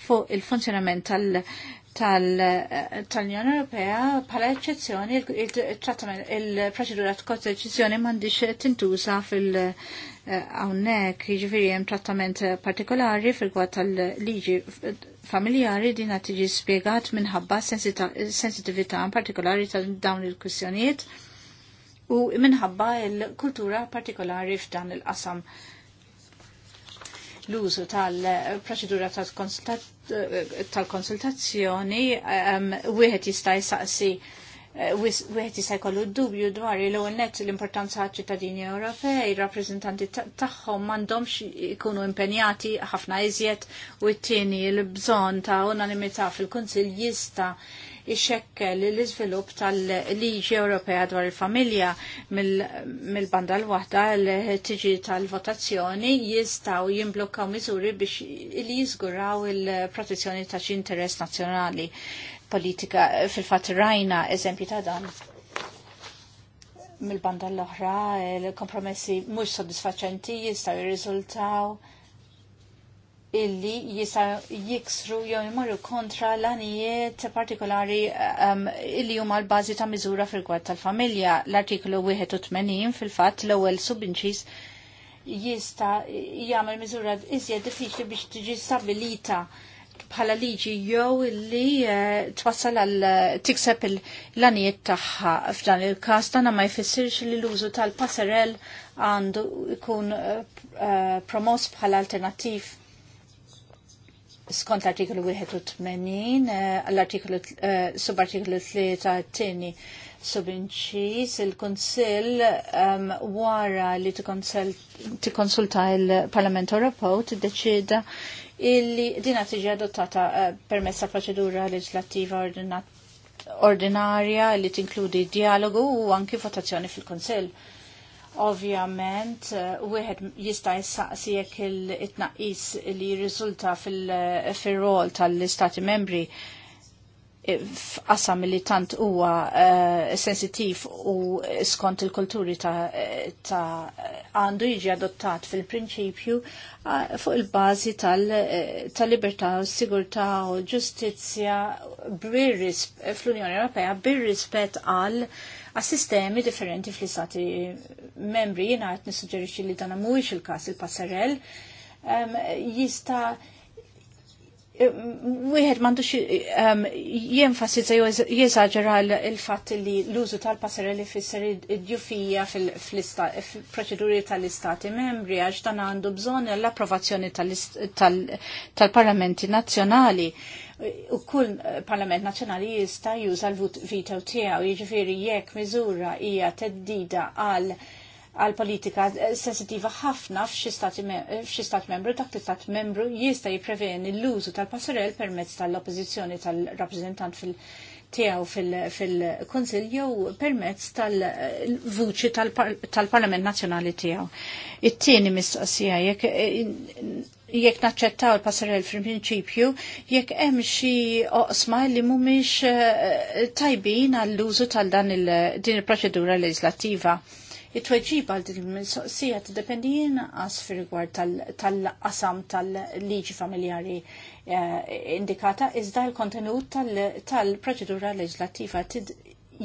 fuq il-funzjonament tal- tal-Unjoni Ewropea bħala eċċezzjoni il-trattament il-proċedura ta' deċiżjoni m'għandix tintuża fil- hawnhekk jiġifieri hemm trattament partikolari fil għat tal-liġi familjari din qed tiġi spjegat minħabba sensitività partikolari ta' dawn il kussjoniet u minħabba il-kultura partikolari f'dan il-qasam l-użu tal-proċedura tal-konsultazzjoni ehm, wieħed jista' jsaqsi Eh, wieħed jista' jkollu dubju dwar il net l-importanza ċittadini Ewropej, ir-rappreżentanti tagħhom m'għandhomx ikunu impenjati ħafna iżjed u t-tieni l-bżonn ta' unanimità fil-Kunsill jista' ixekkel l-iżvilupp tal-liġi Ewropea dwar il-familja mill-banda l-waħda l-tiġi tal-votazzjoni jistaw jimblokkaw miżuri biex li jiżguraw il-protezzjoni ta' xi interess nazzjonali politika fil-fat rajna eżempju ta' dan mill-banda l-oħra, il-kompromessi mhux soddisfaċenti jistgħu jirriżultaw illi jistgħu jiksru jew imorru kontra l-anijiet partikolari um, illi huma l-bażi ta' miżura fil-gwad tal-familja. L-artiklu 81 fil-fatt l-ewwel subinċis jista jagħmel miżura iżjed diffiċli biex tiġi stabilita bħala liġi jew li eh, twassal għal eh, tikseb l lanijiet tagħha f'dan il-każ dan ma jfissirx li l-użu tal-passerell għandu jkun eh, promoss bħala alternattiv skont l artiklu 81 l sub-artiklu 3 t-tini subinċis il-Konsil ehm, wara li tikkonsulta il-Parlament Ewropew deċida illi dina tiġi adottata eh, permezz ta' proċedura leġislattiva ordinarja li tinkludi dialogu u anki votazzjoni fil-Konsill. Ovvjament, eh, wieħed jista' jissaqsi jekk il-tnaqqis li jirriżulta fil-rol tal-Istati membri f'qasam li tant huwa eh, sensitiv u skont il-kulturi ta' għandu jiġi adottat fil-prinċipju eh, fuq il-bażi tal-libertà eh, u sigurtà u ġustizzja fl-Unjoni Ewropea bir-rispett għal sistemi differenti fl-istati membri jiena qed nissuġġerixxi li dan mhuwiex il-każ il-passerell jista' Wieħed m'għandux um, jenfasizza jew jeżaġera l-fatt li l-użu tal-passerelli fisser id-djufija fil-proċeduri tal-istati membri għax dan għandu bżonn l-approvazzjoni tal-parlamenti nazzjonali. U kull parlament nazzjonali jista' juża l-vot vita tiegħu, jiġifieri jekk miżura hija teddida għal għal politika sensitiva ħafna f'xi stat membru dak li stat membru jista' jippreveni l-użu tal-passerell permezz tal-oppożizzjoni tal-rappreżentant fil- tiegħu fil-Kunsill jew permezz tal-vuċi tal-Parlament Nazzjonali tiegħu. It-tieni mistoqsija jekk jekk naċċettaw il-passerell fil-prinċipju, jekk hemm xi oqsma li mhumiex eh, tajbin għall-użu tal dan il-din il-proċedura leġislattiva it-tweġiba għal din il-mistoqsija tiddependi jinqas fi rigward tal-qasam tal-liġi familjari eh, indikata iżda l-kontenut tal-proċedura leġislattiva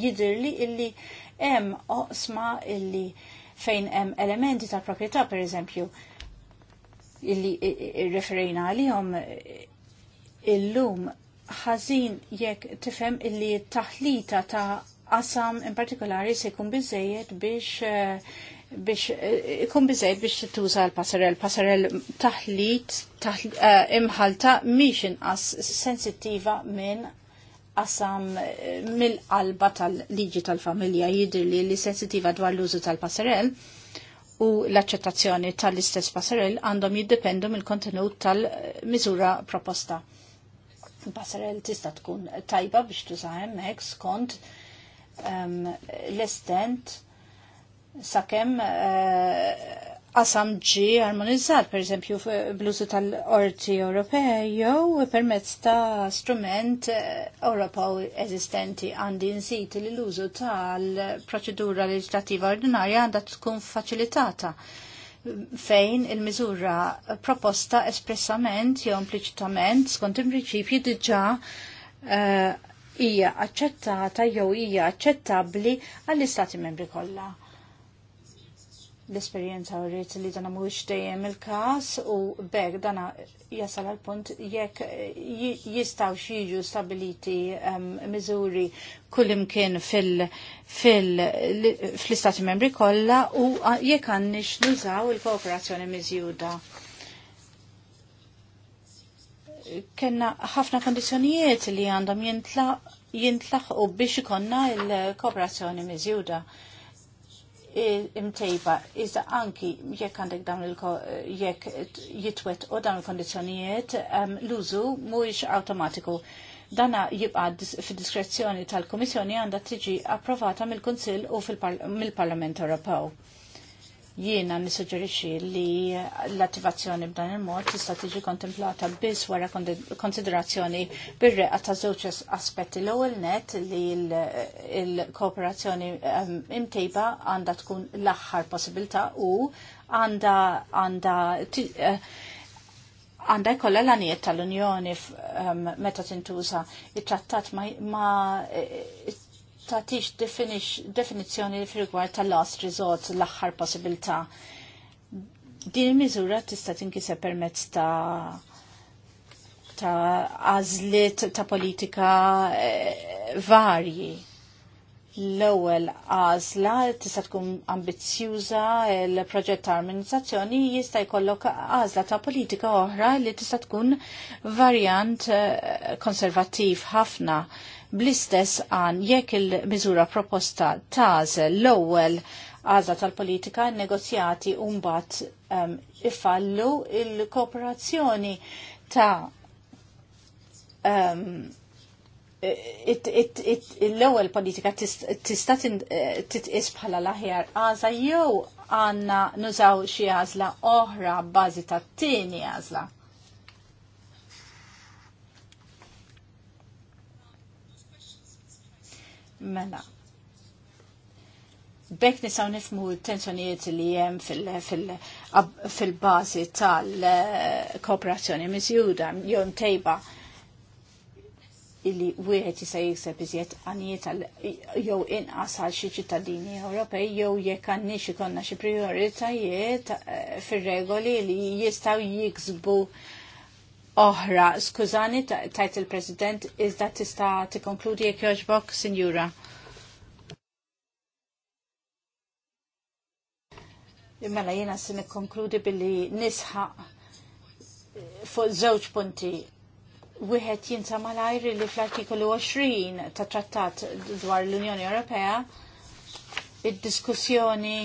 li illi hemm oqsma illi fejn hemm elementi tal-proprjetà pereżempju illi referejna għalihom illum ħażin jekk tifhem illi t taħlita ta' qasam in partikolari se jkun biżejjed biex eh, biex eh, ikun biżejjed biex tuża l-passerell. Passerell taħlit eh, imħalta miex inqas sensittiva minn qasam mill-qalba tal-liġi tal-familja jidirli li sensitiva dwar l-użu tal-passerell u l-accettazzjoni tal-istess passerell għandhom jiddependu mill-kontenut tal-miżura proposta. Passerell tista' tkun tajba biex tuża hemmhekk skont l-estent sakemm eh, qasam ġi armonizzat, per esempio, bluzu tal-orti Ewropej jew permezz ta' strument eh, Ewropew eżistenti għandi nsit li l-użu tal-proċedura leġislativa ordinarja għandha tkun faċilitata fejn il-miżura proposta espressament jew impliċitament skont il prinċipju diġà uh, hija aċċettata jew hija aċċettabbli għall-istati membri kollha. L-esperjenza rrit li dana mhuwiex dejjem il-każ u beg dana jasal għal punt jekk jistaw jiġu stabiliti um, miżuri kullimkien fil- fl-istati membri kollha u jekk għandniex nużaw il-kooperazzjoni miżjuda kena ħafna kondizjonijiet li għandhom jintlaħqu biex ikonna il-kooperazzjoni miżjuda imtejba, iżda anki jekk għandek dawn jekk jitwet u dawn il-kondizjonijiet, l-użu mhuwiex automatiku. Dana jibqa fid-diskrezzjoni tal-Komissjoni għandha tiġi approvata mill-Kunsill u mill-Parlament Ewropew jiena nissuġġerixxi li l-attivazzjoni b'dan il-mod tista' tiġi kontemplata biss wara konsiderazzjoni bir-reqa ta' żewġ aspetti l-ewwel net li l-kooperazzjoni ehm, imtejba għandha tkun l-aħħar possibilità u għandha għandha eh, għandha jkollha l-għanijiet tal-Unjoni ehm, meta tintuża it-trattat ma eh, tix definizjoni fil gwar ta' last resort l-axħar possibilità. Din il-miżura tista' tinkiseb permezz ta' ta' għażliet ta' politika eh, varji. L-ewwel għażla tista' tkun ambizjuża l-proġett ta' armonizzazzjoni jista' jkollok għażla ta' politika oħra li tista' tkun varjant eh, konservattiv ħafna bl-istess għan jekk il-miżura proposta tażel l-ewwel għaza tal-politika, negozjati umbat um, ifallu il-kooperazzjoni ta' um, ehm, l-ewel politika tista eh, titqis bħala l-aħjar għaza jew għanna nużaw xi għażla oħra bbażi tat-tieni għażla. Mela. Bek nisaw nifmu tensjonijiet li jem fil-bazi tal-kooperazzjoni Mizjuda, jon tejba illi wieħed jista' jikseb iżjed għanijiet jew inqas għal xi ċittadini Ewropej jew jekk għandniex ikollna xi prioritajiet eh, fir-regoli li jistgħu jiksbu uh, oħra. Skużani, tajt il-President, iżda tista tikkonkludi jekk jogħġbok, Sinjura. Mela jiena se nikkonkludi billi nisħaq fuq żewġ punti. Wieħed jinsa malajri li fl-artikolu 20 ta' trattat dwar l-Unjoni Ewropea id-diskussjoni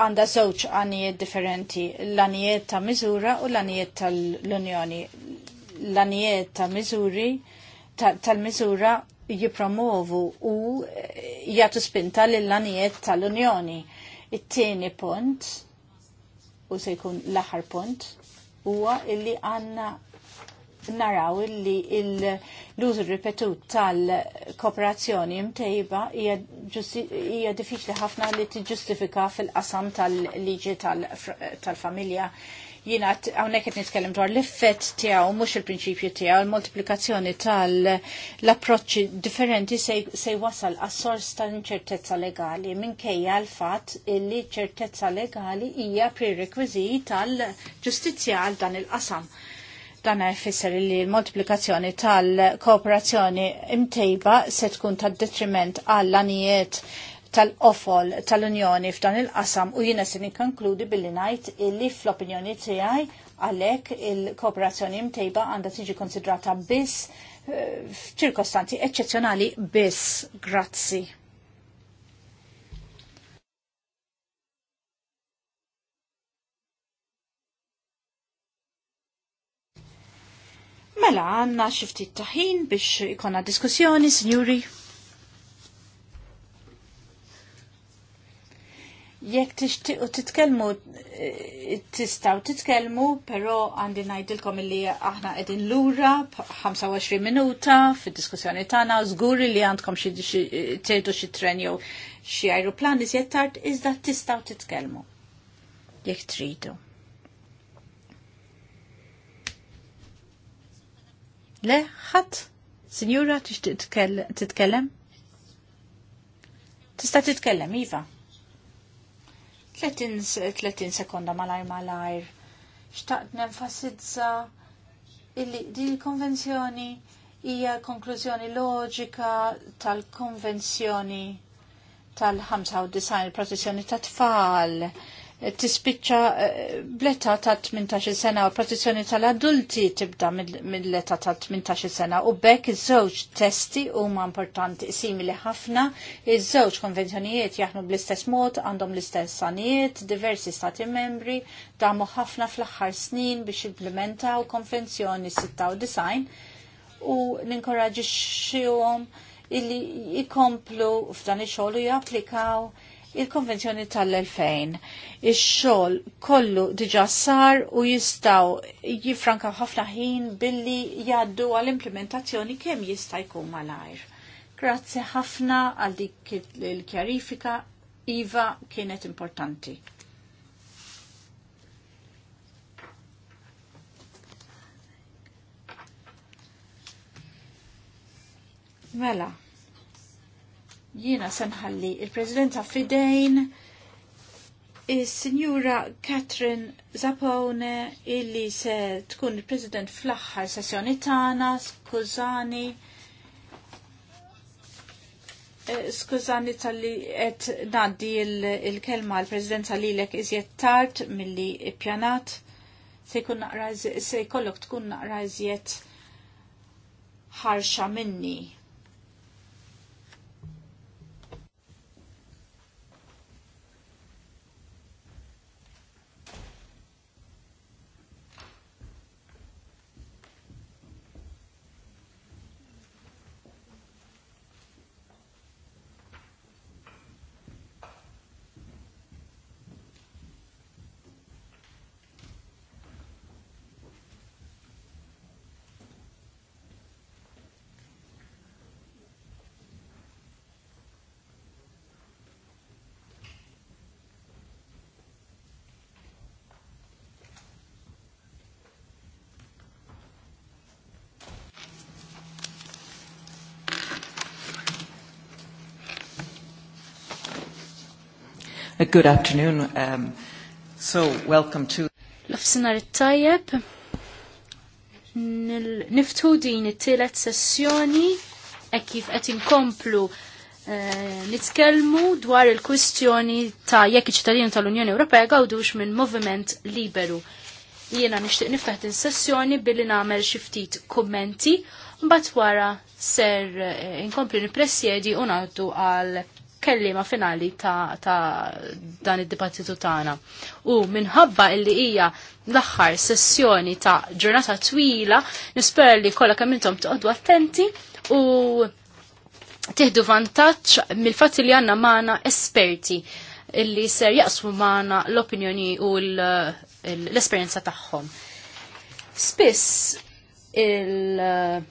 għanda żewġ għanijiet differenti, l-għanijiet ta' miżura u l-għanijiet tal-Unjoni. L-għanijiet ta' miżuri tal-miżura jipromovu u jgħatu spinta l-għanijiet tal-Unjoni. It-tieni punt, u se jkun l-aħħar punt, huwa illi għanna naraw li l-użu ripetut tal-kooperazzjoni imtejba hija diffiċli ħafna li tiġġustifika fil-qasam tal-liġi tal-familja. Jiena hawnhekk qed nitkellem dwar l-effett tiegħu mhux il-prinċipju tiegħu, l-multiplikazzjoni tal-approċċi differenti se wasal għas-sors tal-inċertezza legali minkejja l-fatt li ċertezza legali hija prerekwiżit tal-ġustizzja għal dan il-qasam. Dan jfisser li l-multiplikazzjoni tal-kooperazzjoni imtejba se tkun tad-detriment għall-anijiet tal-ofol tal-Unjoni f'dan il-qasam u jina se nikkonkludi billi ngħid illi fl-opinjoni tiegħi għalhekk il-kooperazzjoni imtejba għandha tiġi konsidrata biss eh, f'ċirkostanzi eċċezzjonali biss. Grazzi. Mela, għanna xiftit taħin biex ikonna diskussjoni, signori. Jekk tixtiqu titkellmu, eh, tistaw titkellmu, pero għandi najdilkom illi aħna edin lura 25 minuta fid-diskussjoni tagħna, żguri li għandkom xi eh, tgħidu xi tren jew xi ajruplan iżjed tard iżda tistgħu titkellmu. Jekk tridu. Le, ħadd? Sinjura, titkellem? Tista' titkellem, Iva. 30 sekonda malajr malajr. Xtaqt nenfasizza illi din il-konvenzjoni hija konklużjoni loġika tal-konvenzjoni tal-95 protezzjoni tat tfal tispiċċa eh, bl-età ta' 18 sena u protezzjoni tal-adulti tibda mill-età ta' 18 sena u bekk iż-żewġ testi huma importanti simili ħafna, iż-żewġ konvenzjonijiet jaħnu bl-istess mod, għandhom l-istess sanijiet, diversi stati membri damu ħafna fl-aħħar snin biex implementaw konvenzjoni 96 u ninkoraġixxihom illi jikomplu f'dan ix-xogħol u japplikaw il-konvenzjoni tal-2000. Ix-xogħol kollu diġà sar u jistgħu jifrankaw ħafna ħin billi jgħaddu għal implementazzjoni kemm jista' jkun malajr. Grazzi ħafna għal dik il-kjarifika Iva kienet importanti. Mela, Jiena sanħalli il-Presidenta fidejn is-Sinjura Catherine Zapone illi se tkun il-President fl-aħħar sessjoni tagħna, skużani. Eh, skużani tal-li qed ngħaddi il-kelma il l-Presidenza lilek iżjed tard milli li pjanat se jkollok tkun naqra iżjed ħarxa minni good afternoon. Um, so, welcome to... L-ofsinar tajjeb niftu din it-tielet sessjoni e kif qed inkomplu eh, nitkellmu dwar il-kwistjoni ta' jekk iċ-ċittadini tal-Unjoni Ewropea gawdux minn moviment liberu. Jiena nixtieq niftaħ din sessjoni billi nagħmel xi ftit kummenti mbagħad wara ser eh, inkompli nippresjedi u ngħaddu għal kellima finali ta', ta dan id-dibattitu tagħna. U minħabba li hija l-aħħar sessjoni ta' ġurnata twila, nispera li kollha kemm intom toqgħodu attenti u tieħdu vantaġġ mill-fatt li għandna magħna esperti illi ser jaqsmu magħna l-opinjoni u l-esperjenza tagħhom. Spiss il-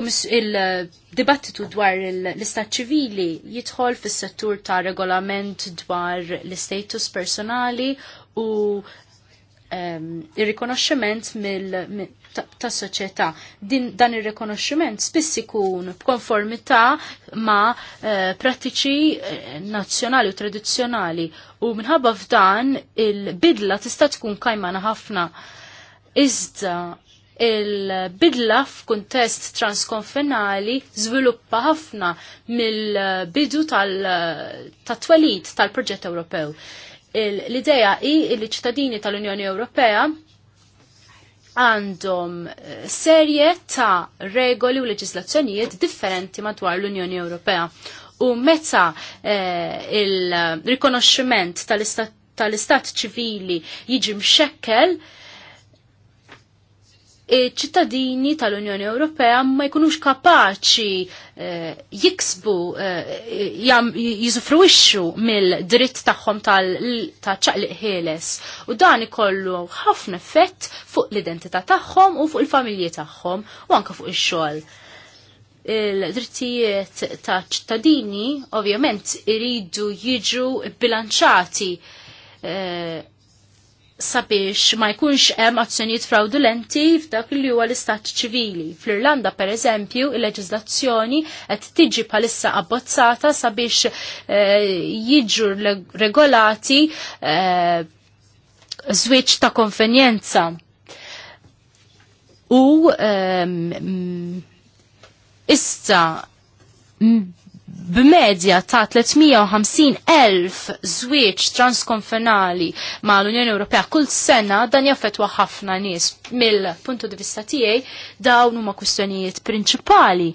il-dibattitu dwar l-istat ċivili jidħol fis settur ta' regolament dwar l-status personali u um, il-rikonoxximent ta', soċieta. soċjetà. Dan il-rikonoxximent spiss ikun b'konformità ma' uh, prattiċi eh, nazzjonali u tradizzjonali u minħabba f'dan il-bidla tista' tkun kajmana ħafna. Iżda il-bidla f'kuntest transkonfinali żviluppa ħafna mill-bidu tal-twelid tal-proġett Ewropew. L-ideja hi li ċittadini tal-Unjoni Ewropea għandhom eh, serje ta' regoli u leġislazzjonijiet differenti madwar l-Unjoni Ewropea. U meta eh, il-rikonoxximent tal-istat ċivili jiġi mxekkel, ċittadini tal-Unjoni Ewropea ma jkunux kapaċi eh, jiksbu eh, jizufruixxu mill-dritt tagħhom tal-ċaqliq ħieles u dan ikollu ħafna effett fuq l-identità tagħhom u fuq il-familji tagħhom u anke fuq ix-xogħol il-drittijiet ta' ċittadini ovvjament iridu jiġu bilanċati eh, sabiex ma jkunx hemm azzjonijiet fraudulenti f'dak li huwa l-istat ċivili. Fl-Irlanda pereżempju il-leġiżlazzjoni qed tiġi bħalissa abbozzata sabiex eh, jiġu regolati eh, żwieġ ta' konvenjenza. U ehm, issa b'medja ta' 350.000 żwieġ transkonfenali ma' l-Unjoni Ewropea kull sena dan jaffetwa ħafna nies mill-puntu di vista tiegħi dawn huma kwistjonijiet prinċipali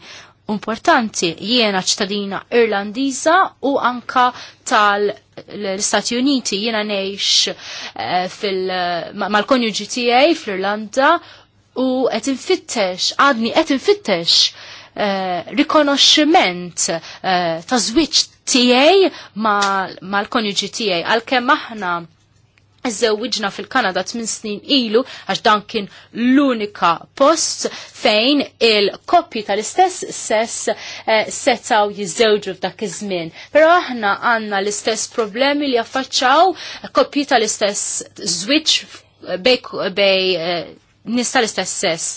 importanti jiena ċittadina Irlandiża u anka tal l-Istati Uniti jiena ngħix eh, mal-konjuġi tiegħi fl-Irlanda u qed infittex għadni qed infittex Eh, rikonoxximent eh, ta' żwieġ ma' mal-konjuġi tiegħi għalkemm aħna Żewwiġna fil-Kanada tmin snin ilu għax dan kien l-unika post fejn il-koppji tal-istess sess eh, setaw jiżewġu f'dak iż-żmien. Però aħna għandna l-istess problemi li affaċċaw koppji tal-istess żwieġ bej nista l-istess sess.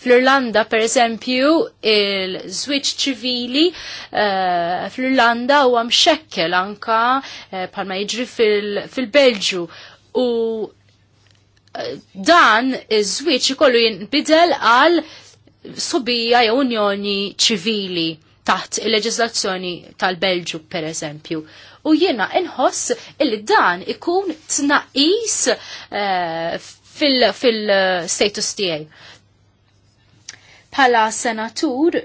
Fl-Irlanda, per eżempju, il-żwiġ ċivili eh, fl-Irlanda huwa xekkel anka eh, palma jiġri fil-Belġu u eh, dan iż-żwiġ ikollu jinbidel għal subija jew unjoni ċivili taħt il-leġislazzjoni tal-Belġu per eżempju. U jiena inħoss il dan ikun tnaqis uh, fil-status fil uh, tiegħi. Pala senatur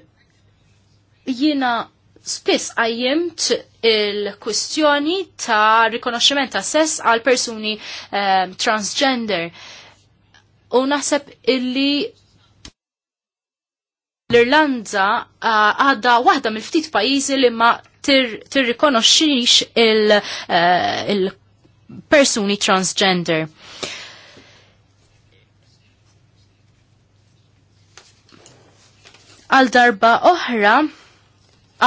jina spiss għajjimt il kustjoni ta' rikonoxximent ta' sess għal persuni um, transgender. U naħseb illi l-Irlanda eh, għadda uh, waħda mill-ftit pajjiżi li ma tir tir eh, il-persuni uh, il transgender. għal darba oħra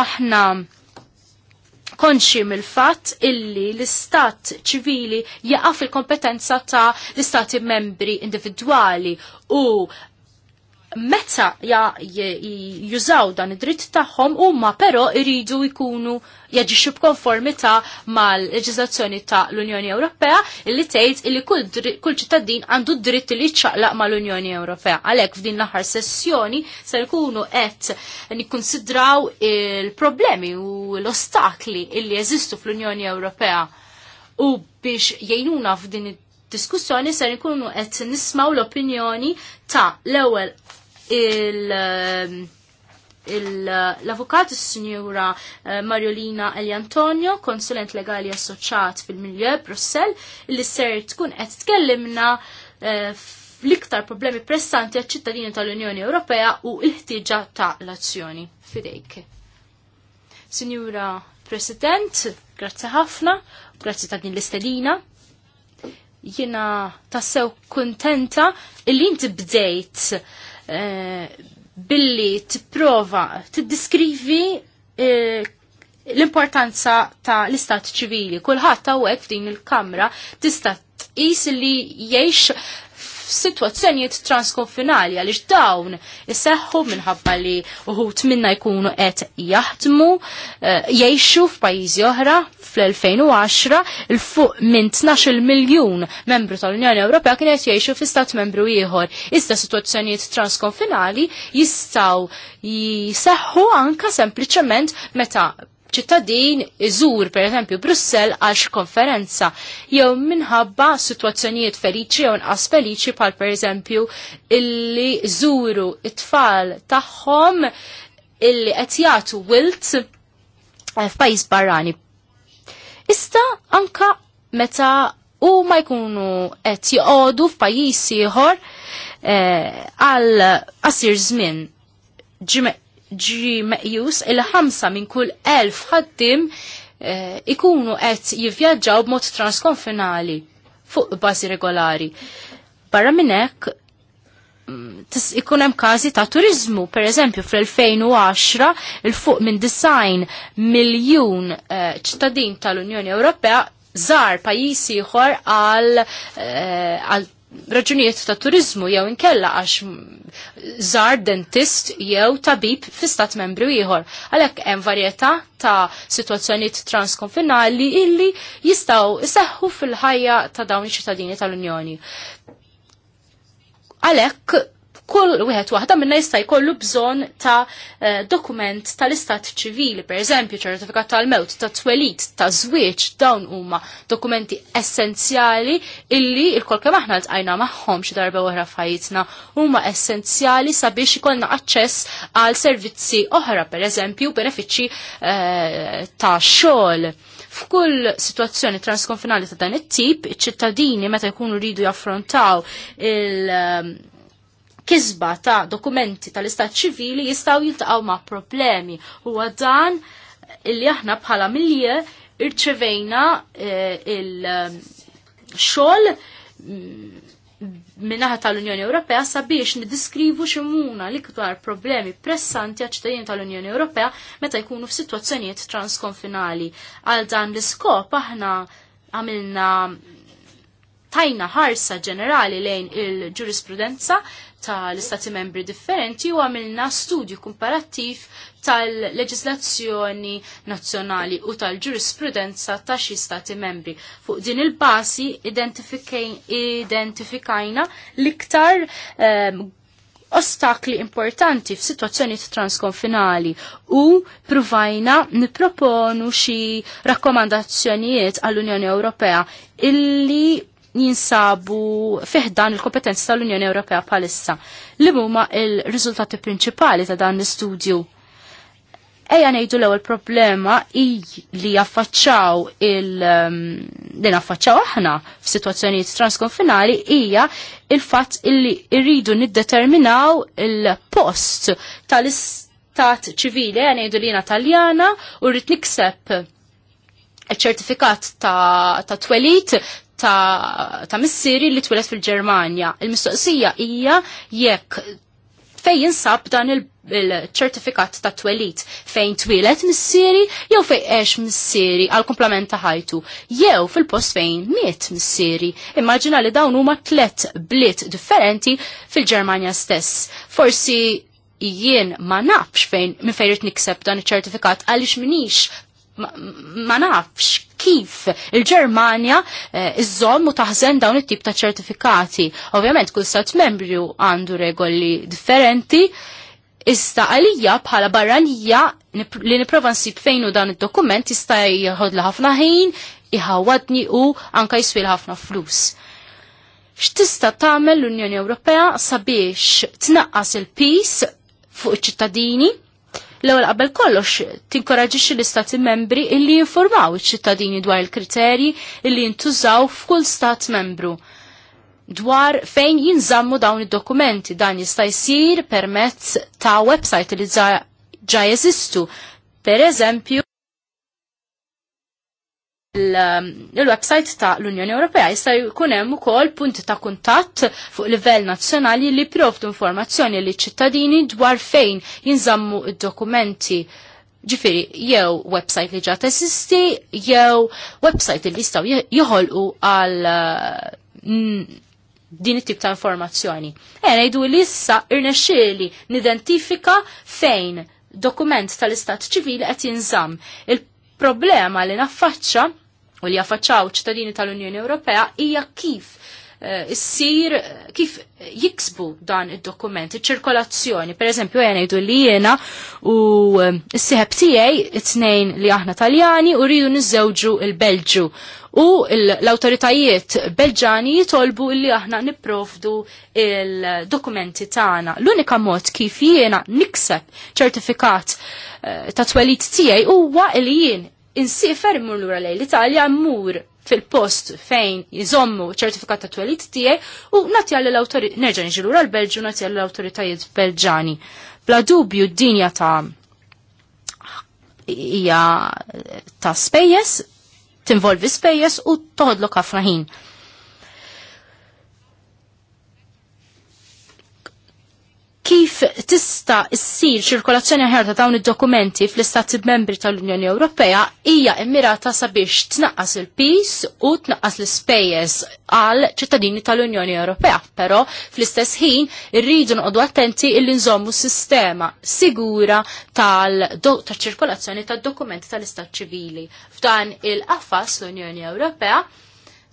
aħna konxi mill-fatt illi l-istat ċivili jaqaf il kompetenza ta' l-istati membri individuali u meta jużaw dan id-dritt tagħhom huma però iridu jkunu jaġixxu b'konformità mal-leġiżlazzjoni ta' l-Unjoni Ewropea li tgħid illi kull ċittadin għandu d-dritt li jiċċaqlaq mal-Unjoni Ewropea. Għalhekk f'din l-aħħar sessjoni se jkunu qed nikkonsidraw il-problemi u l-ostakli li jeżistu fl-Unjoni Ewropea u biex jgħinuna f'din id-diskussjoni se jkunu qed nismaw l-opinjoni ta' l-ewwel il- um, uh, l-avukat s signora uh, Mariolina Eli Antonio, konsulent legali assoċat fil-Milieu Brussel, li ser tkun qed tkellimna uh, l-iktar problemi pressanti għal ċittadini tal-Unjoni Ewropea u l-ħtieġa ta' l-azzjoni. Fidejk. Signora President, grazzi ħafna, grazie ta' din l-istedina. Jiena tassew kontenta il-li inti bdejt Eh, billi tipprova tiddiskrivi eh, l-importanza ta' l-istat ċivili. Kulħadd hawnhekk f'din il-Kamra tista' tqis li jgħix f'sitwazzjonijiet transkonfinali għaliex dawn iseħħu minħabba li uħut minna jkunu qed jaħdmu eh, jgħixu f'pajjiżi oħra fl-2010 il fuq minn 12 miljun membru tal-Unjoni Ewropea kien qed jgħixu fl-istat membru ieħor. Iżda sitwazzjonijiet transkonfinali jistgħu jiseħħu anka sempliċement meta ċittadin iżur per eżempju Brussel għal konferenza jew minħabba situazzjonijiet feliċi jew nqas feliċi pal per eżempju illi żuru it-tfal tagħhom illi qed jagħtu wilt eh, f'pajjiż barrani. Ista anka meta u ma jkunu qed joqogħdu f'pajjiż ieħor eh, għal qasir żmien ġi meqjus il-ħamsa minn kull elf ħaddim eh, ikunu qed jivvjaġġaw b'mod transkonfinali fuq bażi regolari. Barra minn hekk mm, ikun hemm każi ta' turizmu, per eżempju fl-2010 il fuq minn design miljun eh, ċittadin eh, tal-Unjoni Ewropea żar pajjiż ieħor għal, eh, għal raġunijiet ta' turizmu jew inkella għax żar dentist jew tabib fi stat membru ieħor. Għalhekk hemm varjetà ta' sitwazzjonijiet transkonfinali illi jistgħu iseħħu fil-ħajja ta' dawn iċ-ċittadini tal-Unjoni. Għalhekk kull wieħed waħda minna jista' jkollu bżonn ta' eh, dokument tal-istat ċivili, pereżempju ċertifikat tal-mewt, ta' twelid, ta' żwieġ, dawn huma dokumenti essenzjali illi il-kol kemm aħna ltqajna magħhom xi darba oħra f'ħajjitna huma essenzjali sabiex ikollna aċċess għal servizzi oħra, pereżempju benefiċċji eh, ta' xogħol. F'kull situazzjoni transkonfinali ta' dan it-tip, iċ-ċittadini meta jkunu ridu jaffrontaw il- ehm, kisba ta' dokumenti tal-istat ċivili jistaw jiltaqaw ma' problemi. Huwa dan illi aħna bħala milje irċevejna eh, il-xol eh, mm, minnaħa tal-Unjoni Ewropea sabiex nidiskrivu ximuna l-iktar problemi pressanti għaċ tal-Unjoni Ewropea meta jkunu f'sitwazzjonijiet transkonfinali. Għal dan l-iskop aħna għamilna tajna ħarsa ġenerali lejn il-ġurisprudenza tal-istati membri differenti u għamilna studju komparattiv tal-leġislazzjoni nazzjonali u tal-ġurisprudenza ta' xi stati membri. Fuq din il-basi identifikajna l-iktar um, ostakli importanti f'sitwazzjoni transkonfinali u provajna niproponu xi rakkomandazzjonijiet għall-Unjoni Ewropea illi jinsabu fiħdan il-kompetenzi tal-Unjoni Ewropea bħalissa. Li huma il-riżultati prinċipali ta' dan l-istudju? Eja nejdu l-ewel problema i li jaffaċċaw il- um, li jaffaċċaw aħna f'sitwazzjonijiet transkonfinali hija il-fatt illi rridu niddeterminaw il-post tal-istat ċivili, eja nejdu li taljana u rrid nikseb ċertifikat ta', ta twelit ta', ta missieri li twilet fil-Ġermanja. Il-mistoqsija hija jekk fejn jinsab dan il-ċertifikat il ta' twelit fejn twilet missieri jew fejn għex missieri għal komplement ta' ħajtu jew fil-post fejn miet missieri. Immaġina li dawn huma tlet bliet differenti fil-Ġermanja stess. Forsi jien ma nafx fejn minn nikseb dan iċ-ċertifikat għaliex minix ma nafx kif il-Ġermanja eh, iżżomm u taħżen dawn it-tip ta' ċertifikati. Ovvjament kull stat membru għandu regoli differenti, iżda għalija bħala barranija li niprofa nsib fejn u dan id-dokument jista' jħodla ħafna ħin, iħawadni u anka jiswi ħafna flus. X'tista' tagħmel l-Unjoni Ewropea sabiex tnaqqas il-pis fuq iċ-ċittadini l-ewwel qabel kollox tinkoraġixxi l-istati membri illi jinformaw iċ-ċittadini dwar il-kriterji illi jintużaw f'kull stat membru dwar fejn jinżammu dawn id-dokumenti. Dan jista' jsir permezz ta' website li ġa jeżistu. Per eżempju, il-website ta' l-Unjoni Ewropea jista' jkun hemm ukoll punti ta' kuntatt fuq livell nazzjonali li provdu informazzjoni li ċittadini dwar fejn jinżammu id-dokumenti ġifiri jew website li ġat esisti jew website li jistaw jħolqu għal uh, din it-tip ta' informazzjoni. Ena ngħidu li issa irnexxieli nidentifika fejn dokument tal-istat ċivili qed jinżamm. Il-problema li naffaċċa u li jaffaċċaw ċittadini tal-Unjoni Ewropea hija kif eh, issir kif jiksbu dan id-dokument, iċ-ċirkolazzjoni. Per eżempju, jena jdu li jena u eh, s-siheb tijaj, it-snejn li aħna taljani, u rridu nizzewġu il-Belġu. U l-autoritajiet belġani jitolbu li aħna niprofdu il-dokumenti tagħna. L-unika mod kif jiena nikseb ċertifikat eh, ta' twelit tijaj huwa li jien insifer mur lura lej l-Italja mmur fil-post fejn jizommu ċertifikat ta' twelit tiegħi u nati għalli l autorit nerġa' niġi l-Belġu nati għalli l-awtoritajiet Belġani. Bla dubju d-dinja ta' hija ta' spejjeż, tinvolvi spejjes u toħodlok ħafna ħin. kif tista' ssir ċirkolazzjoni ħer ta' dawn id-dokumenti fl-istati membri tal-Unjoni Ewropea hija immirata sabiex tnaqqas il peace u tnaqqas l-ispejjeż għal ċittadini tal-Unjoni Ewropea, però fl-istess ħin irridu noqogħdu attenti illi nżommu sistema sigura tal-ċirkolazzjoni tad-dokumenti tal-istat ċivili. F'dan il-qafas l-Unjoni Ewropea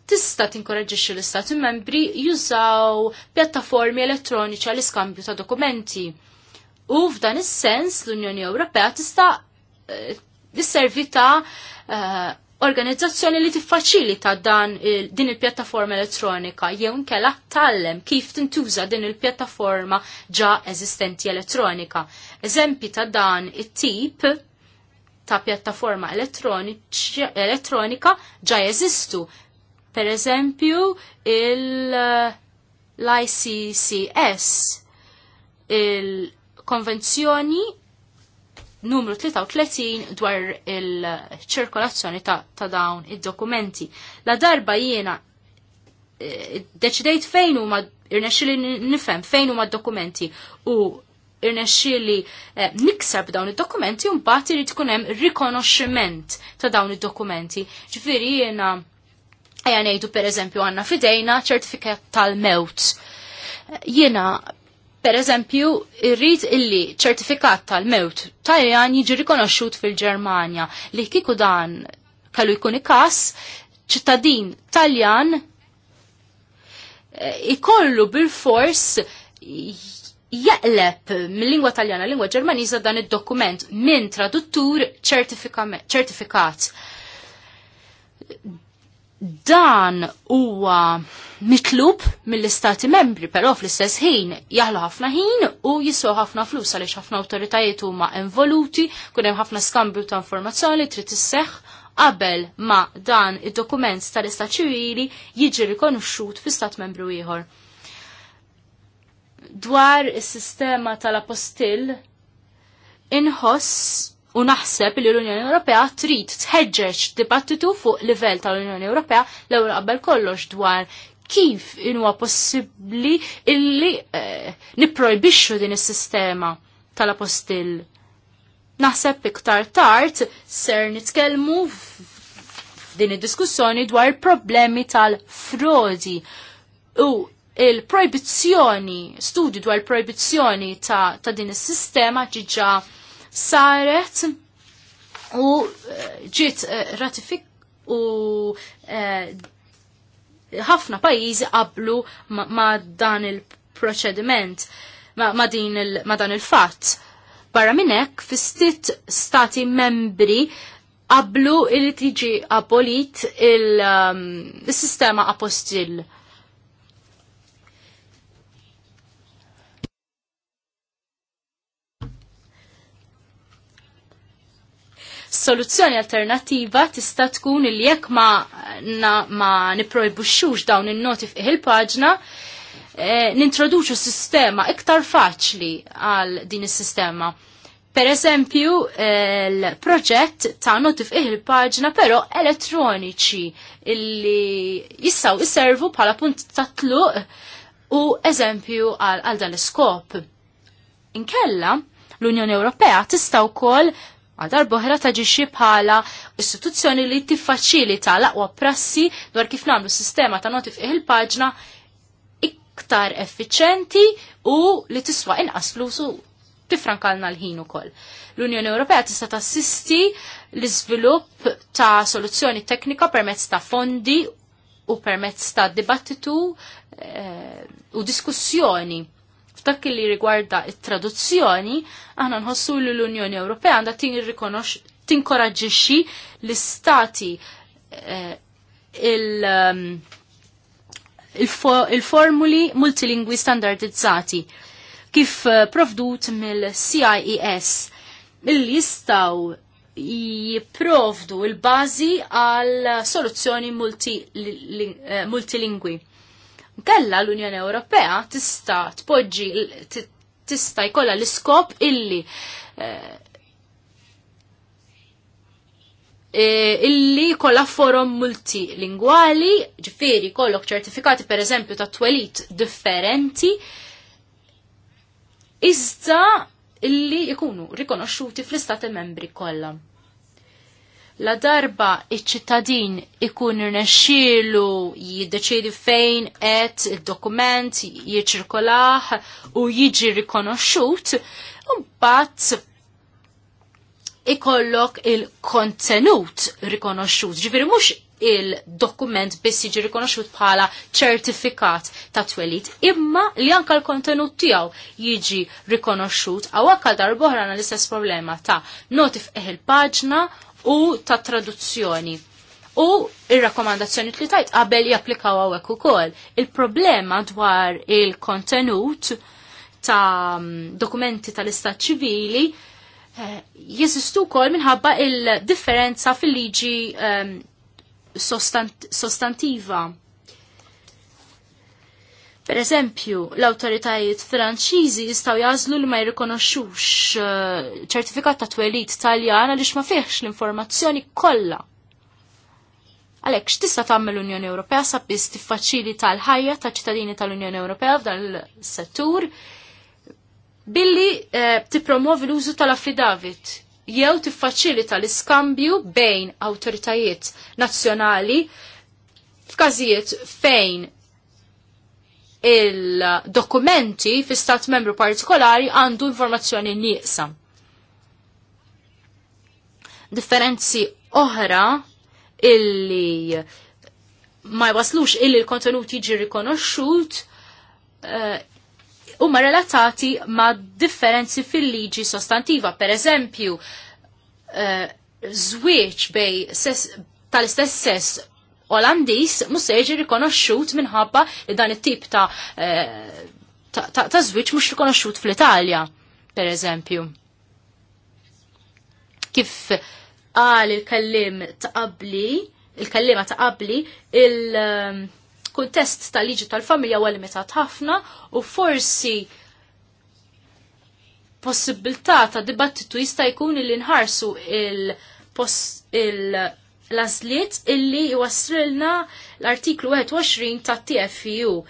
tista' tinkoraġġixxi l-istati membri jużaw pjattaformi elettroniċi għall iskambju ta' dokumenti. U f'dan is-sens l-Unjoni Ewropea tista' eh, tisservi ta' eh, organizzazzjoni li tiffaċilita dan din il-pjattaforma elettronika jew nkella tallem kif tintuża din il-pjattaforma ġa eżistenti elettronika. Eżempi ta' dan it-tip ta' pjattaforma elettronika ġa jeżistu Per eżempju, l-ICCS, il-konvenzjoni numru 33 dwar il-ċirkolazzjoni ta', ta dawn id-dokumenti. La darba jiena eh, deċidejt fejn huma irnexxieli nifhem fejn huma d-dokumenti u irnexxieli eh, niksab dawn id-dokumenti u mbagħad irid ikun hemm rikonoxximent ta' dawn id-dokumenti. Ġifieri jiena Eja nejdu per eżempju għanna fidejna ċertifikat tal-mewt. Jena per eżempju, irrid illi ċertifikat tal-mewt tajjan jiġi rikonoxxut fil-Ġermanja li kiku dan kellu jkun ikas ċittadin taljan eh, ikollu bil-fors jaqleb mill-lingwa taljana lingwa ġermaniża dan id-dokument minn traduttur ċertifikat. Dan huwa mitlub mill-istati membri, però fl-istess ħin jaħlu ħafna ħin u jiswa ħafna flus għaliex ħafna awtoritajiet huma involuti, kun hemm ħafna skambju ta' informazzjoni trid isseħħ qabel ma dan id-dokument tal-istat ċivili jiġi rikonoxxut fl-istat membru ieħor. Dwar is-sistema tal-apostil inħoss U naħseb li l-Unjoni Ewropea trid tħeġġeġ dibattitu fuq livell tal-Unjoni Ewropea l-ewwel qabel kollox dwar kif huwa possibbli illi eh, nipprojbixxu din is-sistema tal-apostil. Naħseb iktar tard ser nitkellmu din id-diskussjoni dwar problemi tal-frodi u il-proibizzjoni, studju dwar il-proibizzjoni ta', ta din is-sistema ġiġa saret u eh, ġiet eh, ratifik u eh, ħafna pajizi pajjiżi qablu ma, dan il-proċediment, ma, dan il-fatt. Barra minnek, fistit stati membri qablu il tiġi ehm, abolit il-sistema apostil. soluzzjoni alternativa tista' tkun li jekk ma, ma niprojbuxux dawn in noti fih il-paġna, eh, nintroduċu sistema iktar faċli għal din is-sistema. Per eżempju, l-proġett ta' noti fih il-paġna però elettroniċi illi jissaw iservu bħala punt ta' tluq u eżempju għal, għal dan l-iskop. Inkella, l-Unjoni Ewropea tista' wkoll għal ta' taġiġi bħala istituzzjoni li tiffaċilita l-aqwa prassi dwar kif nagħmlu sistema ta' notif il-paġna iktar effiċenti u li tiswa inqas flusu tifrankalna l-ħin ukoll. L-Unjoni Ewropea tista' tassisti l-iżvilupp ta' soluzzjoni teknika permezz ta' fondi u permezz ta' dibattitu eh, u diskussjoni F'dak li rigwarda it-traduzzjoni, aħna nħossu li l-Unjoni Ewropea għandha tinkoraġġixxi l-istati eh, il-formuli um, multilingwi standardizzati kif eh, provdut mill-CIES il jistaw jiprovdu il-bazi għal soluzzjoni eh, multilingwi. Multi Kella l-Unjoni Ewropea tista' tpoġġi tista' jkollha l-iskop illi eh, eh, illi kollha forum multilingwali, ġifieri kollok ċertifikati pereżempju ta' twelit differenti, iżda illi jkunu rikonoxxuti fl-istati membri kollha. La darba iċ-ċittadin ikun irnexxielu jiddeċiedi fejn qed id-dokument jiċirkolaħ u jiġi rikonoxxut, mbagħad ikollok il-kontenut rikonoxxut. Ġifieri mhux il-dokument biss jiġi rikonoxxut bħala ċertifikat ta' twelid, imma li anka l-kontenut tiegħu jiġi rikonoxxut għaw aktar darba oħra l-istess problema ta' notif eħ il-paġna u ta' traduzzjoni. U il-rakkomandazzjoni li tajt qabel japplikaw għawek u kol. Il-problema dwar il-kontenut ta' mm, dokumenti tal-istat ċivili eh, jesistu kol minħabba il-differenza fil-liġi um, sostant sostantiva. Per eżempju, l-autoritajiet franċiżi jistaw jażlu li ma jirrikonoxxux eh, ċertifikat ta' twelit Taljan għaliex ma fihx l-informazzjoni kollha. Għalhekk x'tista' tagħmel l-Unjoni Ewropea sabiex tiffaċilita l-ħajja ta' ċittadini tal-Unjoni Ewropea f'dan il-settur billi eh, tippromovi l-użu tal-affidavit jew tiffaċilita l-iskambju bejn awtoritajiet nazzjonali f'każijiet fejn il-dokumenti fi stat membru partikolari għandu informazzjoni nieqsa. Differenzi oħra illi ma jwaslux illi l-kontenut jiġi rikonoxxut eh, huma uh, relatati ma differenzi fil-liġi sostantiva. Per eżempju, uh, eh, zwieċ bej tal-istess sess Olandis mhux se jiġi rikonoxxut minħabba li dan it-tip ta' eh, ta' żwiġ mhux rikonoxxut fl-Italja, per eżempju. Kif qal il-kellim ta' qabli, il-kellima ta' qabli, il-kuntest ehm, tal-liġi tal-familja huwa limitat ħafna u forsi possibilità ta' dibattitu jista' jkun li nħarsu il-post il l aslit illi jwaslilna l-artiklu 21 ta' TFU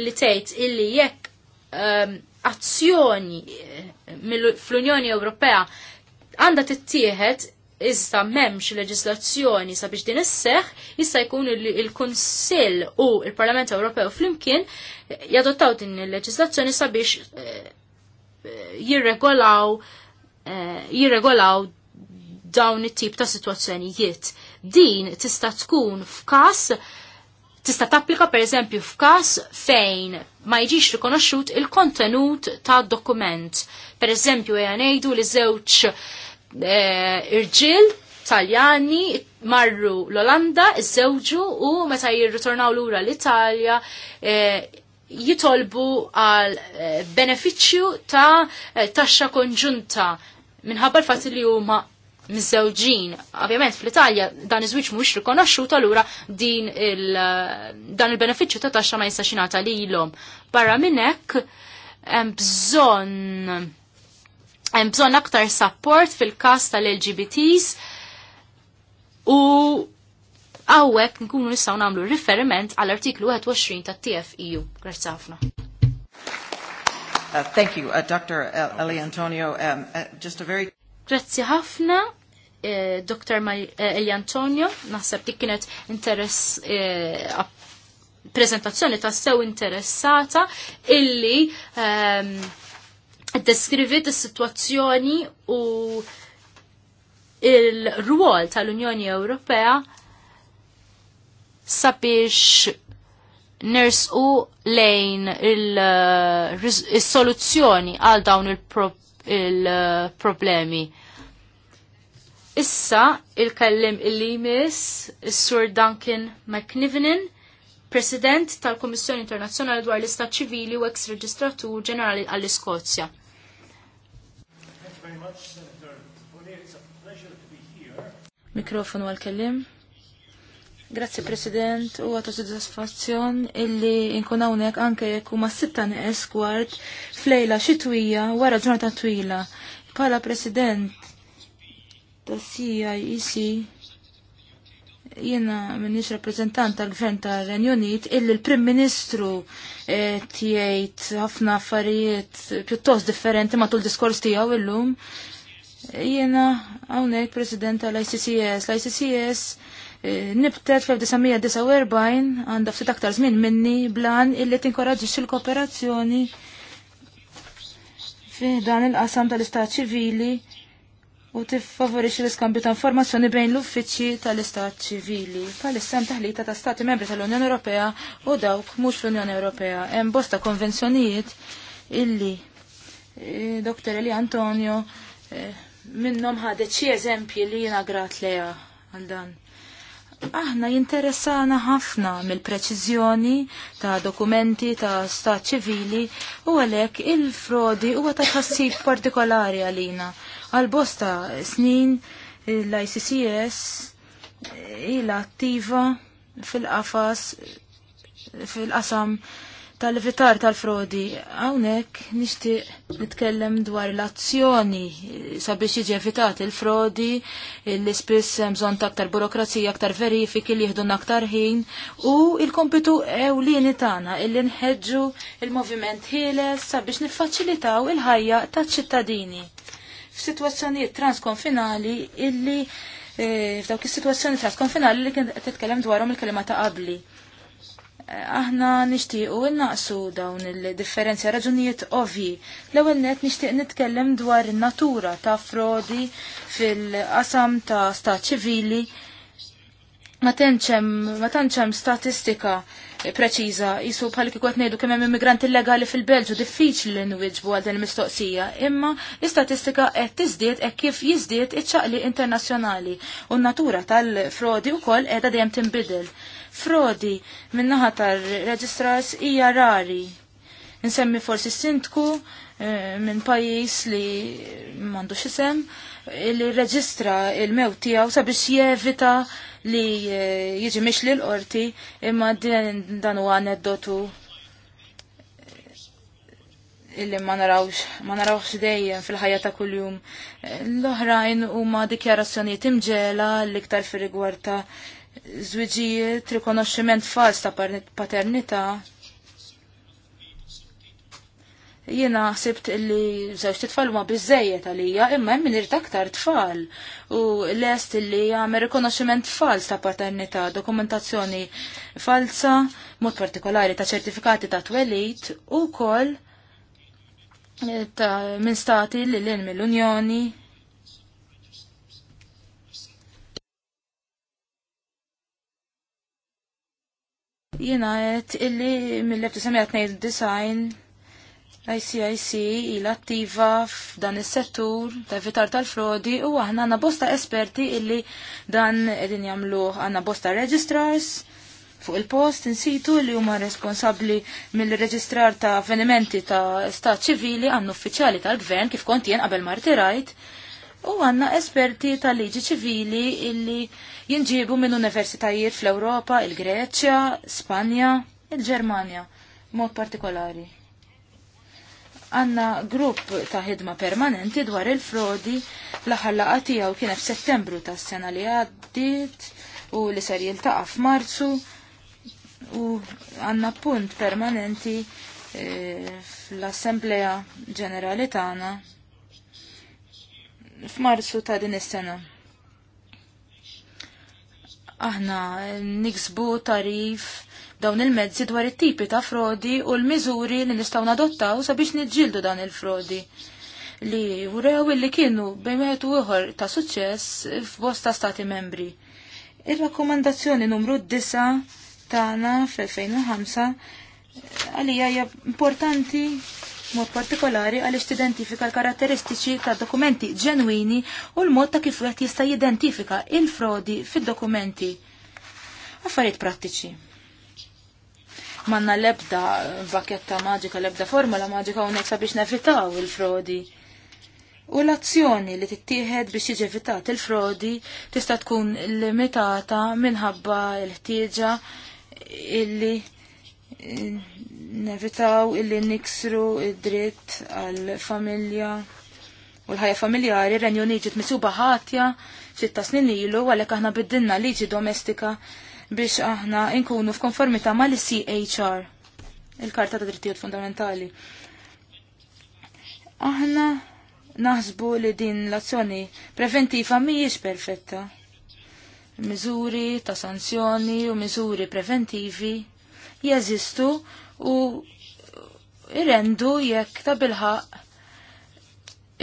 li tgħid illi jekk um, azzjoni eh, fl-Unjoni Ewropea għandha tittieħed iżda memx leġislazzjoni sabiex din is-seħ jista' jkun il-Kunsill u il-Parlament Ewropew flimkien jadottaw din il-leġislazzjoni sabiex eh, jirregolaw eh, jirregolaw dawn it-tip ta' situazzjonijiet din tista' tkun f'każ tista' tapplika pereżempju f'każ fejn ma jiġix rikonoxxut il-kontenut ta' dokument. Pereżempju eja ngħidu li żewġ eh, irġiel Taljani marru l-Olanda, iż-żewġu u meta jirritornaw lura l-Italja eh, jitolbu għal eh, beneficju ta' taxxa konġunta minħabba l-fatt li huma mizzewġin. Ovvjament fl-Italja dan iż-żwieġ mhuwiex rikonoxxut allura din il dan il-benefiċċju ta' taxxa ma jistax jingħata lilhom. Barra minn hekk hemm bżonn hemm bżonn aktar support fil-każ tal-LGBTs u għawek nkunu nistgħu nagħmlu riferiment għall artiklu 21 tat-TFEU. Grazzi ħafna. Uh, thank you, uh, Dr. Eli Antonio. Um, uh, just a very Grazzi ħafna, eh, Dr. Eh, Eli Antonio, naħseb dik kienet interess eh, prezentazzjoni ta' sew interessata illi um, ehm, deskrivit is-sitwazzjoni u il-rwol tal-Unjoni Ewropea sabiex nersqu lejn eh, il-soluzzjoni għal dawn il-problemi il-problemi. Issa il-kellim il-limis, il-Sur Duncan McNivenin, President tal-Komissjoni Internazzjonali dwar l-Istat ċivili u ex-Reġistratur Ġenerali għall-Iskozja. Mikrofon għal-kellim. Grazzi President, u għatu soddisfazzjon illi nkun hawnhekk anke jekk huma sitta neqes kwart flejla xitwija wara ġurnata twila. Pala President ta' CIEC e jiena minix rappreżentant tal-Gvern tal-Renju Unit illi l-Prim Ministru eh, tgħid ħafna affarijiet pjuttost differenti matul diskors tiegħu illum. Jiena hawnhekk President tal-ICCS. L-ICCS Eh, nibtet fl-1949 għandha ftit aktar żmien minni blan illi tinkoraġġix il-kooperazzjoni fi dan il-qasam tal-istat ċivili u tiffavorixxi l-iskambju ta' informazzjoni bejn l-uffiċċji tal-Istat ċivili bħalissa hemm taħlita ta' Stati Membri tal-Unjoni Ewropea u dawk mhux fl-Unjoni Ewropea. Hemm bosta konvenzjonijiet illi eh, Dr. Eli Antonio eh, minnhom ħadet xi eżempji li jiena grat lejha għal dan. Aħna jinteressana ħafna mill-preċiżjoni ta' dokumenti ta' stat ċivili u għalek il-frodi huwa ta' tħassib partikolari għalina. Għal-bosta snin l-ICCS il attiva fil-qafas fil-qasam fil qasam tal-vitar tal-frodi. Hawnhekk nixtieq nitkellem dwar l-azzjoni sabiex jiġi evitat il-frodi, li spiss hemm bżonn ta' aktar burokrazija, aktar verifiki li jihdun aktar ħin u il-kompitu ewlieni tagħna illi nħeġġu il-moviment ħieles sabiex niffaċilitaw il-ħajja taċ-ċittadini F'sitwazzjoni transkonfinali illi eh, f'dawk is-sitwazzjoni transkonfinali li kien titkellem dwarhom il-kelima ta' qabli aħna nishtiqu n-naqsu dawn il-differenzja raġunijiet ovji. L-ewwel net nixtieq nitkellem dwar in-natura ta' frodi fil-qasam ta' stat ċivili. Ma tantx hemm statistika preċiża jisu bħal kieku qed ngħidu kemm hemm immigranti illegali fil-Belġu diffiċli li nwiġbu għal din il-mistoqsija, imma l-istatistika qed tiżdied hekk kif jiżdied iċ-ċaqli internazzjonali u n-natura tal-frodi wkoll qiegħda dejjem tinbidel frodi minnaħa tar-reġistrars hija rari. Insemmi forsi sintku eh, minn pajjiż li m'għandux x'isem li reġistra il-mewt tiegħu sabiex jevita li eh, jiġi li l qorti imma dan huwa aneddotu eh, illi ma narawx, ma narawx dejjem fil-ħajja ta' kuljum. L-oħrajn huma dikjarazzjonijiet imġela l-iktar fir-rigward ta' żwiġijiet, rikonoxximent fals ta' paternità. Jiena sibt illi żewġ titfal huma biżejjed għalija, imma hemm min irid aktar tfal u lest illi jagħmel rikonoxximent fals ta' paternità, dokumentazzjoni falsa, mod partikolari ta' ċertifikati ta' twelid u kol eh, ta' minn stati l unjoni Jena għet illi mill-1992 ICIC il-attiva f'dan is-settur ta' vitar tal-frodi u aħna għanna bosta esperti illi dan edin jagħmluh. għanna bosta registrars fuq il-post insitu li huma responsabli mill-reġistrar ta' avvenimenti ta' stat ċivili għannu uffiċjali tal-gvern kif kont jien qabel martirajt. rajt u għanna esperti tal-liġi ċivili illi jinġibu minn universitajiet fl-Europa, il-Greċja, Spanja, il-Ġermanja, mod partikolari. Għanna grupp ta' ħidma permanenti dwar il-frodi l-ħallaqa tijaw kien f'Settembru ta' s-sena li għaddit u li ser jiltaqa f'Marzu u għanna punt permanenti e, eh, fl-Assembleja Ġenerali tagħna f'Marzu ta' din is-sena. Aħna niksbu tarif dawn il-mezzi dwar it-tipi ta' frodi u l-miżuri li nistgħu nadottaw sabiex niġġieldu dan il-frodi li wrew li kienu bejn wieħed u ieħor ta' suċċess f'bosta stati membri. Ir-rakkomandazzjoni numru 9 tagħna fl-2005 għalija hija importanti mod partikolari għaliex tidentifika l-karatteristiċi ta' dokumenti ġenwini u l-mod ta' kif qed jista' jidentifika il-frodi fid-dokumenti. Affarijiet prattiċi. Manna lebda vaketta maġika, lebda formula maġika unek sabiex nevitaw il-frodi. U l-azzjoni li tittieħed biex jiġi evitat il-frodi tista' tkun limitata minħabba l-ħtieġa illi nevitaw illi niksru id-dritt għal-familja u l-ħajja familjari renju niġit misuba ħatja xitta snin ilu għalek aħna biddinna liġi domestika biex aħna inkunu f'konformità ma l-CHR, il-Karta ta' Drittijiet Fundamentali. Aħna naħsbu li din l-azzjoni preventiva mhijiex perfetta. Miżuri ta' sanzjoni u miżuri preventivi jeżistu u irrendu jekk ta' bilħaq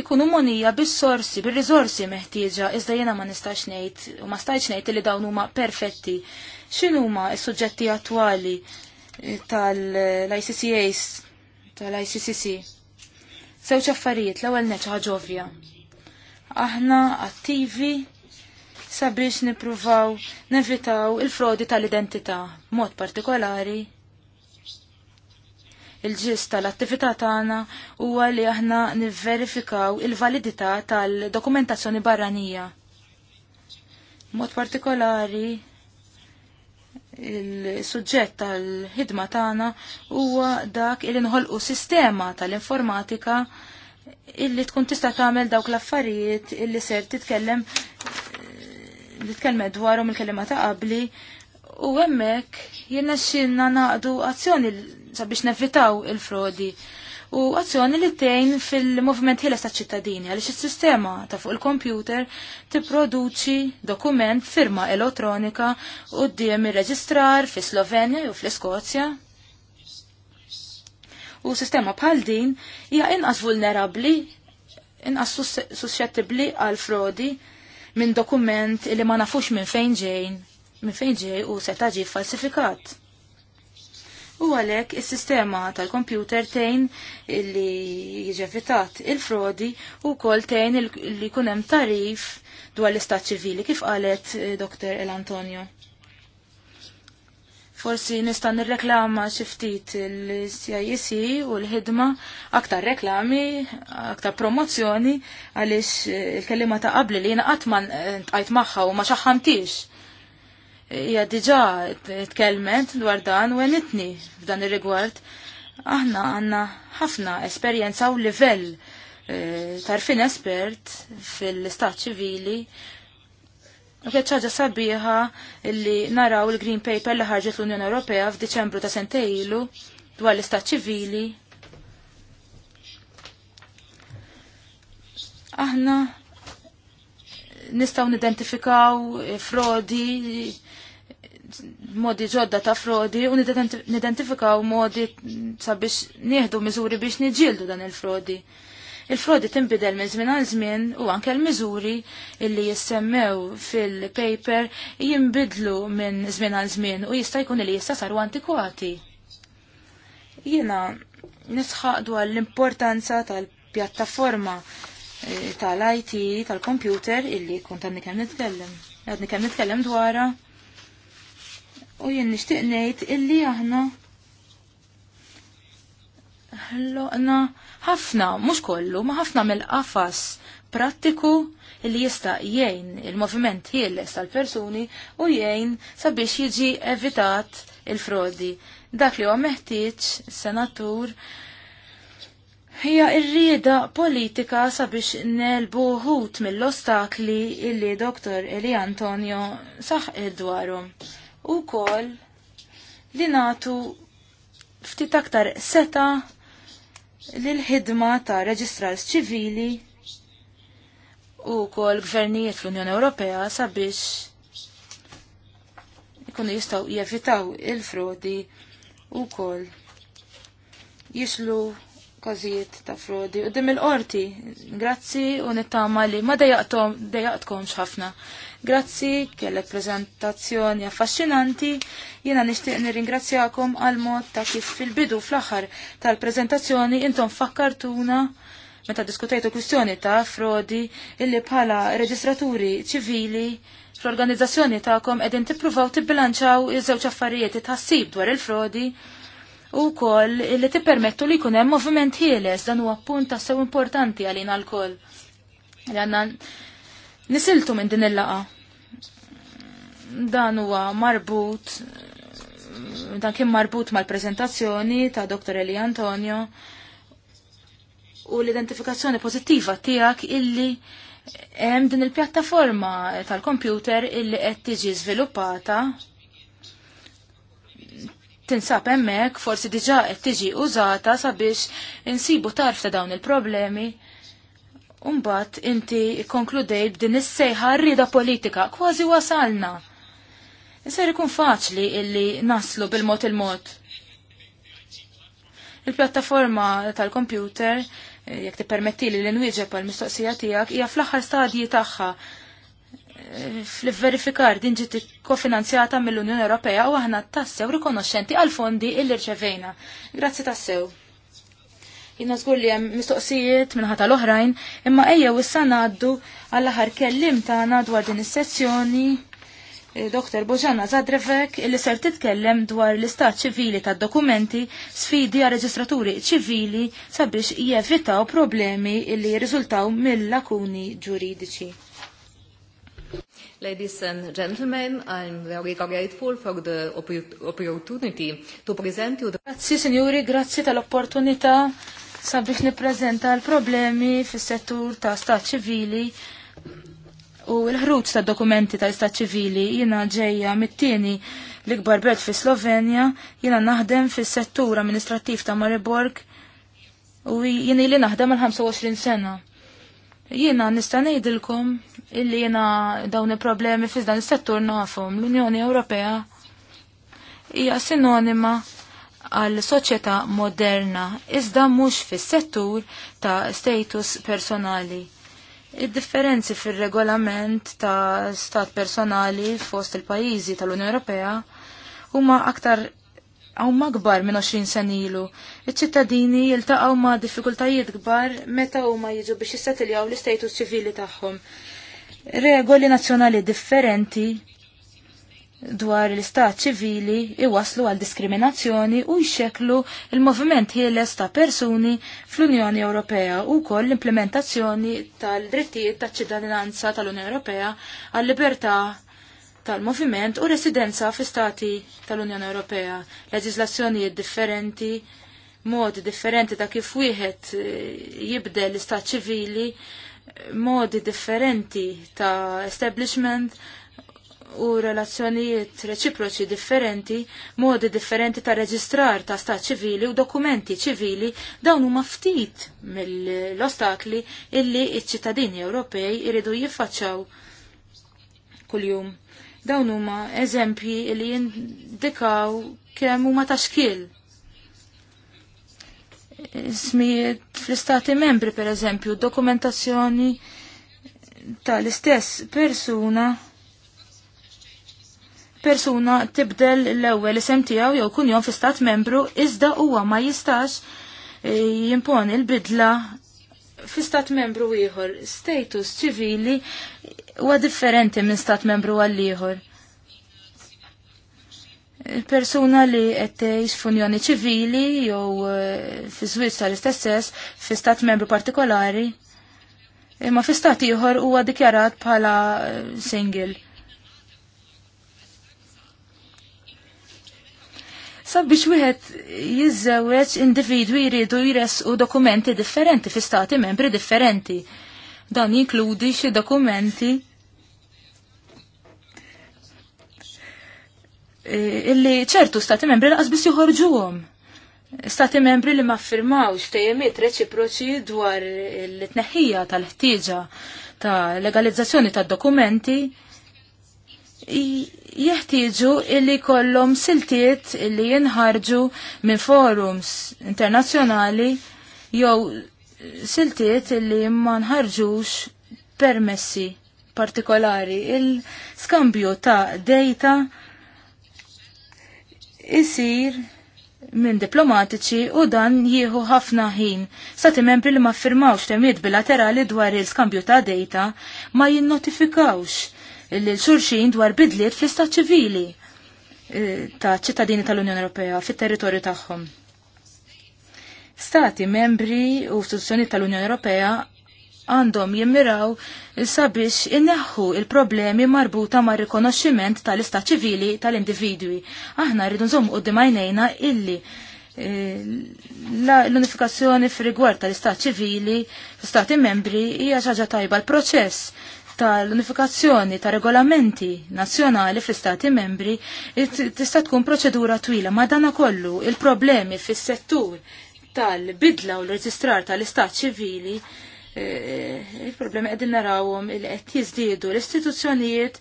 ikunu monija bis-sorsi, bir rizorsi meħtieġa, iżda jena ma nistax ngħid u ma stax ngħid li dawn huma perfetti. X'inhuma s-suġġetti attwali tal-ICCAs, tal-ICCC? Sewċ affarijiet l-ewwel neċ ġovja, Aħna attivi sabiex nipruvaw nevitaw il-frodi tal-identità, mod partikolari il-ġis tal-attività tagħna huwa li aħna nivverifikaw il-validità tal-dokumentazzjoni barranija. Mod partikolari il-suġġett tal-ħidma tagħna huwa dak il inħolqu sistema tal-informatika illi tkun tista' tagħmel dawk l-affarijiet illi ser titkellem li eh, tkellmet dwarhom il-kelima ta' qabli U hemmhekk jenna xinna naqdu azzjoni sabiex nevitaw il-frodi u azzjoni li tgħin fil-movement ħieles ta' ċittadini għaliex is-sistema ta' fuq il-kompjuter tipproduċi dokument firma elettronika u d-diem irreġistrar fi Slovenja u fl skozja U sistema bħal din hija inqas vulnerabbli, inqas suscettibbli għal frodi minn dokument li ma nafux minn fejn ġejn minn fejn ġej u seta' ġi falsifikat. U għalek il-sistema tal-kompjuter tejn li jġevitat il-frodi u kol tejn li kunem tarif dwar l-istat ċivili kif qalet eh, Dr. El Antonio. Forsi nistan nirreklama xiftit il-CIC u l-ħidma aktar reklami, aktar promozzjoni għalix eh, il-kelima ta' qabli li jena għatman tqajt maħħa u ma xaħamtix diġa, diġà kelment dwar dan u għenitni f'dan ir-rigward. Aħna għandna ħafna esperjenza u livell eh, tarfin espert fil-istat ċivili U ħaġa sabiħa illi naraw il-Green Paper li ħarġet l-Unjoni Ewropea f'Diċembru ta' sentejlu dwar l-istat ċivili. Aħna nistaw nidentifikaw frodi modi ġodda ta' frodi u nidentifikaw modi sabiex nieħdu miżuri biex niġildu dan il-frodi. Il-frodi tinbidel minn żmien għal żmien u anke l-miżuri illi jissemmew fil-paper jinbidlu minn żmien għal żmien u jista' jkun li jista' saru antikwati. Jiena nisħaq dwar l-importanza tal-pjattaforma eh, tal-IT, tal-computer illi kont għandni kemm nitkellem. Għadni kemm nitkellem dwarha u jien nixtieq ngħid illi aħna ħloqna ħafna, mhux kollu, ma ħafna mill-qafas prattiku illi jista' jgħin il-moviment ħieles tal-persuni u jgħin sabiex jiġi evitat il-frodi. Dak li huwa meħtieġ senatur hija rrieda politika sabiex nelbu ħut mill-ostakli illi Dr. Eli Antonio saħ dwarhom u kol li natu ftit aktar seta l-ħidma ta' reġistrars ċivili u kol gvernijiet fl-Unjoni Ewropea sabiex ikunu jistaw jevitaw il-frodi u kol jislu kazijiet ta' frodi u dim il-qorti grazzi u nittama li ma dejaqtom dejaqtkom xafna Grazzi, kelle prezentazzjoni affaxxinanti. Jiena nixtieq nirringrazzjakom għal mod ta' kif fil-bidu fl-aħħar tal-prezentazzjoni intom fakkartuna meta diskutajtu kwistjoni ta' frodi illi bħala reġistraturi ċivili fl-organizzazzjoni ta'kom edin tippruvaw tibbilanċaw iż-żewġ affarijiet tħassib dwar il-frodi u kol illi tippermettu li kunem moviment ħieles dan huwa punt tassew importanti għalina l kol Għanna Nisiltu minn din il-laqa. Dan huwa marbut, dan kien marbut mal-prezentazzjoni ta' Dr. Eli Antonio u l-identifikazzjoni pozittiva tiegħek illi hemm din il-pjattaforma tal-kompjuter illi qed tiġi żviluppata tinsab hemmhekk forsi diġà qed tiġi użata sabiex insibu tarf ta' dawn il-problemi Umbat inti konkludejt din is-sejħa rrida politika kważi wasalna. Iser ikun faċli illi naslu bil-mod il-mod. Il-pjattaforma tal-kompjuter eh, jekk tippermetti li l-inwieġeb għal mistoqsija tiegħek hija fl-aħħar stadji tagħha eh, fl-verifikar din ġiet kofinanzjata mill-Unjoni Ewropea u aħna tassew rikonoxxenti għal fondi illi rċevejna. Grazzi tassew. Jina zgur li hemm mistoqsijiet minnħata l-oħrajn, imma ejja issa ngħaddu għall-aħħar kellim tagħna dwar din is sessjoni eh, Dr. Boġana Zadrevek illi ser titkellem dwar l-istat ċivili tad dokumenti sfidi għal reġistraturi ċivili sabiex jevitaw problemi illi jirriżultaw mill-lakuni ġuridiċi. Ladies and gentlemen, I'm very grateful for the opportunity to present you the... Grazie, signori, grazie tal-opportunità sabiex nippreżenta l-problemi fis-settur ta' stat ċivili u l-ħruġ ta' dokumenti ta' stat ċivili jiena ġejja mit-tieni l-ikbar belt fi Slovenja, jiena naħdem fis-settur amministrattiv ta' Mariborg u jina li naħdem għal 25 sena. Jiena nista' ngħidilkom illi jiena dawn il-problemi fi dan is-settur nafhom l-Unjoni Ewropea hija sinonima għal soċjetà moderna iżda mhux fis-settur ta' status personali. Id-differenzi fir-regolament ta' stat personali fost il-pajjiżi tal-Unjoni Ewropea huma aktar għaw ma gbar minn 20 ilu. Iċ-ċittadini jiltaqgħu ma' diffikultajiet kbar meta huma jiġu biex jissettiljaw l-istatus ċivili tagħhom. Regoli nazzjonali differenti dwar l-istat ċivili iwaslu għal diskriminazzjoni u jxeklu il-moviment ħieles ta' persuni fl-Unjoni Ewropea u koll l-implementazzjoni tal-drittijiet ta' ċittadinanza tal-Unjoni Ewropea għal libertà tal-moviment u residenza fi stati tal-Unjoni Ewropea, leġislazzjonijiet differenti, modi differenti ta' kif wieħed eh, jibdel l-istat ċivili, modi differenti ta' establishment, u relazzjonijiet reċiproċi differenti, modi differenti ta' reġistrar ta' stat ċivili u dokumenti ċivili dawn huma ftit mill-ostakli illi iċ-ċittadini Ewropej iridu jiffaċċaw kuljum. Dawn huma eżempji li jindikaw kemm huma ta' xkil. Smijiet fl-istati membri, per eżempju, dokumentazzjoni tal-istess persuna persuna tibdel l-ewwel isem tiegħu jew kun jom fi stat membru iżda huwa ma jistax e, jimpon il-bidla fi stat membru ieħor. Status ċivili huwa differenti minn stat membru għal ieħor. Persuna li qed tgħix f'unjoni ċivili jew e, fi żwieġ tal-istess sess fi stat membru partikolari imma fi stat ieħor huwa dikjarat bħala e, single sabiex wieħed jiżewweġ individwi jridu jresqu dokumenti differenti fi stati membri differenti. Dan jinkludi xi dokumenti e, illi ċertu stati membri laqas biss joħorġuhom. Stati membri li ma affirmawx tejjemiet reċiproċi dwar l-tneħħija tal-ħtieġa ta' legalizzazzjoni tad dokumenti jeħtieġu illi kollhom siltiet illi jinħarġu minn forums internazzjonali jew siltiet illi ma nħarġux permessi partikolari. Il-skambju ta' data isir minn diplomatiċi u dan jieħu ħafna ħin. Sati membri li ma firmawx temiet bilaterali dwar il-skambju ta' data ma jinnotifikawx l surxin dwar bidliet fl-istat ċivili eh, ta' ċittadini tal-Unjoni Ewropea fit-territorju tagħhom. Stati membri u istituzzjoni tal-Unjoni Ewropea għandhom jimmiraw sabiex inneħħu il-problemi marbuta ma' rikonoxximent tal-istat ċivili tal-individwi. Aħna rridu nżomm qudiem għajnejna illi eh, l-unifikazzjoni f'rigward tal-istat ċivili, l-istati membri hija ħaġa tajba l-proċess tal-unifikazzjoni ta' regolamenti nazzjonali fl-istati membri tista' tkun proċedura twila ma' dana kollu il-problemi fis-settur tal-bidla u l-reġistrar tal-istat ċivili eh, il-problemi qegħdin narawhom il qed jiżdiedu l-istituzzjonijiet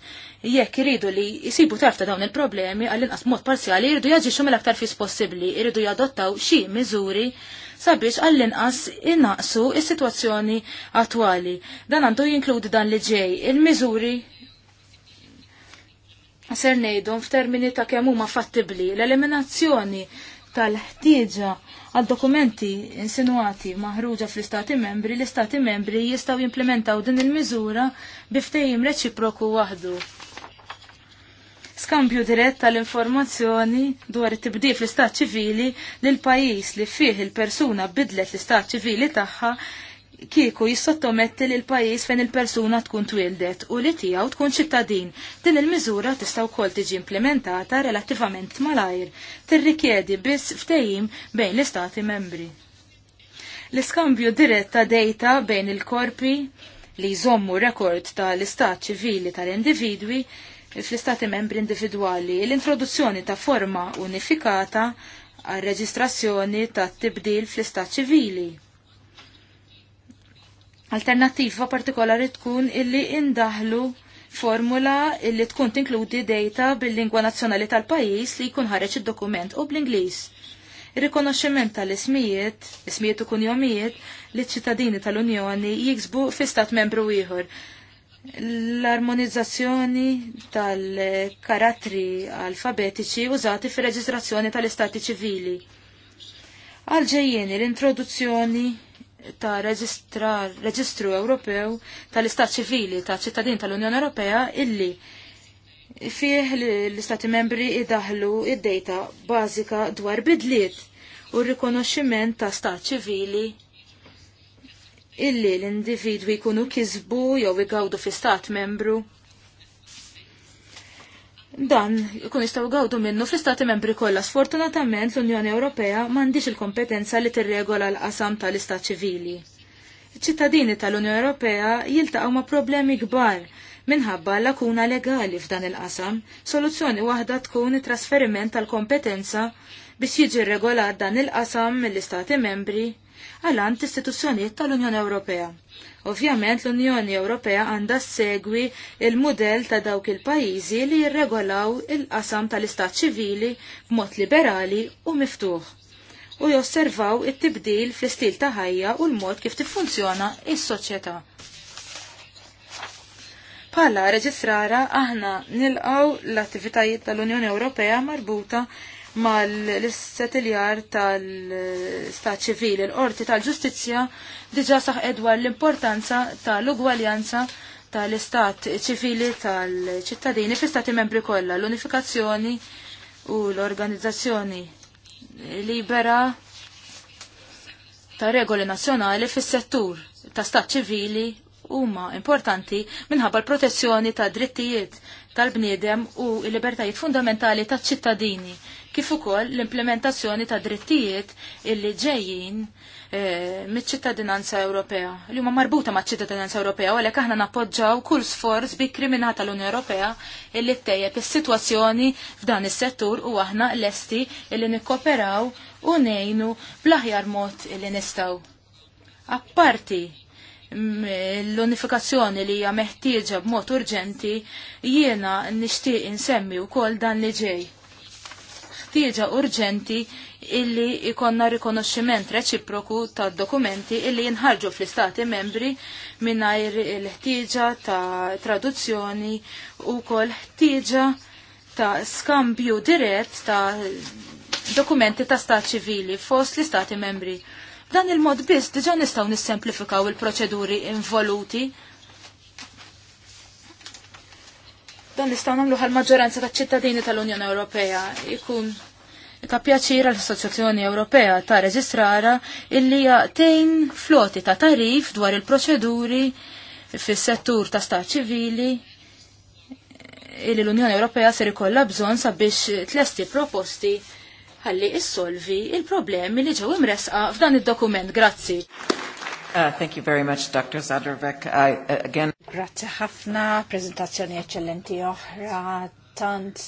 jekk iridu li jisibu taf ta' dawn il-problemi għall-inqas mod parzjali jridu jaġixxu mill-aktar fis possibbli, Iridu jadottaw xi miżuri sabiex għall-inqas innaqsu is-sitwazzjoni attwali. Dan għandu jinkludi dan li ġej il-miżuri ser ngħidhom f'termini ta' kemm huma fattibbli l-eliminazzjoni tal-ħtieġa għal dokumenti insinuati maħruġa fl-istati membri, l-istati membri jistaw jimplementaw din il-miżura biftejim reċiproku waħdu skambju dirett tal-informazzjoni dwar it-tibdil fl-istat ċivili lil pajjiż li fih il-persuna bidlet l-istat ċivili tagħha kieku jissottometti lil pajjiż fejn il-persuna tkun twildet u li tiegħu tkun ċittadin. Din il-miżura tista' wkoll tiġi implementata relattivament malajr, tirrikjedi biss ftehim bejn l-istati membri. L-iskambju dirett ta' dejta bejn il-korpi li jżommu rekord tal-istat ċivili tal-individwi fl-istati membri individuali l-introduzzjoni ta' forma unifikata għal reġistrazzjoni ta' tibdil fl-istat ċivili. Alternativa partikolari tkun illi indaħlu formula illi tkun tinkludi data bil-lingwa nazzjonali tal-pajis li jkun ħareġ id-dokument u bl-Ingliż. Ir-rikonoxximent tal-ismijiet, ismijiet u kunjomijiet li ċ-ċittadini tal-Unjoni jiksbu fi stat membru ieħor l-armonizzazzjoni tal karatri alfabetiċi użati fir reġistrazzjoni tal-istati ċivili. Għalġejjeni l-introduzzjoni ta' reġistru Ewropew tal-istat ċivili ta' ċittadin tal-Unjoni Ewropea illi fih l-istati membri idaħlu id-data bażika dwar bidliet u r rikonoxximent ta' stat ċivili illi l-individwi jkunu kizbu jew igawdu fi stat membru. Dan jkun jistgħu gawdu minnu fl-istati membri kollha. Sfortunatament l-Unjoni Ewropea m'għandix il-kompetenza li tirregola l-qasam tal-istat ċivili. Iċ-ċittadini tal-Unjoni Ewropea jiltaqgħu ma' problemi kbar minħabba lakuna legali f'dan il-qasam, soluzzjoni waħda tkun it-trasferiment tal-kompetenza biex jiġi regolat dan il-qasam mill-istati membri għall-għant istituzzjonijiet tal-Unjoni Ewropea. Ovvjament l-Unjoni Ewropea għandha segwi il-modell ta' dawk il-pajjiżi li jirregolaw il-qasam tal-istat ċivili b'mod liberali u miftuħ u josservaw it-tibdil fl-istil ta' ħajja u l-mod kif tiffunzjona is-soċjetà. Pala reġistrara aħna nilqaw l-attivitajiet tal-Unjoni Ewropea marbuta mal-settiljar tal-stat ċivili. L-Qorti tal-Ġustizzja diġa saħ l-importanza tal-ugwaljanza tal-istat ċivili tal-ċittadini fl-istati membri kollha l-unifikazzjoni u l-organizzazzjoni libera ta' regoli nazzjonali fis-settur ta' stat ċivili huma importanti minħabba l-protezzjoni ta' drittijiet tal-bniedem u l-libertajiet fundamentali ta' ċittadini kif ukoll l-implementazzjoni ta' drittijiet illi ġejjin e, miċ-ċittadinanza Ewropea. Li huma marbuta maċ-ċittadinanza Ewropea, għalhekk aħna nappoġġaw kull sforz bi kriminata tal-Unjoni Ewropea illi ttejjeb is-sitwazzjoni f'dan is-settur u aħna lesti illi nikkoperaw u ngħinu bl-aħjar mod illi nistgħu. Apparti l-unifikazzjoni li hija meħtieġa b'mod urġenti jiena nixtieq insemmi wkoll dan li ġej ħtieġa urġenti illi ikonna rikonoxximent reċiproku ta' dokumenti illi jinħarġu fl-istati membri minnajr l-ħtieġa ta' traduzzjoni u kol ħtieġa ta' skambju dirett ta' dokumenti ta' stat ċivili fost l-istati membri. Dan il-mod biss diġa nistaw nissemplifikaw il-proċeduri involuti dan nistgħu nagħmlu għall-maġġoranza taċ-ċittadini tal-Unjoni Ewropea jkun ta' pjaċir l-Assoċjazzjoni Ewropea ta' Reġistrara illi jaqtejn floti ta' tarif dwar il-proċeduri fis-settur ta' stat ċivili illi l-Unjoni Ewropea ser ikollha bżonn sabiex tlesti proposti ħalli issolvi il-problemi li ġew imresqa f'dan id-dokument. Grazzi. Uh, thank you very much, Dr. Zadrovek. I, uh, again... Grazie ħafna, prezentazzjoni eccellenti oħra, tant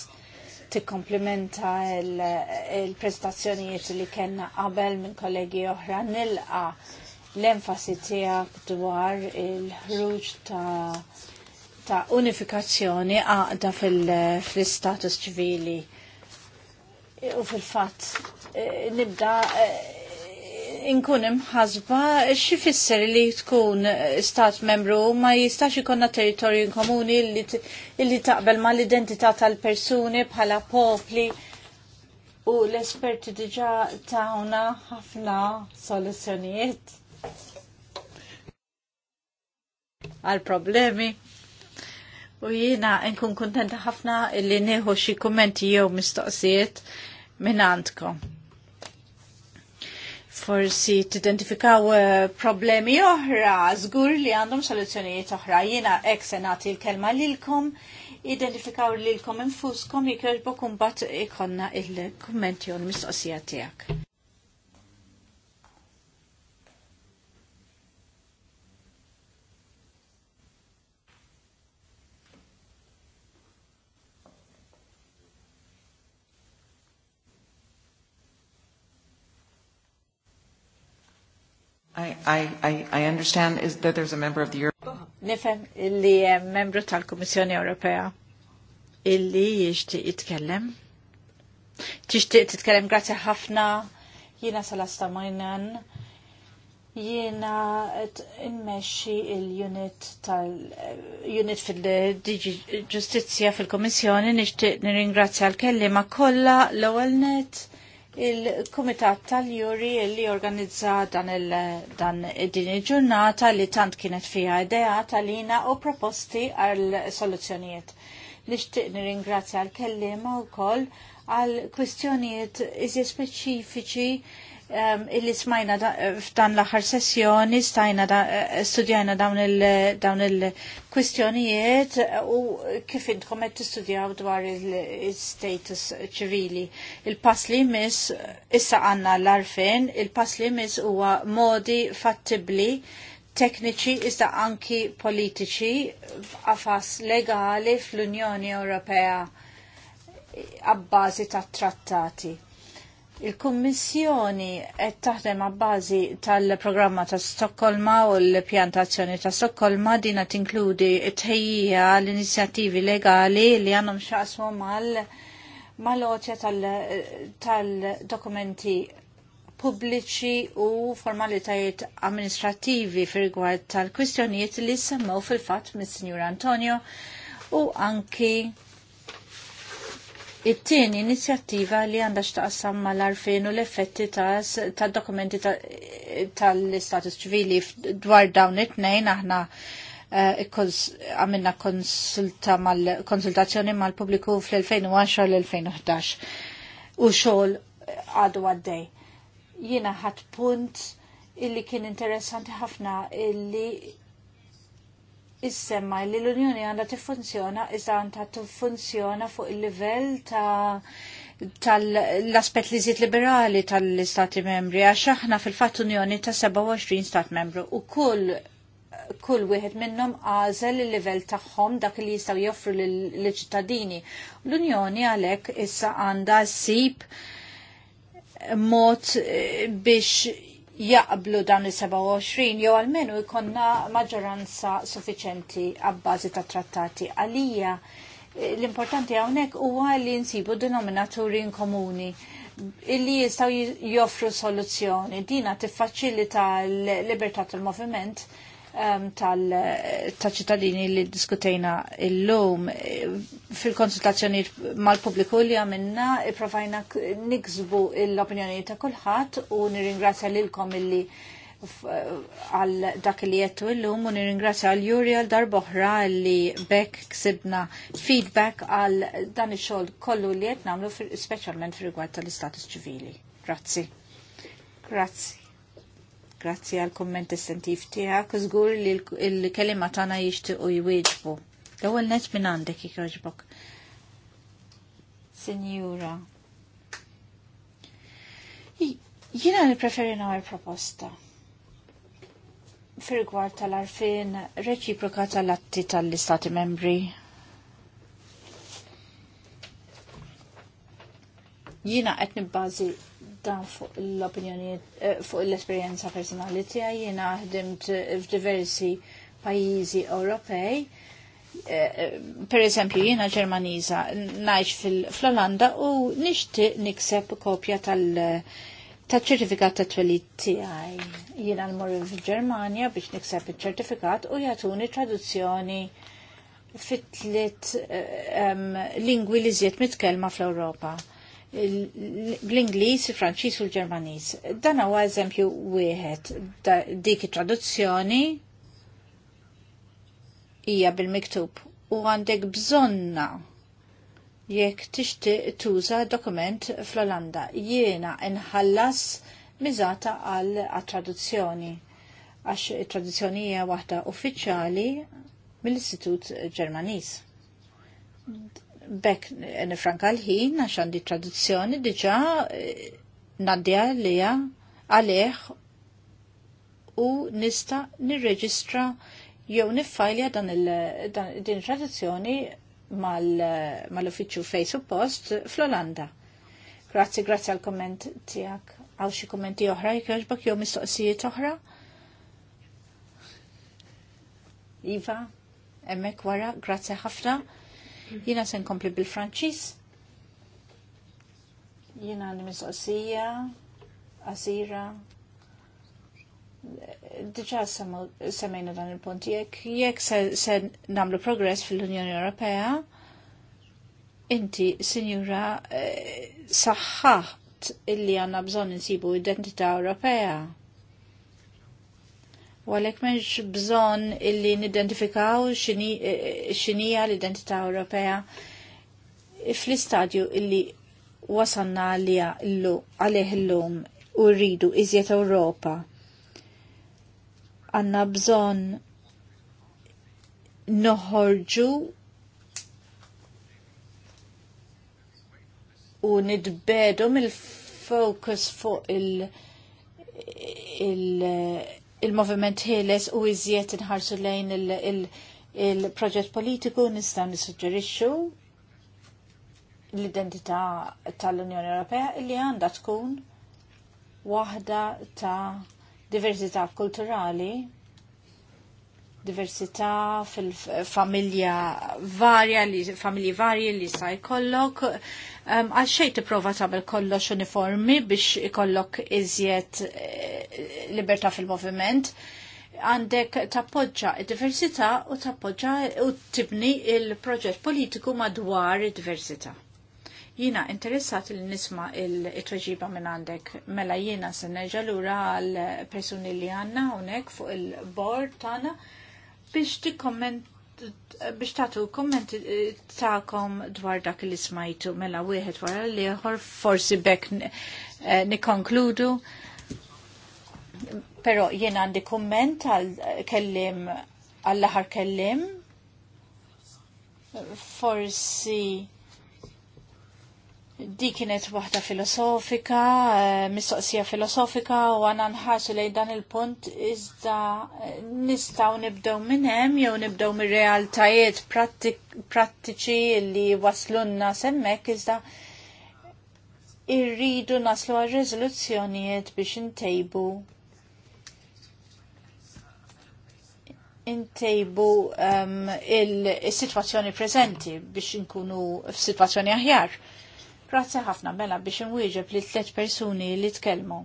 tikkomplimenta il-prezentazzjonijiet il li kena qabel minn kollegi oħra nilqa l-enfasi tiegħek dwar il-ħruġ ta' ta' unifikazzjoni għaqda fil-status ċivili. U fil-fatt, eh, nibda eh, inkun imħazba xifisser li tkun eh, stat membru ma jistax ikonna territorju komuni li taqbel ma l-identità tal-persuni bħala popli u l-esperti diġa tawna ħafna soluzzjonijiet għal problemi. U jiena nkun kontenta ħafna li neħu xi kommenti jew mistoqsijiet minn għandkom forsi t-identifikaw eh, problemi oħra, zgur li għandhom soluzzjonijiet oħra. Jena ek senati l-kelma lilkom, identifikaw lilkom infuskom, jikjoġbok kumbat bat ikonna il kommentjon u l-mistoqsija tijak. I, I, I understand is that there's a member of the Europe. Nifem illi membru tal-Kommissjoni Ewropea illi jixtieq jitkellem. Tixtieq titkellem grazzi ħafna jiena salasta majnan jiena immexxi il-unit tal-unit eh, fil-Ġustizzja fil-Kommissjoni nixtieq nirringrazzja l-kellima kollha l-ewwel net il-Kumitat tal-Juri li organizza dan din il-ġurnata li tant kienet fiha idea tal-lina u proposti għal soluzzjonijiet. Nixtieq nirringrazzja l-kellima wkoll għal kwistjonijiet iżi speċifiċi um, illi smajna f'dan l-aħħar sessjoni stajna da, studjajna dawn il-kwistjonijiet il u kif intkom qed tistudjaw dwar il-status il ċivili. Il-pass li jmiss issa għandna l-arfin, il-pass li jmiss huwa modi fattibli tekniċi iżda anki politiċi għafas legali fl-Unjoni Ewropea għabbażi ta' trattati Il-Kummissjoni qed taħdem ma bażi tal-programma ta' Stokkolma u l-pjantazzjoni ta' Stokkolma dina tinkludi tħejjija l-inizjattivi legali li għandhom xaqsmu mal-oċja tal-dokumenti pubbliċi u formalitajiet amministrativi fir tal-kwistjonijiet li semmew fil-fatt mis-Sinjur Antonio u anki It-tieni inizjattiva li għandha x'taqsam mal-arfin u l-effetti ta' dokumenti tal-istatus ċivili dwar dawn it-tnejn aħna eh, għamilna konsultazzjoni mal-pubbliku fl-2010 l-2011. U xogħol għadu għaddej. Jiena ħadd punt illi kien interessanti ħafna illi issemma li l-Unjoni għandha tiffunzjona iżda għandha tiffunzjona fuq il-livell ta' tal-aspet li zit liberali tal istati membri, għax aħna fil-fat Unjoni ta' 27 Stat membru u kull kull wieħed minnhom għażel il-livell tagħhom dak li jistgħu joffru lill-ċittadini. L-Unjoni għalhekk issa għandha ssib mod biex jaqblu dan il-27 jew għalmenu jkonna maġġoranza suffiċenti għabbażi ta' trattati. Għalija l-importanti hawnhekk huwa li nsibu denominaturi in komuni illi jistaw joffru soluzzjoni. Dina tiffaċilita l-libertà tal-moviment Um, tal-ċittadini li diskutejna il-lum fil-konsultazzjoni mal-publiku li għamilna provajna nikzbu l-opinjoni ta' kullħat u nirringrazzja lilkom illi għal dak li jettu illum u nirringrazzja għal Juri għal darboħra li bekk ksibna feedback għal dan il-xol kollu li jett namlu specialment fil-rigward tal-istatus ċivili. Grazzi. Grazzi. Grazzi għal komment essentif tiegħek. zgur li l-kelima tana jixtiequ jwieġbu. L-ewwel net minn għandek jogħġbok. Sinjura. Jiena nippreferi nagħmel proposta. Fir-rigward tal-arfin reċiproka tal-atti tal-istati membri jina qed nibbażi dan fuq l-opinjoni, eh, fuq l-esperienza personali tiegħi jiena ħdimt f'diversi pajjiżi Ewropej. Eh, eh, per eżempju, jiena Ġermaniża ngħix fl-Olanda u nixtieq nikseb kopja tal- ċertifikat ta' twelid tiegħi. Jiena nmur f'Ġermanja biex nikseb iċ-ċertifikat u jagħtuni traduzzjoni fit-tliet lingwi li żied mitkellma fl-Ewropa l inglis il-Franċis u l-Ġermanis. Dan huwa eżempju wieħed dik traduzzjoni hija bil-miktub u għandek bżonna jekk tixtieq tuża dokument fl-Olanda. Jiena inħallas miżata għal traduzzjoni għax traduzzjoni hija waħda uffiċjali mill-Istitut Ġermaniż bekk nifranka l-ħin għax għandi traduzzjoni diġa eh, naddija li għalih u nista nirreġistra jew niffajlja dan din traduzzjoni mal-uffiċċju mal Post fl-Olanda. Grazzi, grazzi għal komment tijak. Għaw xie kommenti oħra, jkħarġbak jew mistoqsijiet oħra? Iva, emmek wara, grazzi ħafna. Jina sen kompli bil-Franċis. Jina nimis Osija, qosija Diġa semmejna dan il-punt. Jek, jek se, se namlu progress fil-Unjoni Ewropea, inti, sinjura, eh, saħħaħt illi għanna bżon nsibu identità Ewropea U għalhekk m'hemmx bżonn illi nidentifikaw x'inija eh, l-identità Ewropea fl-istadju illi wasanna għalija illu għalih illum u rridu iżjed Ewropa. Għanna bżonn noħorġu u nidbedu mill-focus fuq il-, il il-moviment ħieles u iżjed inħarsu lejn il-proġett politiku nistgħu nissuġġerixxu l-identità tal-Unjoni Ewropea li għandha tkun waħda ta' diversità kulturali diversità fil-familja varja, li familji varji li sa' jkollok. Għal um, xej tipprova tabel kollox uniformi biex ikollok iżjed eh, libertà fil-moviment għandek tappoġġa id-diversità u tappoġġa u tibni il-proġett politiku madwar id-diversità. Jina interessat li nisma il-tweġiba minn għandek. Mela jina s-neġa l-ura għal-personi li għanna unek fuq il-bord tana biex komment biex tatu komment eh, ta'kom dwar dak li smajtu mela wieħed wara li ieħor forsi bekk eh, nikonkludu. Però jien għandi kumment għal eh, kellim għall-aħar kellim. Forsi Di kienet waħda filosofika, eh, mistoqsija filosofika u għana nħarsu li dan il-punt iżda eh, nistaw nibdew minnem jew nibdew minn realtajiet prattiċi li waslunna semmek iżda irridu naslu għal rezoluzzjonijiet biex intejbu intejbu um, il-situazzjoni prezenti biex nkunu f-situazzjoni aħjar. Grazzi ħafna mela biex imwieġeb li tliet persuni li tkellmu.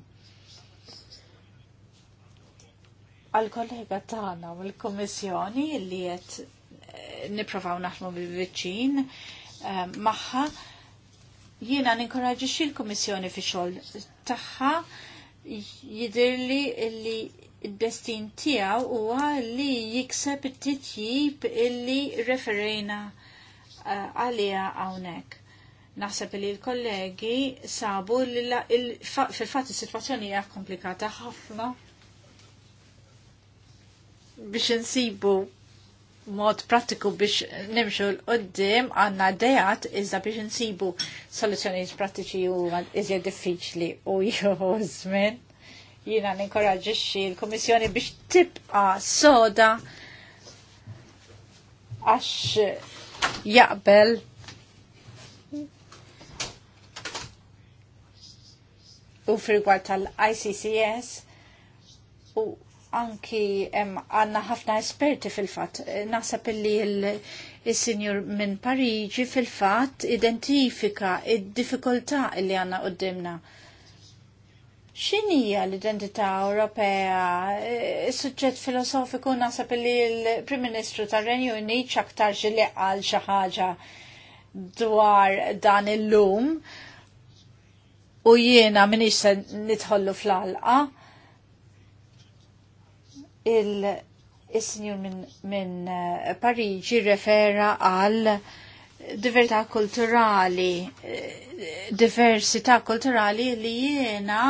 Għal-kollega tagħna u l-Kommissjoni li qed eh, nipprovaw naħdmu bil-viċin eh, magħha jiena ninkoraġixxi l-Kummissjoni fi xogħol tagħha jidirli li d destin tiegħu huwa li jikseb it-titjib illi referejna eh, għalija hawnhekk. Naħseb li l-kollegi sabu li fil-fat il-situazzjoni hija komplikata ħafna biex insibu mod pratiku biex nimxu l-qoddim għanna dejat iżda biex insibu soluzzjonijiet pratiċi u iżjed diffiċli u *laughs* jew żmien jina ninkoraġġixxi l komissjoni biex tibqa soda għax jaqbel u frigwar tal-ICCS u anki għanna ħafna esperti fil-fat. Nasab illi il-sinjur minn Parigi fil-fat identifika il difikulta il illi għanna qoddimna xinija l-identità Ewropea? Eh, suġġett filosofiku nasab li il prim Ministru tal-Renju Unit aktar ġili għal xi ħaġa dwar dan il-lum u jiena minix se nitħollu fl-alqa il-sinjur minn min, eh, Pariġi refera għal diversità kulturali, eh, diversità kulturali li jiena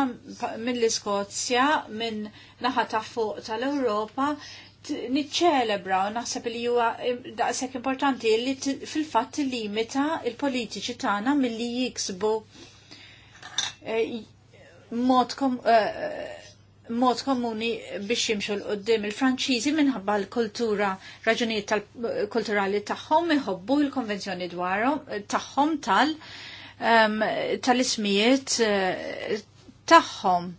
mill skozja minn naħa ta' fuq tal-Ewropa niċċelebra u naħseb li huwa daqshekk importanti li fil-fatt limita il-politiċi tagħna milli jiksbu Eh, mod eh, mod komuni biex jimxu l-qoddim il-Franċiżi minħabba l-kultura, raġunijiet tal-kulturali tagħhom iħobbu l-konvenzjoni dwarhom eh, tagħhom tal- tal-ismijiet tagħhom.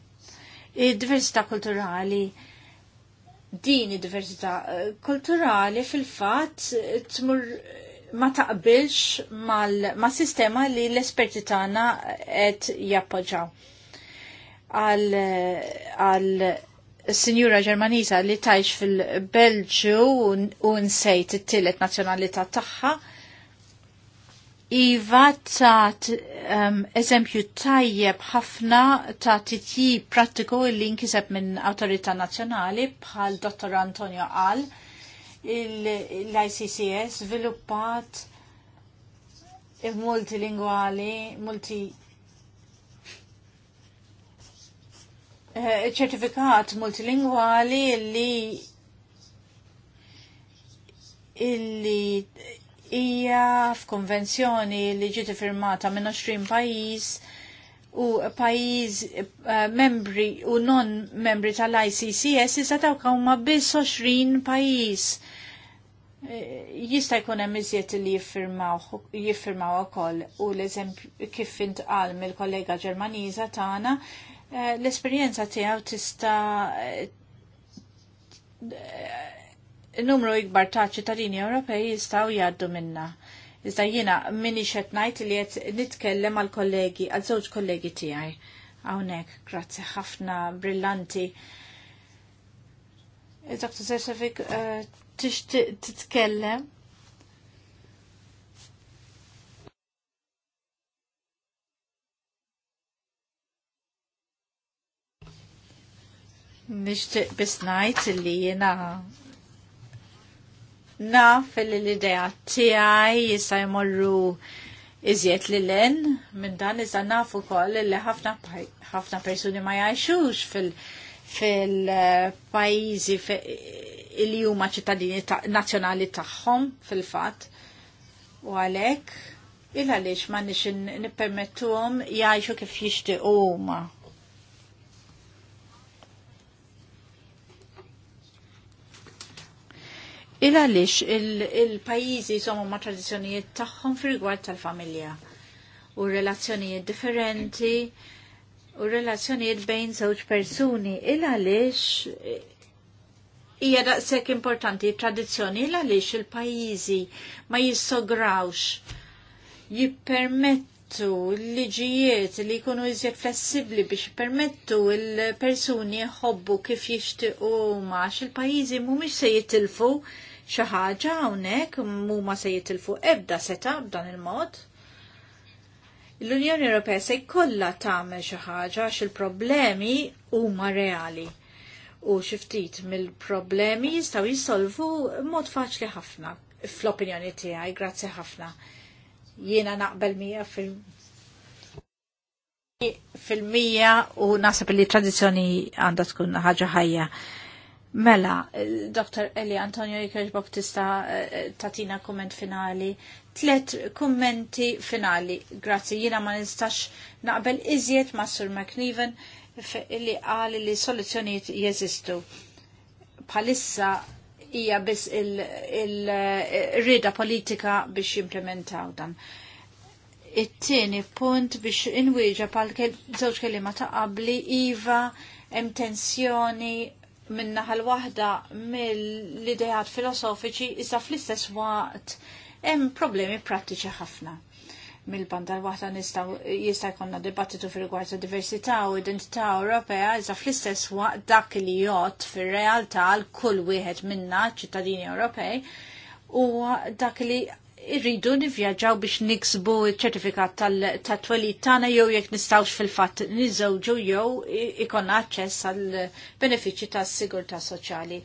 Id-diversità kulturali din id-diversità kulturali fil-fatt tmur ma taqbilx ma' sistema li l-esperti tagħna qed jappoġġaw. Għal sinjura Ġermaniża li tajx fil-Belġu u nsejt it-tielet nazzjonalità tagħha, Iva tat um, eżempju tajjeb ħafna ta' titji pratiku li nkiseb minn Awtorità Nazzjonali bħal Dottor Antonio Al l-ICCS sviluppat multilinguali, multi eh, ċertifikat multilingwali li illi hija f'konvenzjoni li ġiet firmata minn 20 pajjiż u pajjiż eh, membri u non membri tal-ICCS iżda dawk huma biss 20 pajjiż jista' jkun hemm iżjed li jiffirmaw ukoll u l-eżempju kif intqal mill-kollega Ġermaniża tagħna eh, l-esperjenza tiegħu tista' eh, numru ikbar ta' ċittadini Ewropej jistgħu jgħaddu minna. Iżda jiena minni xed ngħid li qed nitkellem għal kollegi għal żewġ kollegi tiegħi. Hawnhekk, grazzi ħafna brillanti Dr. Zersavik eh, titkellem. Nishtiq bisnajt li jena naf l-ideja tiegħi jista' jmorru iżjed li len minn dan iżda naf ukoll li ħafna persuni ma jgħixux fil- fil-pajizi li huma ċittadini nazzjonali tagħhom fil-fatt u għalhekk il għaliex ma nix nippermettuhom jgħixu kif jixtiequ huma. Il għaliex il-pajjiżi jsomu ma' tradizzjonijiet tagħhom fir-rigward tal-familja u relazzjonijiet differenti u relazzjonijiet bejn żewġ persuni il għaliex hija daqshekk importanti tradizzjoni il għaliex il-pajjiżi ma jissograwx jippermettu l-liġijiet li jkunu iżjed flessibbli biex jippermettu l-persuni jħobbu kif jixtiequ max il-pajjiżi mhumiex se jitilfu xi ħaġa hawnhekk huma se jitilfu ebda seta' b'dan il-mod L-Unjoni Ewropea se jkollha tagħmel xi ħaġa għax il-problemi huma reali. U xi ftit mill-problemi jistgħu jissolvu mod faċli ħafna fl-opinjoni tiegħi, grazzi ħafna. Jiena naqbel mija fil- fil-mija u nasab li t-tradizzjoni għandha tkun ħaġa ħajja. Mela, Dr. Eli Antonio Ikerġ Baptista eh, eh, tatina komment finali. Tlet kommenti finali. Grazzi, jina ma nistax naqbel iżjed ma' Sur McNeven li għal li soluzzjoniet jeżistu. Palissa hija biss il-rida eh, politika biex jimplementaw dan. It-tieni punt biex inwieġa pal żewġ kelima ta' qabli iva hemm tensjoni għal waħda mill-idejat filosofiċi iżda fl-istess waqt hemm problemi prattiċi ħafna. Mill-banda l-waħda jista' jkollna dibattitu fil-rigward ta' diversità u identità Ewropea iżda fl-istess waqt dak li jgħod fir-realtà għal kull wieħed minna ċittadini Ewropej u dak li irridu nivvjaġġaw biex niksbu ċertifikat tal-twelid tagħna jew jekk nistgħux fil-fatt niżewġu jew ikonna aċċess għal benefiċċji tas-sigurtà soċjali.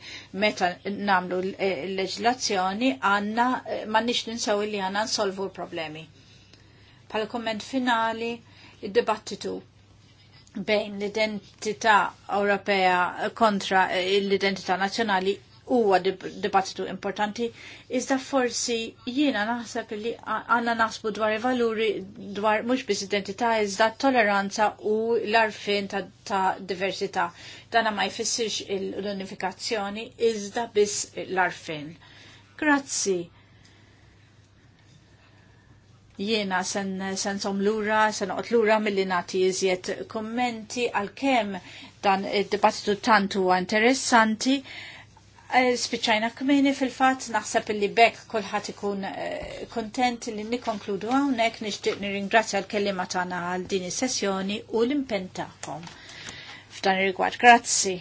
Meta nagħmlu l eh, leġislazzjoni għandna eh, m'għandniex ninsew li għandna nsolvu l-problemi. Pal komment finali, id-dibattitu bejn l-identità Ewropea kontra eh, l-identità nazzjonali huwa dibattitu importanti, iżda forsi jiena naħseb li għanna naħsbu dwar valuri dwar mhux biss identità iżda toleranza u l-arfin ta', ta diversità. Dana ma jfissirx l-unifikazzjoni iżda biss l-arfin. Grazzi jiena sen, sen lura, sen qot lura mill-li nati jizjet kommenti għal-kem dan id-dibattitu tantu interessanti Eh, spiċajna kmini fil-fat naħseb li bekk kolħat ikun eh, kontent li nikonkludu għawnek nishtiq nirringrazzja l-kellima tagħna għal din is-sessjoni u l-impen F'dan ir-rigward, grazzi.